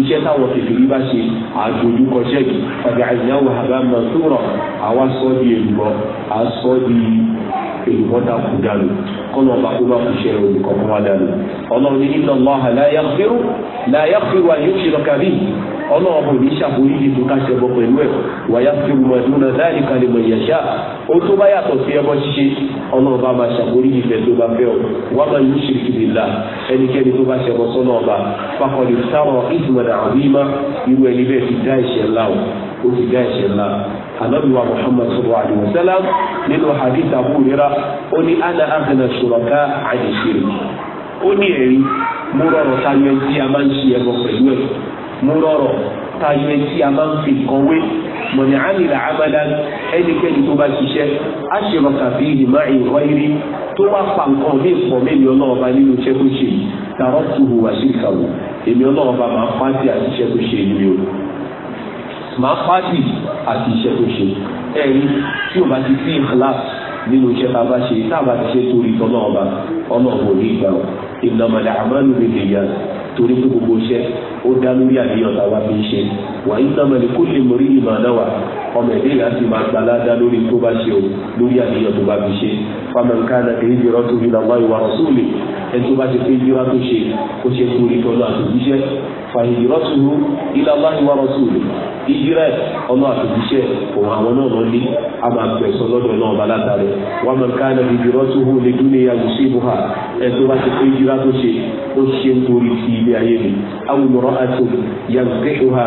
iṣẹ́ táwọn kèfèrí bá ṣe àjòjú kọjẹ́ yìí ọ̀dà àyìnáwó àbá mansura àwa sọ di èlùbọ́ à sọ di èlùbọ́ dàkú dànù kọ́nà ọba kó bá kú ṣe ìròyìn ká ṣẹbọ pẹ̀lú ẹ̀ wàyà fi mọ̀dúnà láì kalẹ̀ mọ̀ yẹ̀ṣà ó tó bá yàtọ̀ sí ẹbọ ṣíṣe ọlọ́run bá máa ṣàgbórí ìfẹ́ tó bá fẹ́ ọ wà máa yí ṣe kiri la ẹnikẹ́ni tó bá ṣẹbọ sọ́nà ọba fakọ̀lì sáwọn ìsìmọ̀dà àbímá irú ẹni bẹ́ẹ̀ ti dá ẹ̀ṣẹ̀ ńlá o ó ti dá ẹ̀ṣẹ̀ ńlá anabiwa muhammad sallallahu alaihi wa nínú hadith abu tayọ ẹtí a máa ń fi nǹkan wé mọ̀nì àmìlà àmàlà ẹnikẹ́ni tó bá ṣiṣẹ́ àṣìrọ̀ kàbí ìmọ̀ ìrọ̀ irí tó bá pa nǹkan ní ìpọ̀ mélòó náà ọba nínú iṣẹ́ tó ṣe tààrọ́ tó hù wá sí ìkàwọ̀ èmi ọlọ́run bá máa pàṣẹ àti iṣẹ́ tó ṣe nílé o máa pàṣẹ àti iṣẹ́ tó ṣe ẹ̀rí tí o bá ti sí ìhàlá nínú iṣẹ́ tá a bá ṣe tá a bá ti ṣe torí tọ́lọ́ọ̀ba ọlọ́run ìlànà àmàlù lè lè yàn torí pé gbogbo iṣẹ́ ó dá lórí àníyàn táwa fi ń ṣe wà ìlànà kó lè mọ rí ìmọ̀ náà wà ọmọ ẹ̀dẹ́ yà sì máa gbalá dá lórí tó bá ṣe o lórí àníyàn tó bá fi ṣe fámẹ́ńkánà kì í jẹ́rọ́ tó fi làwọn ìwà rọ̀sùlì ẹ̀ tó bá ti pé jẹ́rọ́ tó ṣe ó ṣe torí tọ́lú àtòjíṣẹ́ fàhìjìrọ́tùrú ilá aláìwá rọ́sùlù ìjírẹ́ ọ̀nà àtòjíṣẹ́ òun àwọn náà lọ ní a máa gbẹ̀sọ̀ lọ́dọ̀ náà bá látàrí wọn máa ká ẹnà ìjírọ́tùrú ní ìnira tó ṣe ó ṣe ń torí ti ilé ayé mi awùmọ̀rọ̀ àti yàgùkẹ́hùhà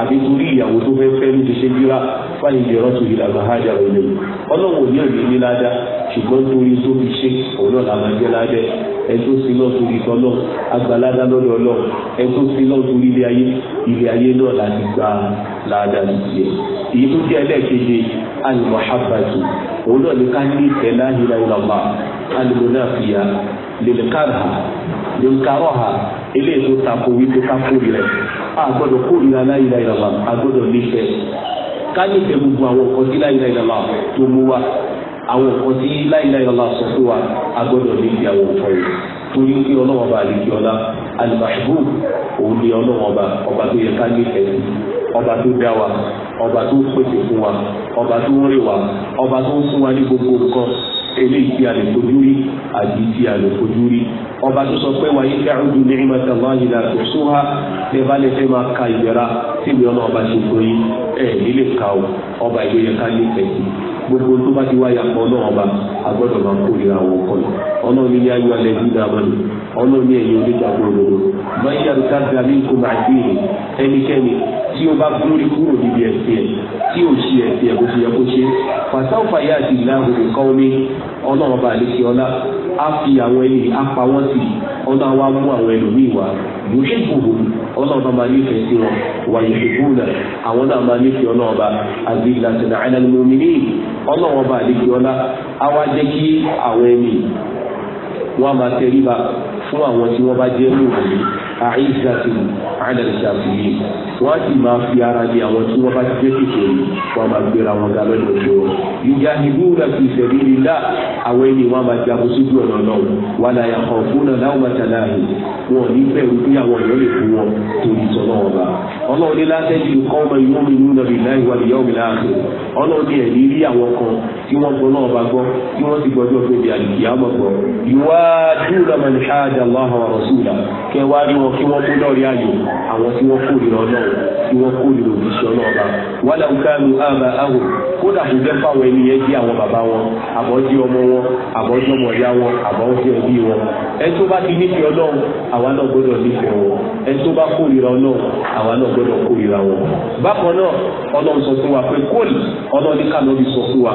àbí torí ìyàwó tó fẹ́ fẹ́ ló ti ṣe bíra fáyìn lè rọ́tò ìlànà hájà rẹ̀ lẹ́yìn ọlọ́run ní òní ní ládá ṣùgbọ́n torí tó fi ṣe òun náà làwọn ẹgbẹ́ ládẹ sí náà torí tọ́lọ́ agbáládá lọ́dọ̀ ọlọ́ ẹtó sí náà torí ilé ayé ilé ayé náà láti gba ládá nìyẹn èyí tó jẹ́ lèlèkàrà lèlèkàrọ̀hà eléyìí tó tako wípé ká kórìíra a gbọ́dọ̀ kórìíra láyìíra ìlàlá a gbọ́dọ̀ nífẹ̀ẹ́ ká nífẹ̀ẹ́ gbogbo àwọn nǹkan sí láyìíra ìlàlá tó mú wa àwọn nǹkan sí láyìíra ìlàlá sọ fún wa a gbọ́dọ̀ nífẹ̀ẹ́ àwọn nǹkan yìí torí ọlọ́wọ́ bá ọlá òun ni ọlọ́wọ́ ọba ọba tó yẹ ká ọba tó dá wa ọba tó pèsè fún wa ọba tó ń rè wa ọba tó eléyìí tí a lè fojú rí àbí tí a lè fojú rí ọba tó sọ pé wà yí kẹ́rù ju ní ìmọ̀tà máa yìí láti sún ha tí ẹ bá lè fẹ́ máa ka ìjọra tí ìgbìyànjú ọba ṣe fún ẹ̀ nílé ka o ọba ìgbéyẹ̀ká nífẹ̀ẹ́ sí i gbogbo tó bá ti wá yàpọ̀ ọlọ́run ọba agbọ́dọ̀ máa kórìíra àwọn ọkọ yìí ọlọ́run ní yáyọ alẹ́ bí dáa mọ́ni ọlọ́run ní ẹ̀yìn oníjà gbòòrò báyà ló dábìá ní kò máa gbé e ẹnikẹ́ni tí ó bá lórí kúrò níbi ẹ̀sìn ẹ̀ tí ò ṣe ẹ̀sìn ẹ̀ bó ṣe yẹ kó ṣe pàṣẹ fàyà àti ìlànà nǹkan omi ọlọ́run ọba yòókùbù ọlọ́ọ̀bá máa nífẹ̀ẹ́ sí wọn wà yòókùbùnà àwọn náà máa nífẹ̀ẹ́ ọlọ́ọ̀bá àdìlàtìlà àlàlùmọ́mìnì ọlọ́ọ̀bá àdìgbọ́lá àwa jẹ́ kí àwọn ẹni wọ́n máa tẹríba fún àwọn tí wọ́n bá jẹ́ lóòrùn àìsàtì àdàlìsàfìyí wọ́n sì máa fi ara di àwọn tí wọ́n bá ti jẹ́ kékeré wọ́n máa gbéra wọn ga lọ́dọ̀ ọjọ́ ìjà ìbú rẹ̀ fi ìṣẹ̀lẹ̀ nílá àwọn ẹni wọn máa jagun sójú ọ̀nà náà wọn là yà kàn fún náà láwọn mọ̀tàlá yìí wọn ní bẹ̀rù bí àwọn èèyàn lè fún wọn torí sọ́nà ọba ọlọ́run ní látẹ́jú kọ́ ọmọ ìlú mi nínú nàbì láì wà níyà òmìnir ààrẹ ọlọ́run ní ẹ̀rí rí àwọn kan tí wọ́n gbọ́ náà bá gbọ́ tí wọ́n ti gbọ́dọ̀ fẹ́ tí wọ́n mú lọ́rí ayò àwọn tí wọ́n kórìíra ọlọ́run tí wọ́n kórìíra òjíṣẹ́ ọlọ́ọ̀ba wàlà òkàlù àbá àwò kódà kò jẹ́ fáwọn ẹni yẹn jẹ́ àwọn bàbá wọn àbọ̀ jẹ́ ọmọ wọn àbọ̀ jẹ́ ọmọ ìyá wọn àbọ̀ jẹ́ ẹbí wọn ẹ tó bá ti nífẹ̀ẹ́ ọlọ́run àwa náà gbọ́dọ̀ nífẹ̀ẹ́ wọn ẹ tó bá kórìíra ọlọ́run àwa náà gbọ́dọ̀ kórìíra wọn. bákan náà ọlọ́run sọ fún wa pé kóòlì ọlọ́run ní kàlọ́ọ̀lì sọ fún wa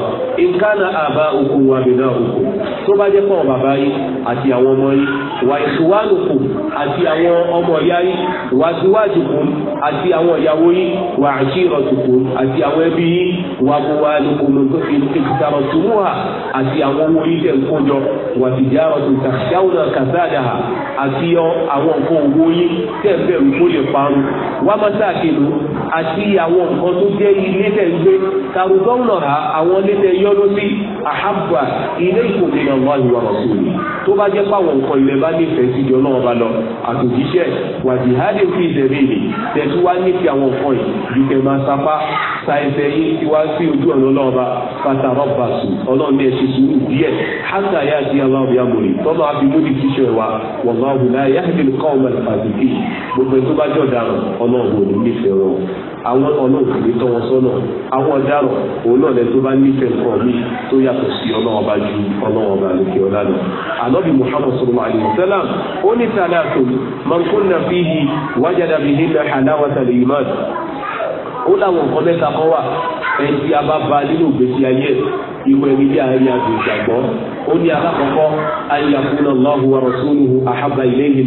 nǹkan àbá okun wa bẹ̀rẹ̀ okun tó bá jẹ́ pọ̀ bàbá ọmọ ìyá yín wà síwájú kùn àti àwọn ìyàwó yín wà àṣì ìrọ̀tùkùn àti àwọn ẹbí yín wà bùwà lùkùnù tó fi ìtàrọ̀ tùmù hà àti àwọn owó yín tẹ̀ ń kójọ wà tìjà ọ̀tún tàṣáwùnà kàtàdà hà àti àwọn nǹkan owó yín tẹ̀ ń bẹ̀rù kó lè parun wà mọ́tàkìlú àti àwọn nǹkan tó jẹ́ ilé tẹ̀ ń gbé tàrúgbọ́n náà àwọn ilé tẹ̀ yọ́ lórí àhábà ilé ìkòmìnà wà ìwà rọ̀ tó bá jẹ́ pàwọn nǹkan ilẹ̀ bá nífẹ̀ẹ́ síjọ náà bá lọ àtòjíṣ díẹ̀ wàdí hádé fi ìdẹ̀rẹ́ ìlè tẹ̀sí wá ní ti àwọn nǹkan yìí ju kẹ́ máa sapá sa ẹsẹ̀ yín tí wá sí ojú ọ̀nà ọlọ́ọ̀ba pátá rọ́bà sùn ọlọ́run ní ẹ̀sìn sùúrù díẹ̀ hátà yá di aláwọ̀ bí amòrè tọ́lọ́ abimú di fíṣọ̀ ẹ̀wà wọ̀lọ́ọ̀hùn náà yá àwọn ọlọ́run ní tọ́ wọn sọ́nà àwọn ọ̀daràn òun náà lẹ tó bá nífẹ̀ẹ́ nǹkan mi tó yàtọ̀ sí ọlọ́wọ́n bá ju ọlọ́wọ́n bá lókè ọ̀la lọ. ànábì muhammad sallallahu alayhi wa sallam ó ní sàlàtò man na halawata al-iman ó láwọn nǹkan mẹ́ta kan a nínú ìgbésí ayé ìwé ẹni àárín àjò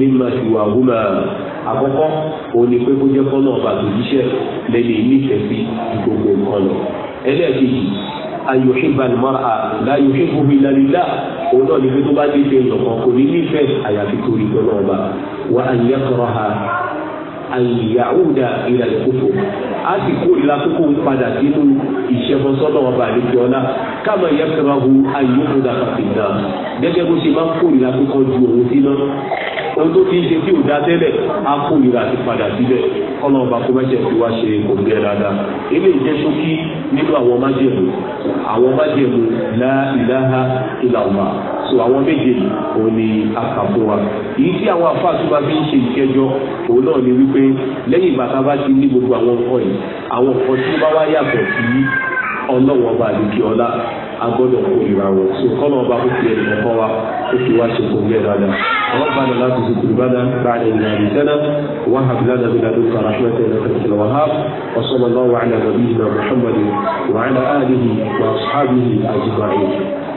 ìgbàgbọ́ àkọ́kọ́ òun ni pé kó jẹ́ kọ́ náà bàtò jíṣẹ́ lẹ́ni nífẹ̀ẹ́ sí gbogbo nǹkan lọ. ẹlẹ́ẹ̀kejì ayọ̀ṣẹ́bà mọ́ra láyọ̀ṣẹ́ fúnmi lálílá òun náà ni pé tó bá dé ṣe ìyọ̀kan kò ní nífẹ̀ẹ́ àyàfi torí tọ́lọ́ ọba wa àyẹ̀kọ̀rọ̀ ha àyàwùdà ìrẹ̀lẹ̀ kókò á sì kórìíra kókò ń padà sínú ìṣẹ́fọ́sọ́nà ọba àdéjọ́lá káàmà yẹ́kẹ̀rọ̀ hu àyọ̀kọ̀dà pàtìgbà gẹ́gẹ́ bó ṣe máa ń kórìíra ju òun sínú ohun tó ti ń ṣe tí ò dá tẹ́lẹ̀ á kó ìrà ti padà síbẹ̀ kọ́lọ́ ọba kó mẹ́jẹ̀ fi wá ṣe kò dáadáa eléyìí jẹ́ ṣókí nínú àwọn májẹ̀mú àwọn májẹ̀mú la ilaha so àwọn méje òun ni a kà fún wa èyí tí àwọn afá tó bá fi ń ṣe ìkẹjọ òun náà ni wípé lẹ́yìn bàtà bá ti ní gbogbo àwọn nǹkan yìí àwọn nǹkan tí ó bá wá yàtọ̀ sí ọlọ́wọ́ ọba àdìkí ọlá agbọ́dọ̀ kórìíra wọn so kọ́nà ọba kó fi ẹ̀yìn ọkọ wa kó fi wá ṣe fún yẹn dáadáa ربنا لا تزغ قلوبنا بعد إذ هديتنا وهب لنا من لدنك رحمة إنك أنت الوهاب وصلى الله على نبينا محمد وعلى آله وأصحابه أجمعين